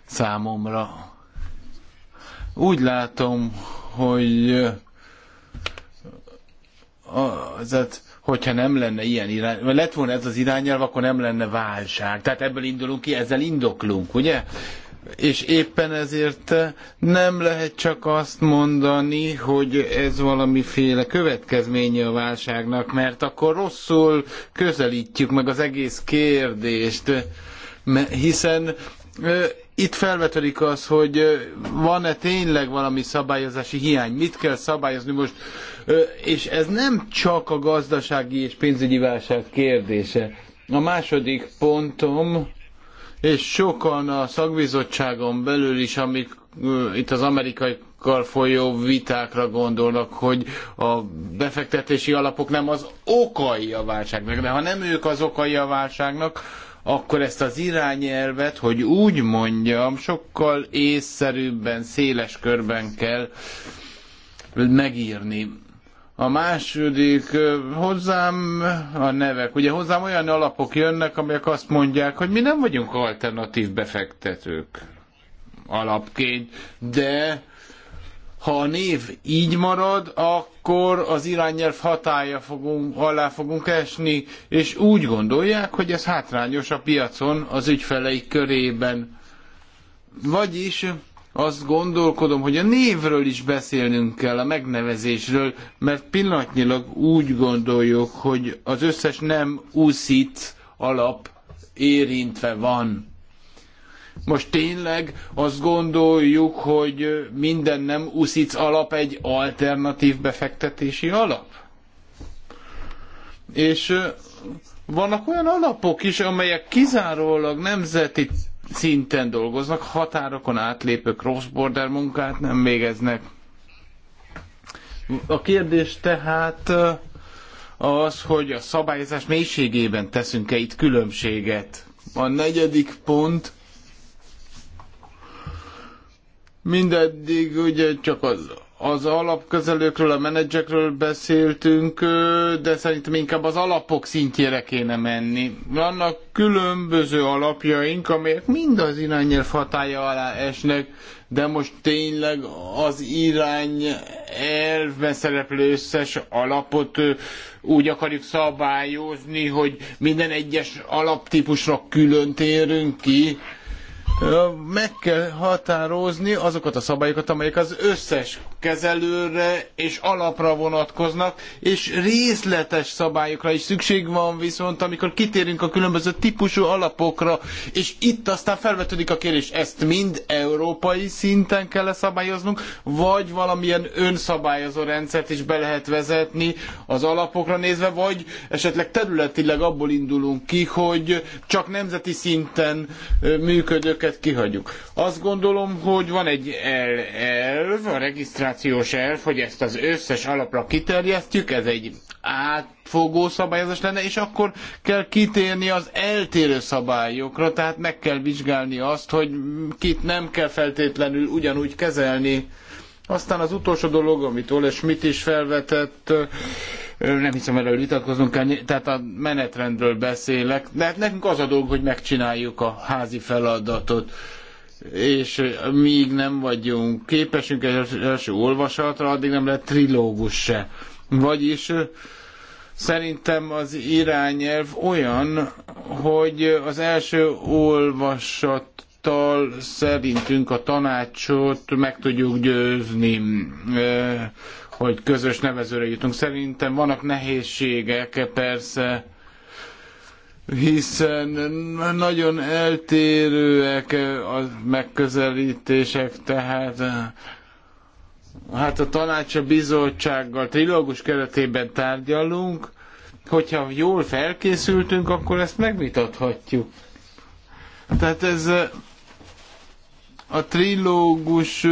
számomra úgy látom, hogy az, hát, hogyha nem lenne ilyen irány, vagy lett volna ez az irányelv, akkor nem lenne válság. Tehát ebből indulunk ki, ezzel indoklunk, ugye? És éppen ezért nem lehet csak azt mondani, hogy ez valamiféle következménye a válságnak, mert akkor rosszul közelítjük meg az egész kérdést, hiszen itt felvetődik az, hogy van-e tényleg valami szabályozási hiány, mit kell szabályozni most, és ez nem csak a gazdasági és pénzügyi válság kérdése. A második pontom, és sokan a szakbizottságon belül is, amik itt az amerikai folyó vitákra gondolnak, hogy a befektetési alapok nem az okai a válságnak, de ha nem ők az okai a válságnak, akkor ezt az irányelvet, hogy úgy mondjam, sokkal észszerűbben, széles körben kell megírni. A második, hozzám a nevek. Ugye hozzám olyan alapok jönnek, amelyek azt mondják, hogy mi nem vagyunk alternatív befektetők alapként, de ha a név így marad, akkor az irányelv hatája fogunk, alá fogunk esni, és úgy gondolják, hogy ez hátrányos a piacon az ügyfeleik körében. Vagyis azt gondolkodom, hogy a névről is beszélnünk kell, a megnevezésről, mert pillanatnyilag úgy gondoljuk, hogy az összes nem úszít alap érintve van. Most tényleg azt gondoljuk, hogy minden nem uszic alap egy alternatív befektetési alap? És vannak olyan alapok is, amelyek kizárólag nemzeti szinten dolgoznak, határokon átlépő cross-border munkát nem végeznek. A kérdés tehát az, hogy a szabályozás mélységében teszünk-e itt különbséget. A negyedik pont Mindeddig ugye csak az, az alapkezelőkről, a menedzsekről beszéltünk, de szerintem inkább az alapok szintjére kéne menni. Vannak különböző alapjaink, amelyek mind az irányelv hatája alá esnek, de most tényleg az irány elvben szereplő összes alapot úgy akarjuk szabályozni, hogy minden egyes alaptípusra külön térünk ki, meg kell határozni azokat a szabályokat, amelyek az összes kezelőre és alapra vonatkoznak, és részletes szabályokra is szükség van viszont, amikor kitérünk a különböző típusú alapokra, és itt aztán felvetődik a kérdés, ezt mind európai szinten kell -e szabályoznunk, vagy valamilyen önszabályozó rendszert is be lehet vezetni az alapokra nézve, vagy esetleg területileg abból indulunk ki, hogy csak nemzeti szinten működők ezeket kihagyjuk. Azt gondolom, hogy van egy elv, a regisztrációs elv, hogy ezt az összes alapra kiterjesztjük, ez egy átfogó szabályozás lenne, és akkor kell kitérni az eltérő szabályokra, tehát meg kell vizsgálni azt, hogy kit nem kell feltétlenül ugyanúgy kezelni. Aztán az utolsó dolog, amit Ole Schmidt is felvetett, nem hiszem erről vitatkozunk, tehát a menetrendről beszélek, de hát nekünk az a dolg, hogy megcsináljuk a házi feladatot és míg nem vagyunk képesünk egy első olvasatra, addig nem lehet trilógus se. Vagyis szerintem az irányelv olyan, hogy az első olvasat szerintünk a tanácsot meg tudjuk győzni hogy közös nevezőre jutunk. Szerintem vannak nehézségek, persze, hiszen nagyon eltérőek a megközelítések, tehát hát a tanács a bizottsággal trilógus keretében tárgyalunk, hogyha jól felkészültünk, akkor ezt megvitathatjuk. Tehát ez a trilógus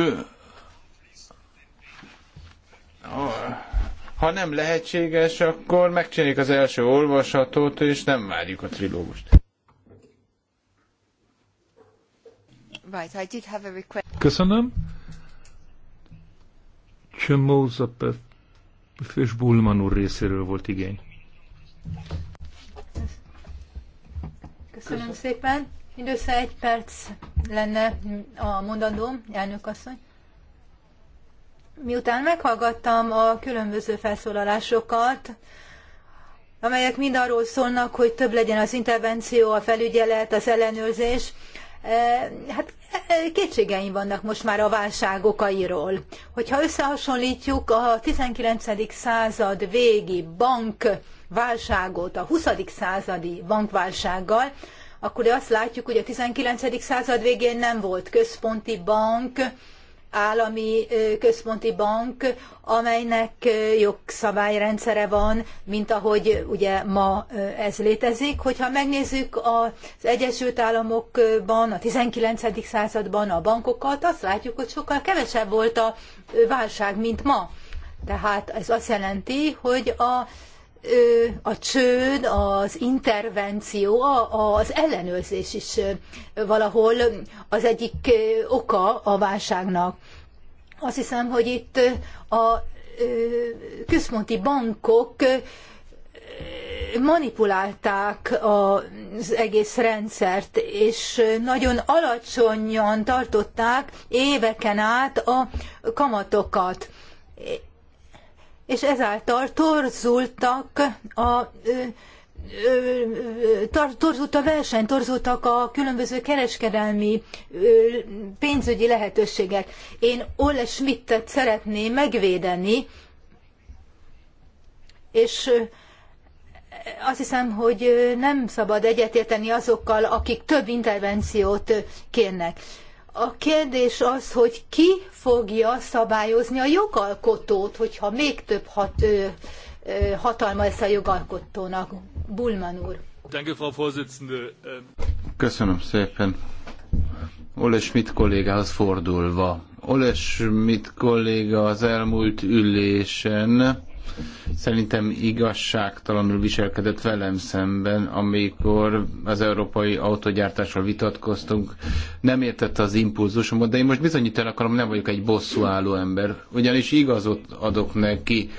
ha nem lehetséges, akkor megcsináljuk az első olvasatot, és nem várjuk a trilógust. Köszönöm. Csömmó és Bulman úr részéről volt igény. Köszönöm szépen. Mindössze egy perc lenne a mondandóm, elnök asszony. Miután meghallgattam a különböző felszólalásokat, amelyek mind arról szólnak, hogy több legyen az intervenció, a felügyelet, az ellenőrzés, eh, hát eh, kétségeim vannak most már a válság okairól. Hogyha összehasonlítjuk a 19. század végi bankválságot a 20. századi bankválsággal, akkor azt látjuk, hogy a 19. század végén nem volt központi bank, állami központi bank, amelynek jogszabályrendszere van, mint ahogy ugye ma ez létezik. Hogyha megnézzük az Egyesült Államokban, a 19. században a bankokat, azt látjuk, hogy sokkal kevesebb volt a válság, mint ma. Tehát ez azt jelenti, hogy a a csőd, az intervenció, az ellenőrzés is valahol az egyik oka a válságnak. Azt hiszem, hogy itt a központi bankok manipulálták az egész rendszert, és nagyon alacsonyan tartották éveken át a kamatokat és ezáltal torzultak a torzult a verseny, torzultak a különböző kereskedelmi pénzügyi lehetőségek. Én Ole Schmidt-et szeretném megvédeni, és azt hiszem, hogy nem szabad egyetérteni azokkal, akik több intervenciót kérnek a kérdés az, hogy ki fogja szabályozni a jogalkotót, hogyha még több hat, ö, ö, hatalma lesz a jogalkotónak. Bulman úr. Ähm, Köszönöm szépen. Ole Schmidt kollégához fordulva. Ole Schmidt kolléga az elmúlt ülésen szerintem igazságtalanul viselkedett velem szemben, amikor az európai autogyártásról vitatkoztunk. Nem értette az impulzusomat, de én most bizonyítani akarom, nem vagyok egy bosszúálló ember, ugyanis igazot adok neki.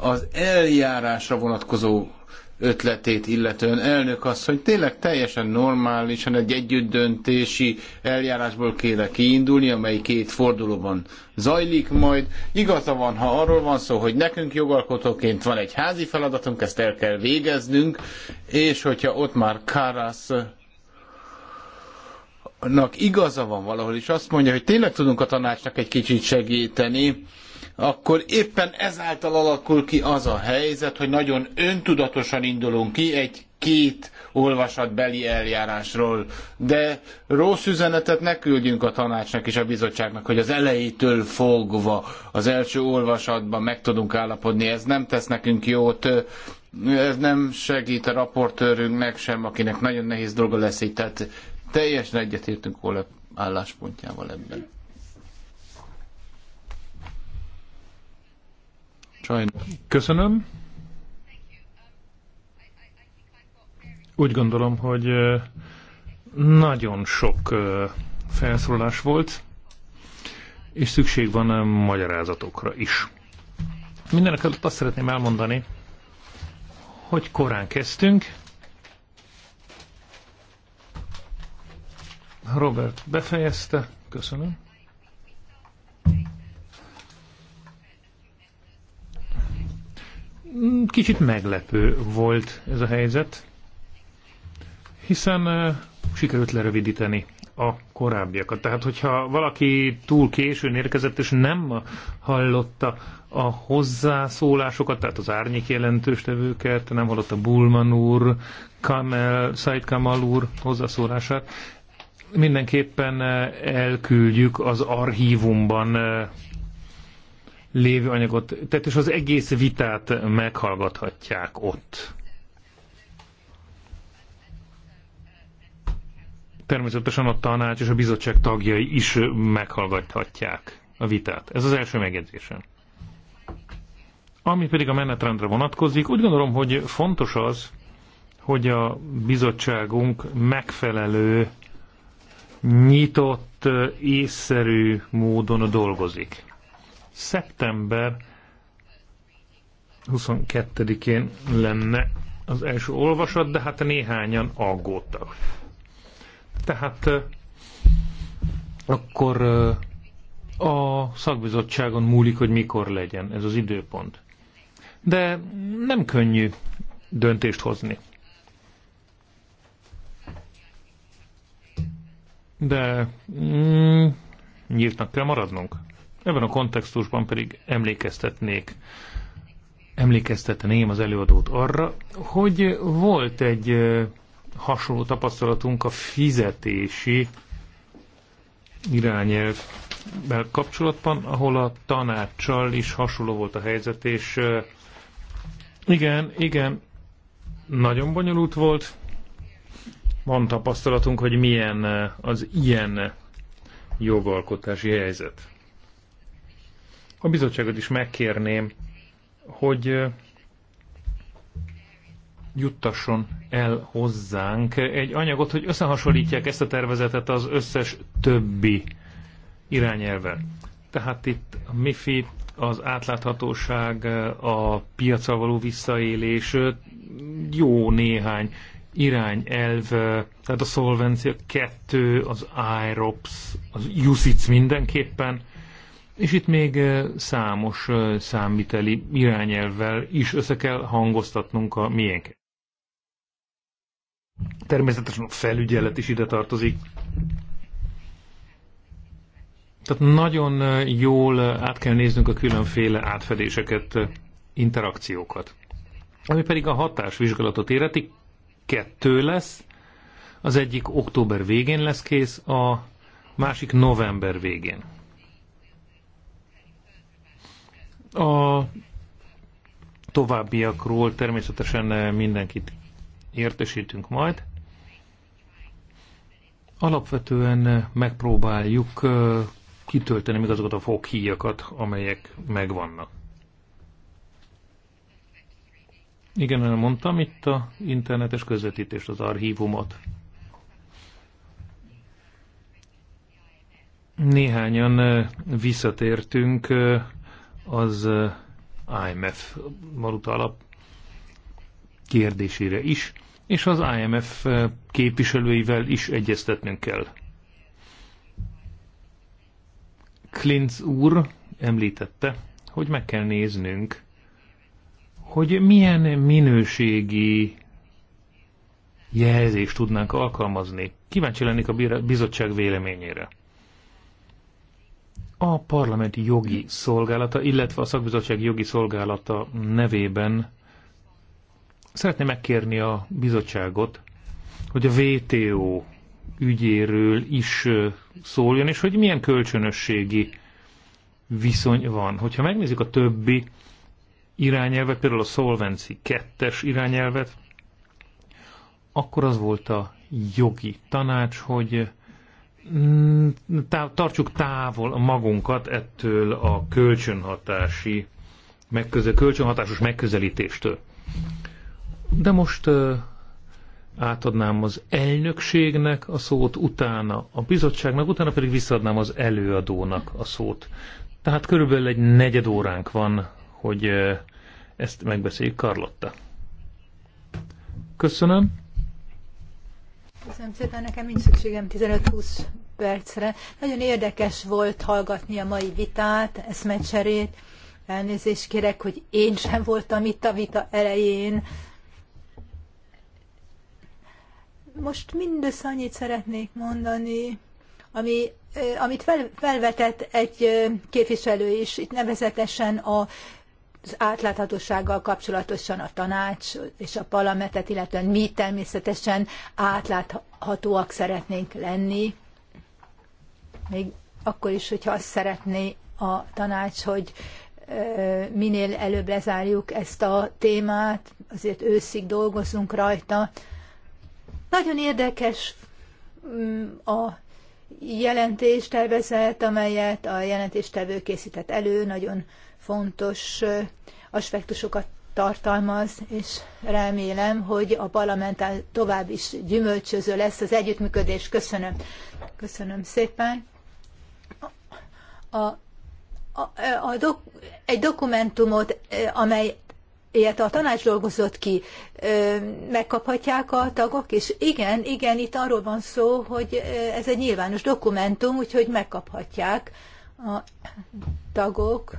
Az eljárásra vonatkozó ötletét illetően. Elnök azt, hogy tényleg teljesen normálisan egy együttdöntési eljárásból kéne kiindulni, amely két fordulóban zajlik majd. Igaza van, ha arról van szó, hogy nekünk jogalkotóként van egy házi feladatunk, ezt el kell végeznünk, és hogyha ott már Karasz nak igaza van valahol, és azt mondja, hogy tényleg tudunk a tanácsnak egy kicsit segíteni, akkor éppen ezáltal alakul ki az a helyzet, hogy nagyon öntudatosan indulunk ki egy két olvasatbeli eljárásról. De rossz üzenetet ne küldjünk a tanácsnak és a bizottságnak, hogy az elejétől fogva az első olvasatban meg tudunk állapodni. Ez nem tesz nekünk jót. Ez nem segít a raportőrünknek sem, akinek nagyon nehéz dolga lesz itt. Tehát teljesen egyetértünk Olep álláspontjával ebben. Sajnos. Köszönöm. Úgy gondolom, hogy nagyon sok felszólás volt, és szükség van a magyarázatokra is. Mindenek előtt azt szeretném elmondani, hogy korán kezdtünk. Robert befejezte, köszönöm. Mm, kicsit meglepő volt ez a helyzet, hiszen eh, sikerült lerövidíteni a korábbiakat. Tehát, hogyha valaki túl későn érkezett, és nem hallotta a hozzászólásokat, tehát az árnyék jelentős tevőket, nem hallotta Bulman úr, Kamel, Said Kamal úr hozzászólását, mindenképpen eh, elküldjük az archívumban eh, lévő anyagot, tehát és az egész vitát meghallgathatják ott. Természetesen a tanács és a bizottság tagjai is meghallgathatják a vitát. Ez az első megjegyzésem. Ami pedig a menetrendre vonatkozik, úgy gondolom, hogy fontos az, hogy a bizottságunk megfelelő, nyitott, észszerű módon dolgozik. Szeptember 22-én lenne az első olvasat, de hát néhányan aggódtak. Tehát eh, akkor eh, a szakbizottságon múlik, hogy mikor legyen ez az időpont. De nem könnyű döntést hozni. De mm, nyíltnak kell maradnunk. Ebben a kontextusban pedig emlékeztetnék, emlékeztetném az előadót arra, hogy volt egy hasonló tapasztalatunk a fizetési irányelvvel kapcsolatban, ahol a tanácssal is hasonló volt a helyzet, és igen, igen, nagyon bonyolult volt. Van tapasztalatunk, hogy milyen az ilyen jogalkotási helyzet. A bizottságot is megkérném, hogy juttasson el hozzánk egy anyagot, hogy összehasonlítják ezt a tervezetet az összes többi irányelvel. Tehát itt a MIFI, az átláthatóság, a piacra való visszaélés, jó néhány irányelv, tehát a Solvencia 2, az IROPS, az USITS mindenképpen és itt még számos számviteli irányelvvel is össze kell hangoztatnunk a miénket. Természetesen a felügyelet is ide tartozik. Tehát nagyon jól át kell néznünk a különféle átfedéseket, interakciókat. Ami pedig a hatásvizsgálatot éreti, kettő lesz. Az egyik október végén lesz kész, a másik november végén. A továbbiakról természetesen mindenkit értesítünk majd. Alapvetően megpróbáljuk kitölteni még azokat a foghíjakat, amelyek megvannak. Igen, elmondtam itt a internetes közvetítést, az archívumot. Néhányan visszatértünk az IMF valuta alap kérdésére is, és az IMF képviselőivel is egyeztetnünk kell. Klinz úr említette, hogy meg kell néznünk, hogy milyen minőségi jelzést tudnánk alkalmazni. Kíváncsi lennék a bizottság véleményére a parlamenti jogi szolgálata, illetve a szakbizottság jogi szolgálata nevében szeretném megkérni a bizottságot, hogy a VTO ügyéről is szóljon, és hogy milyen kölcsönösségi viszony van. Hogyha megnézzük a többi irányelvet, például a Solvency 2-es irányelvet, akkor az volt a jogi tanács, hogy tartsuk távol magunkat ettől a kölcsönhatási, megközel, kölcsönhatásos megközelítéstől. De most átadnám az elnökségnek a szót, utána a bizottságnak, utána pedig visszaadnám az előadónak a szót. Tehát körülbelül egy negyed óránk van, hogy ezt megbeszéljük Karlotta. Köszönöm. Köszönöm szépen, nekem nincs szükségem 15-20 percre. Nagyon érdekes volt hallgatni a mai vitát, eszmecserét. Elnézést kérek, hogy én sem voltam itt a vita elején. Most mindössze annyit szeretnék mondani, ami, amit fel, felvetett egy képviselő is, itt nevezetesen a az átláthatósággal kapcsolatosan a tanács és a parlamentet, illetően mi természetesen átláthatóak szeretnénk lenni, még akkor is, hogyha azt szeretné a tanács, hogy minél előbb lezárjuk ezt a témát, azért őszig dolgozunk rajta. Nagyon érdekes mm, a jelentéstervezet, amelyet a jelentéstevő készített elő, nagyon fontos aspektusokat tartalmaz, és remélem, hogy a parlamentál tovább is gyümölcsöző lesz az együttműködés. Köszönöm. Köszönöm szépen. A, a, a dok, egy dokumentumot, amely ilyet a tanács dolgozott ki, megkaphatják a tagok, és igen, igen, itt arról van szó, hogy ez egy nyilvános dokumentum, úgyhogy megkaphatják a tagok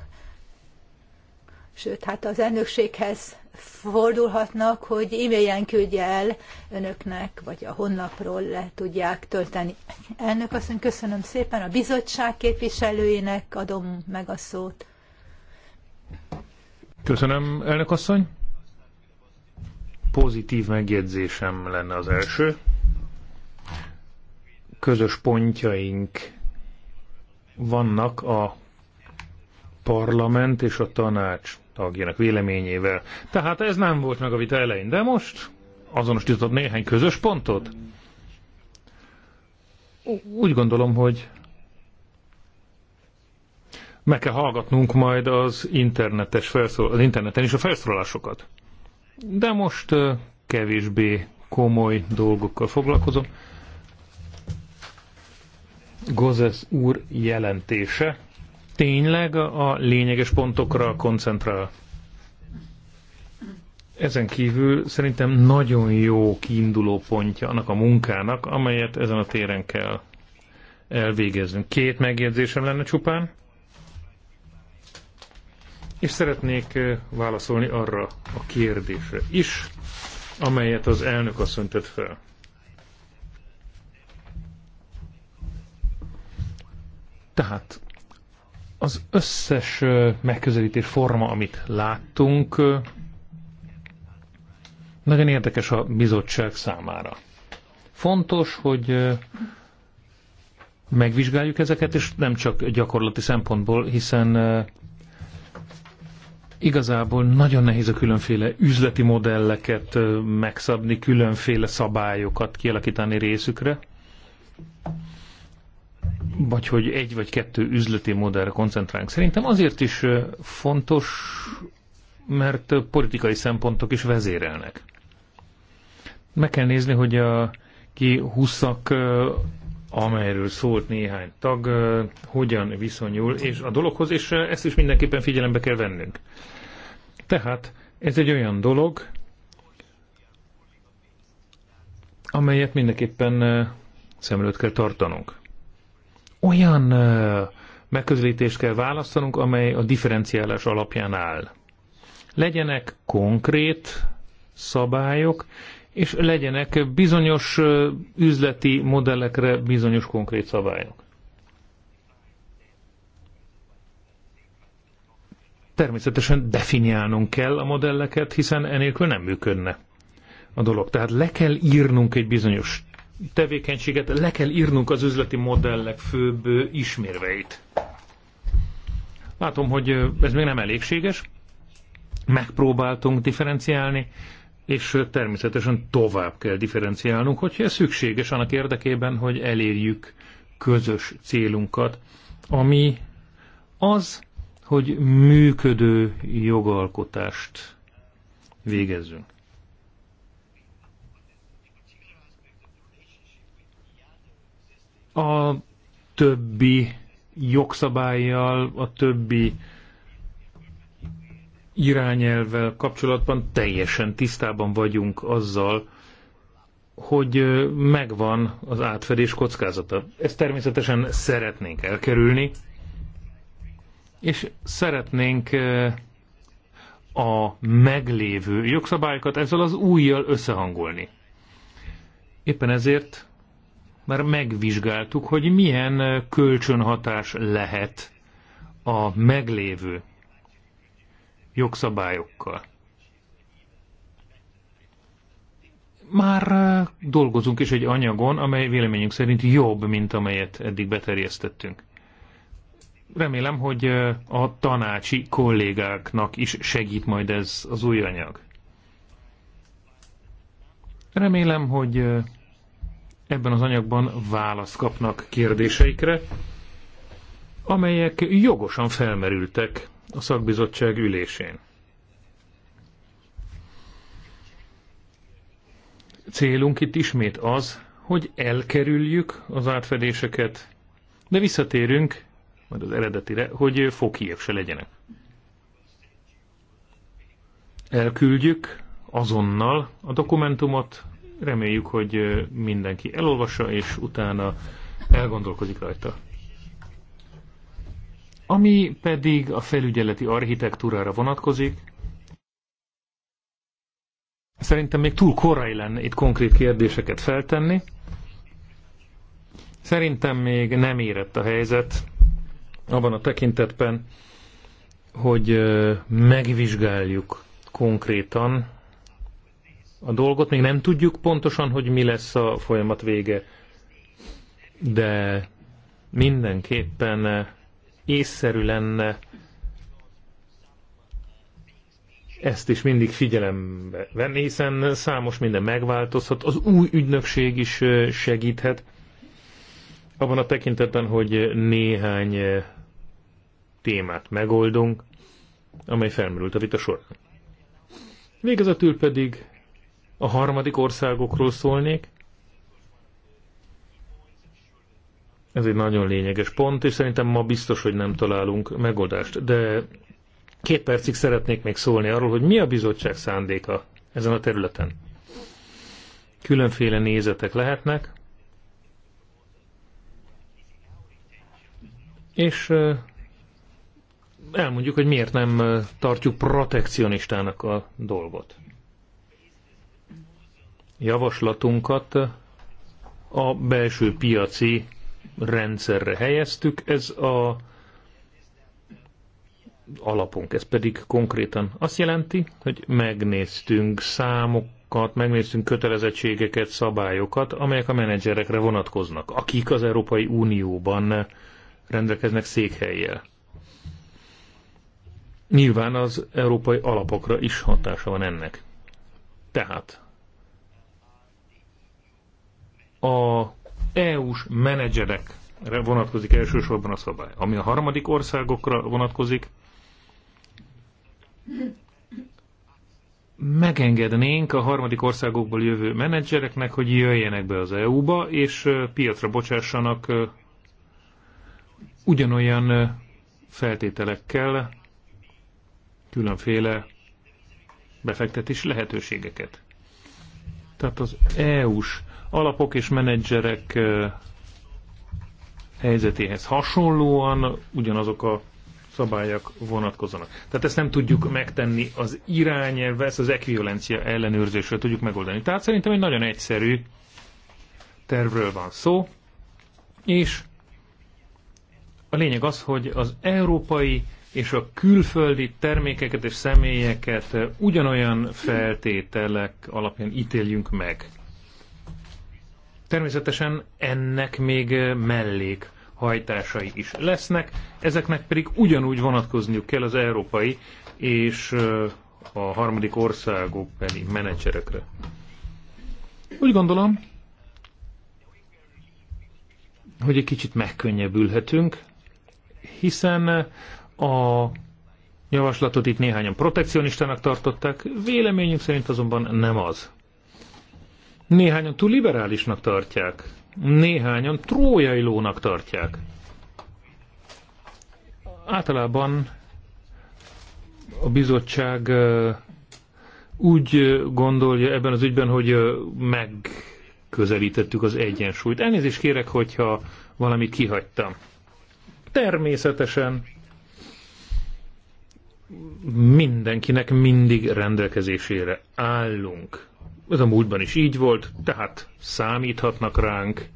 sőt, hát az elnökséghez fordulhatnak, hogy e-mailen küldje el önöknek, vagy a honlapról le tudják tölteni. Elnök mondja, köszönöm szépen a bizottság képviselőinek, adom meg a szót. Köszönöm, elnök asszony. Pozitív megjegyzésem lenne az első. Közös pontjaink vannak a parlament és a tanács tagjának véleményével. Tehát ez nem volt meg a vita elején, de most azonosított néhány közös pontot. Úgy gondolom, hogy meg kell hallgatnunk majd az, internetes felszól, az interneten is a felszólalásokat. De most kevésbé komoly dolgokkal foglalkozom. Gozes úr jelentése tényleg a lényeges pontokra koncentrál. Ezen kívül szerintem nagyon jó kiinduló pontja annak a munkának, amelyet ezen a téren kell elvégeznünk. Két megjegyzésem lenne csupán, és szeretnék eh, válaszolni arra a kérdésre is, amelyet az elnök asszony tett fel. Tehát az összes megközelítés forma, amit láttunk, nagyon érdekes a bizottság számára. Fontos, hogy megvizsgáljuk ezeket, és nem csak gyakorlati szempontból, hiszen igazából nagyon nehéz a különféle üzleti modelleket megszabni, különféle szabályokat kialakítani részükre vagy hogy egy vagy kettő üzleti modellre koncentrálunk. Szerintem azért is fontos, mert politikai szempontok is vezérelnek. Meg kell nézni, hogy a ki huszak, amelyről szólt néhány tag, hogyan viszonyul és a dologhoz, és ezt is mindenképpen figyelembe kell vennünk. Tehát ez egy olyan dolog, amelyet mindenképpen szem előtt kell tartanunk olyan megközelítést kell választanunk, amely a differenciálás alapján áll. Legyenek konkrét szabályok, és legyenek bizonyos üzleti modellekre bizonyos konkrét szabályok. Természetesen definiálnunk kell a modelleket, hiszen enélkül nem működne a dolog. Tehát le kell írnunk egy bizonyos tevékenységet le kell írnunk az üzleti modellek főbb ismérveit. Látom, hogy ez még nem elégséges. Megpróbáltunk differenciálni, és természetesen tovább kell differenciálnunk, hogyha ez szükséges annak érdekében, hogy elérjük közös célunkat, ami az, hogy működő jogalkotást végezzünk. a többi jogszabályjal, a többi irányelvvel kapcsolatban teljesen tisztában vagyunk azzal, hogy megvan az átfedés kockázata. Ezt természetesen szeretnénk elkerülni, és szeretnénk eh, a meglévő jogszabályokat ezzel az újjal összehangolni. Éppen ezért már megvizsgáltuk, hogy milyen kölcsönhatás lehet a meglévő jogszabályokkal. Már dolgozunk is egy anyagon, amely véleményünk szerint jobb, mint amelyet eddig beterjesztettünk. Remélem, hogy a tanácsi kollégáknak is segít majd ez az új anyag. Remélem, hogy ebben az anyagban választ kapnak kérdéseikre, amelyek jogosan felmerültek a szakbizottság ülésén. Célunk itt ismét az, hogy elkerüljük az átfedéseket, de visszatérünk majd az eredetire, hogy fokhíjek se legyenek. Elküldjük azonnal a dokumentumot Reméljük, hogy mindenki elolvassa, és utána elgondolkozik rajta. Ami pedig a felügyeleti architektúrára vonatkozik, Szerintem még túl korai lenne itt konkrét kérdéseket feltenni. Szerintem még nem érett a helyzet abban a tekintetben, hogy megvizsgáljuk konkrétan a dolgot, még nem tudjuk pontosan, hogy mi lesz a folyamat vége, de mindenképpen észszerű lenne ezt is mindig figyelembe venni, hiszen számos minden megváltozhat, az új ügynökség is segíthet, abban a tekintetben, hogy néhány témát megoldunk, amely felmerült a vita során. Végezetül pedig a harmadik országokról szólnék. Ez egy nagyon lényeges pont, és szerintem ma biztos, hogy nem találunk megoldást. De két percig szeretnék még szólni arról, hogy mi a bizottság szándéka ezen a területen. Különféle nézetek lehetnek, és elmondjuk, hogy miért nem tartjuk protekcionistának a dolgot javaslatunkat a belső piaci rendszerre helyeztük. Ez a alapunk, ez pedig konkrétan azt jelenti, hogy megnéztünk számokat, megnéztünk kötelezettségeket, szabályokat, amelyek a menedzserekre vonatkoznak, akik az Európai Unióban rendelkeznek székhelyjel. Nyilván az európai alapokra is hatása van ennek. Tehát a EU-s menedzserekre vonatkozik elsősorban a szabály. Ami a harmadik országokra vonatkozik, megengednénk a harmadik országokból jövő menedzsereknek, hogy jöjjenek be az EU-ba, és piacra bocsássanak ugyanolyan feltételekkel különféle befektetési lehetőségeket. Tehát az EU-s alapok és menedzserek helyzetéhez hasonlóan ugyanazok a szabályok vonatkozanak. Tehát ezt nem tudjuk megtenni az irányelv, ezt az ekvivalencia ellenőrzésről tudjuk megoldani. Tehát szerintem egy nagyon egyszerű tervről van szó, és a lényeg az, hogy az európai és a külföldi termékeket és személyeket ugyanolyan feltételek alapján ítéljünk meg. Természetesen ennek még mellék hajtásai is lesznek, ezeknek pedig ugyanúgy vonatkozniuk kell az európai és a harmadik országok beli menedzserekre. Úgy gondolom, hogy egy kicsit megkönnyebbülhetünk, hiszen a javaslatot itt néhányan protekcionistának tartották, véleményünk szerint azonban nem az. Néhányan túl liberálisnak tartják, néhányan trójai lónak tartják. Általában a bizottság úgy gondolja ebben az ügyben, hogy megközelítettük az egyensúlyt. Elnézést kérek, hogyha valamit kihagytam. Természetesen mindenkinek mindig rendelkezésére állunk ez a múltban is így volt, tehát számíthatnak ránk,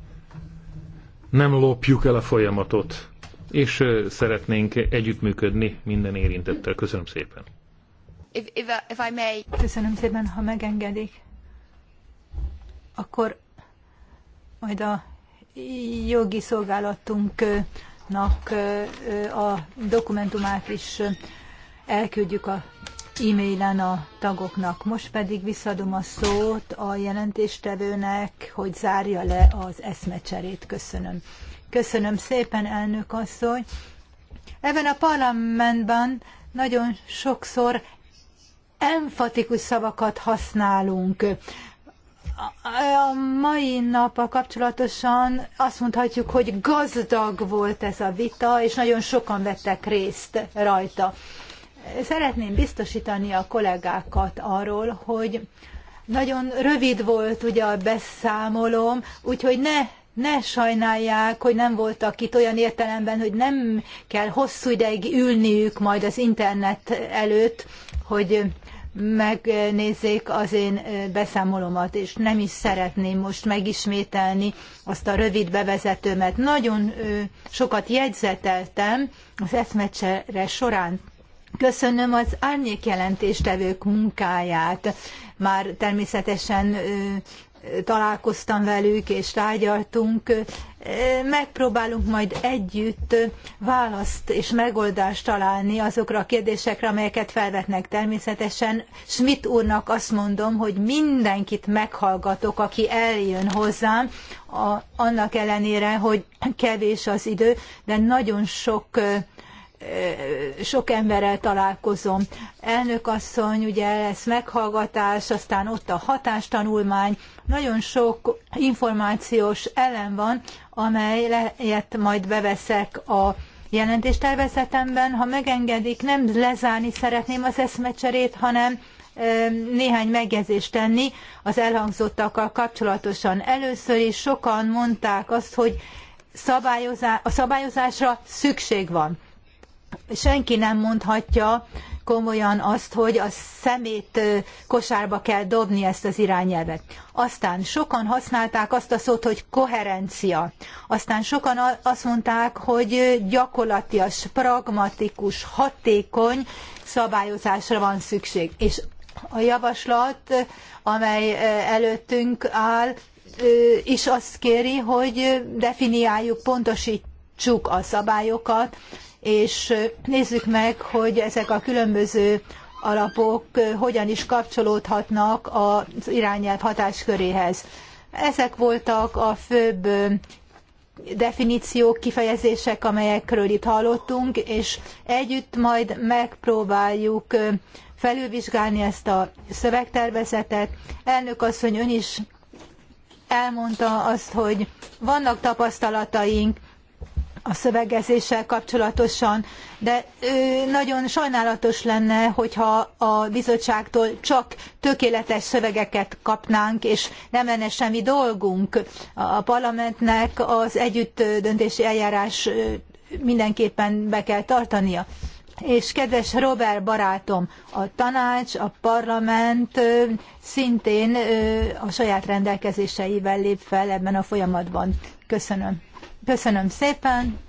nem lopjuk el a folyamatot, és szeretnénk együttműködni minden érintettel. Köszönöm szépen. If, if, if I may. Köszönöm szépen, ha megengedik. Akkor majd a jogi szolgálatunknak a dokumentumát is elküldjük a e-mailen a tagoknak. Most pedig visszadom a szót a jelentéstevőnek, hogy zárja le az eszmecserét. Köszönöm. Köszönöm szépen, elnök asszony. Ebben a parlamentben nagyon sokszor enfatikus szavakat használunk. A mai a kapcsolatosan azt mondhatjuk, hogy gazdag volt ez a vita, és nagyon sokan vettek részt rajta szeretném biztosítani a kollégákat arról, hogy nagyon rövid volt ugye a beszámolóm, úgyhogy ne ne sajnálják, hogy nem voltak itt olyan értelemben, hogy nem kell hosszú ideig ülniük majd az internet előtt, hogy megnézzék az én beszámolomat, és nem is szeretném most megismételni azt a rövid bevezetőmet. Nagyon sokat jegyzeteltem az eszmecsere során Köszönöm az árnyék jelentéstevők munkáját. Már természetesen találkoztam velük és tárgyaltunk. Megpróbálunk majd együtt választ és megoldást találni azokra a kérdésekre, amelyeket felvetnek természetesen. Schmidt úrnak azt mondom, hogy mindenkit meghallgatok, aki eljön hozzám, a, annak ellenére, hogy kevés az idő, de nagyon sok sok emberrel találkozom. Elnök asszony, ugye lesz meghallgatás, aztán ott a hatástanulmány, nagyon sok információs elem van, amelyet majd beveszek a jelentéstervezetemben. Ha megengedik, nem lezárni szeretném az eszmecserét, hanem néhány megjegyzést tenni az elhangzottakkal kapcsolatosan. Először is sokan mondták azt, hogy szabályozá a szabályozásra szükség van senki nem mondhatja komolyan azt, hogy a szemét kosárba kell dobni ezt az irányelvet. Aztán sokan használták azt a szót, hogy koherencia. Aztán sokan azt mondták, hogy gyakorlatias, pragmatikus, hatékony szabályozásra van szükség. És a javaslat, amely előttünk áll, is azt kéri, hogy definiáljuk, pontosítsuk a szabályokat, és nézzük meg, hogy ezek a különböző alapok hogyan is kapcsolódhatnak az irányelv hatásköréhez. Ezek voltak a főbb definíciók, kifejezések, amelyekről itt hallottunk, és együtt majd megpróbáljuk felülvizsgálni ezt a szövegtervezetet. Elnök asszony, ön is elmondta azt, hogy vannak tapasztalataink, a szövegezéssel kapcsolatosan, de nagyon sajnálatos lenne, hogyha a bizottságtól csak tökéletes szövegeket kapnánk, és nem lenne semmi dolgunk. A parlamentnek az együtt döntési eljárás mindenképpen be kell tartania. És kedves Robert barátom, a tanács, a parlament szintén a saját rendelkezéseivel lép fel ebben a folyamatban. Köszönöm. Köszönöm szépen!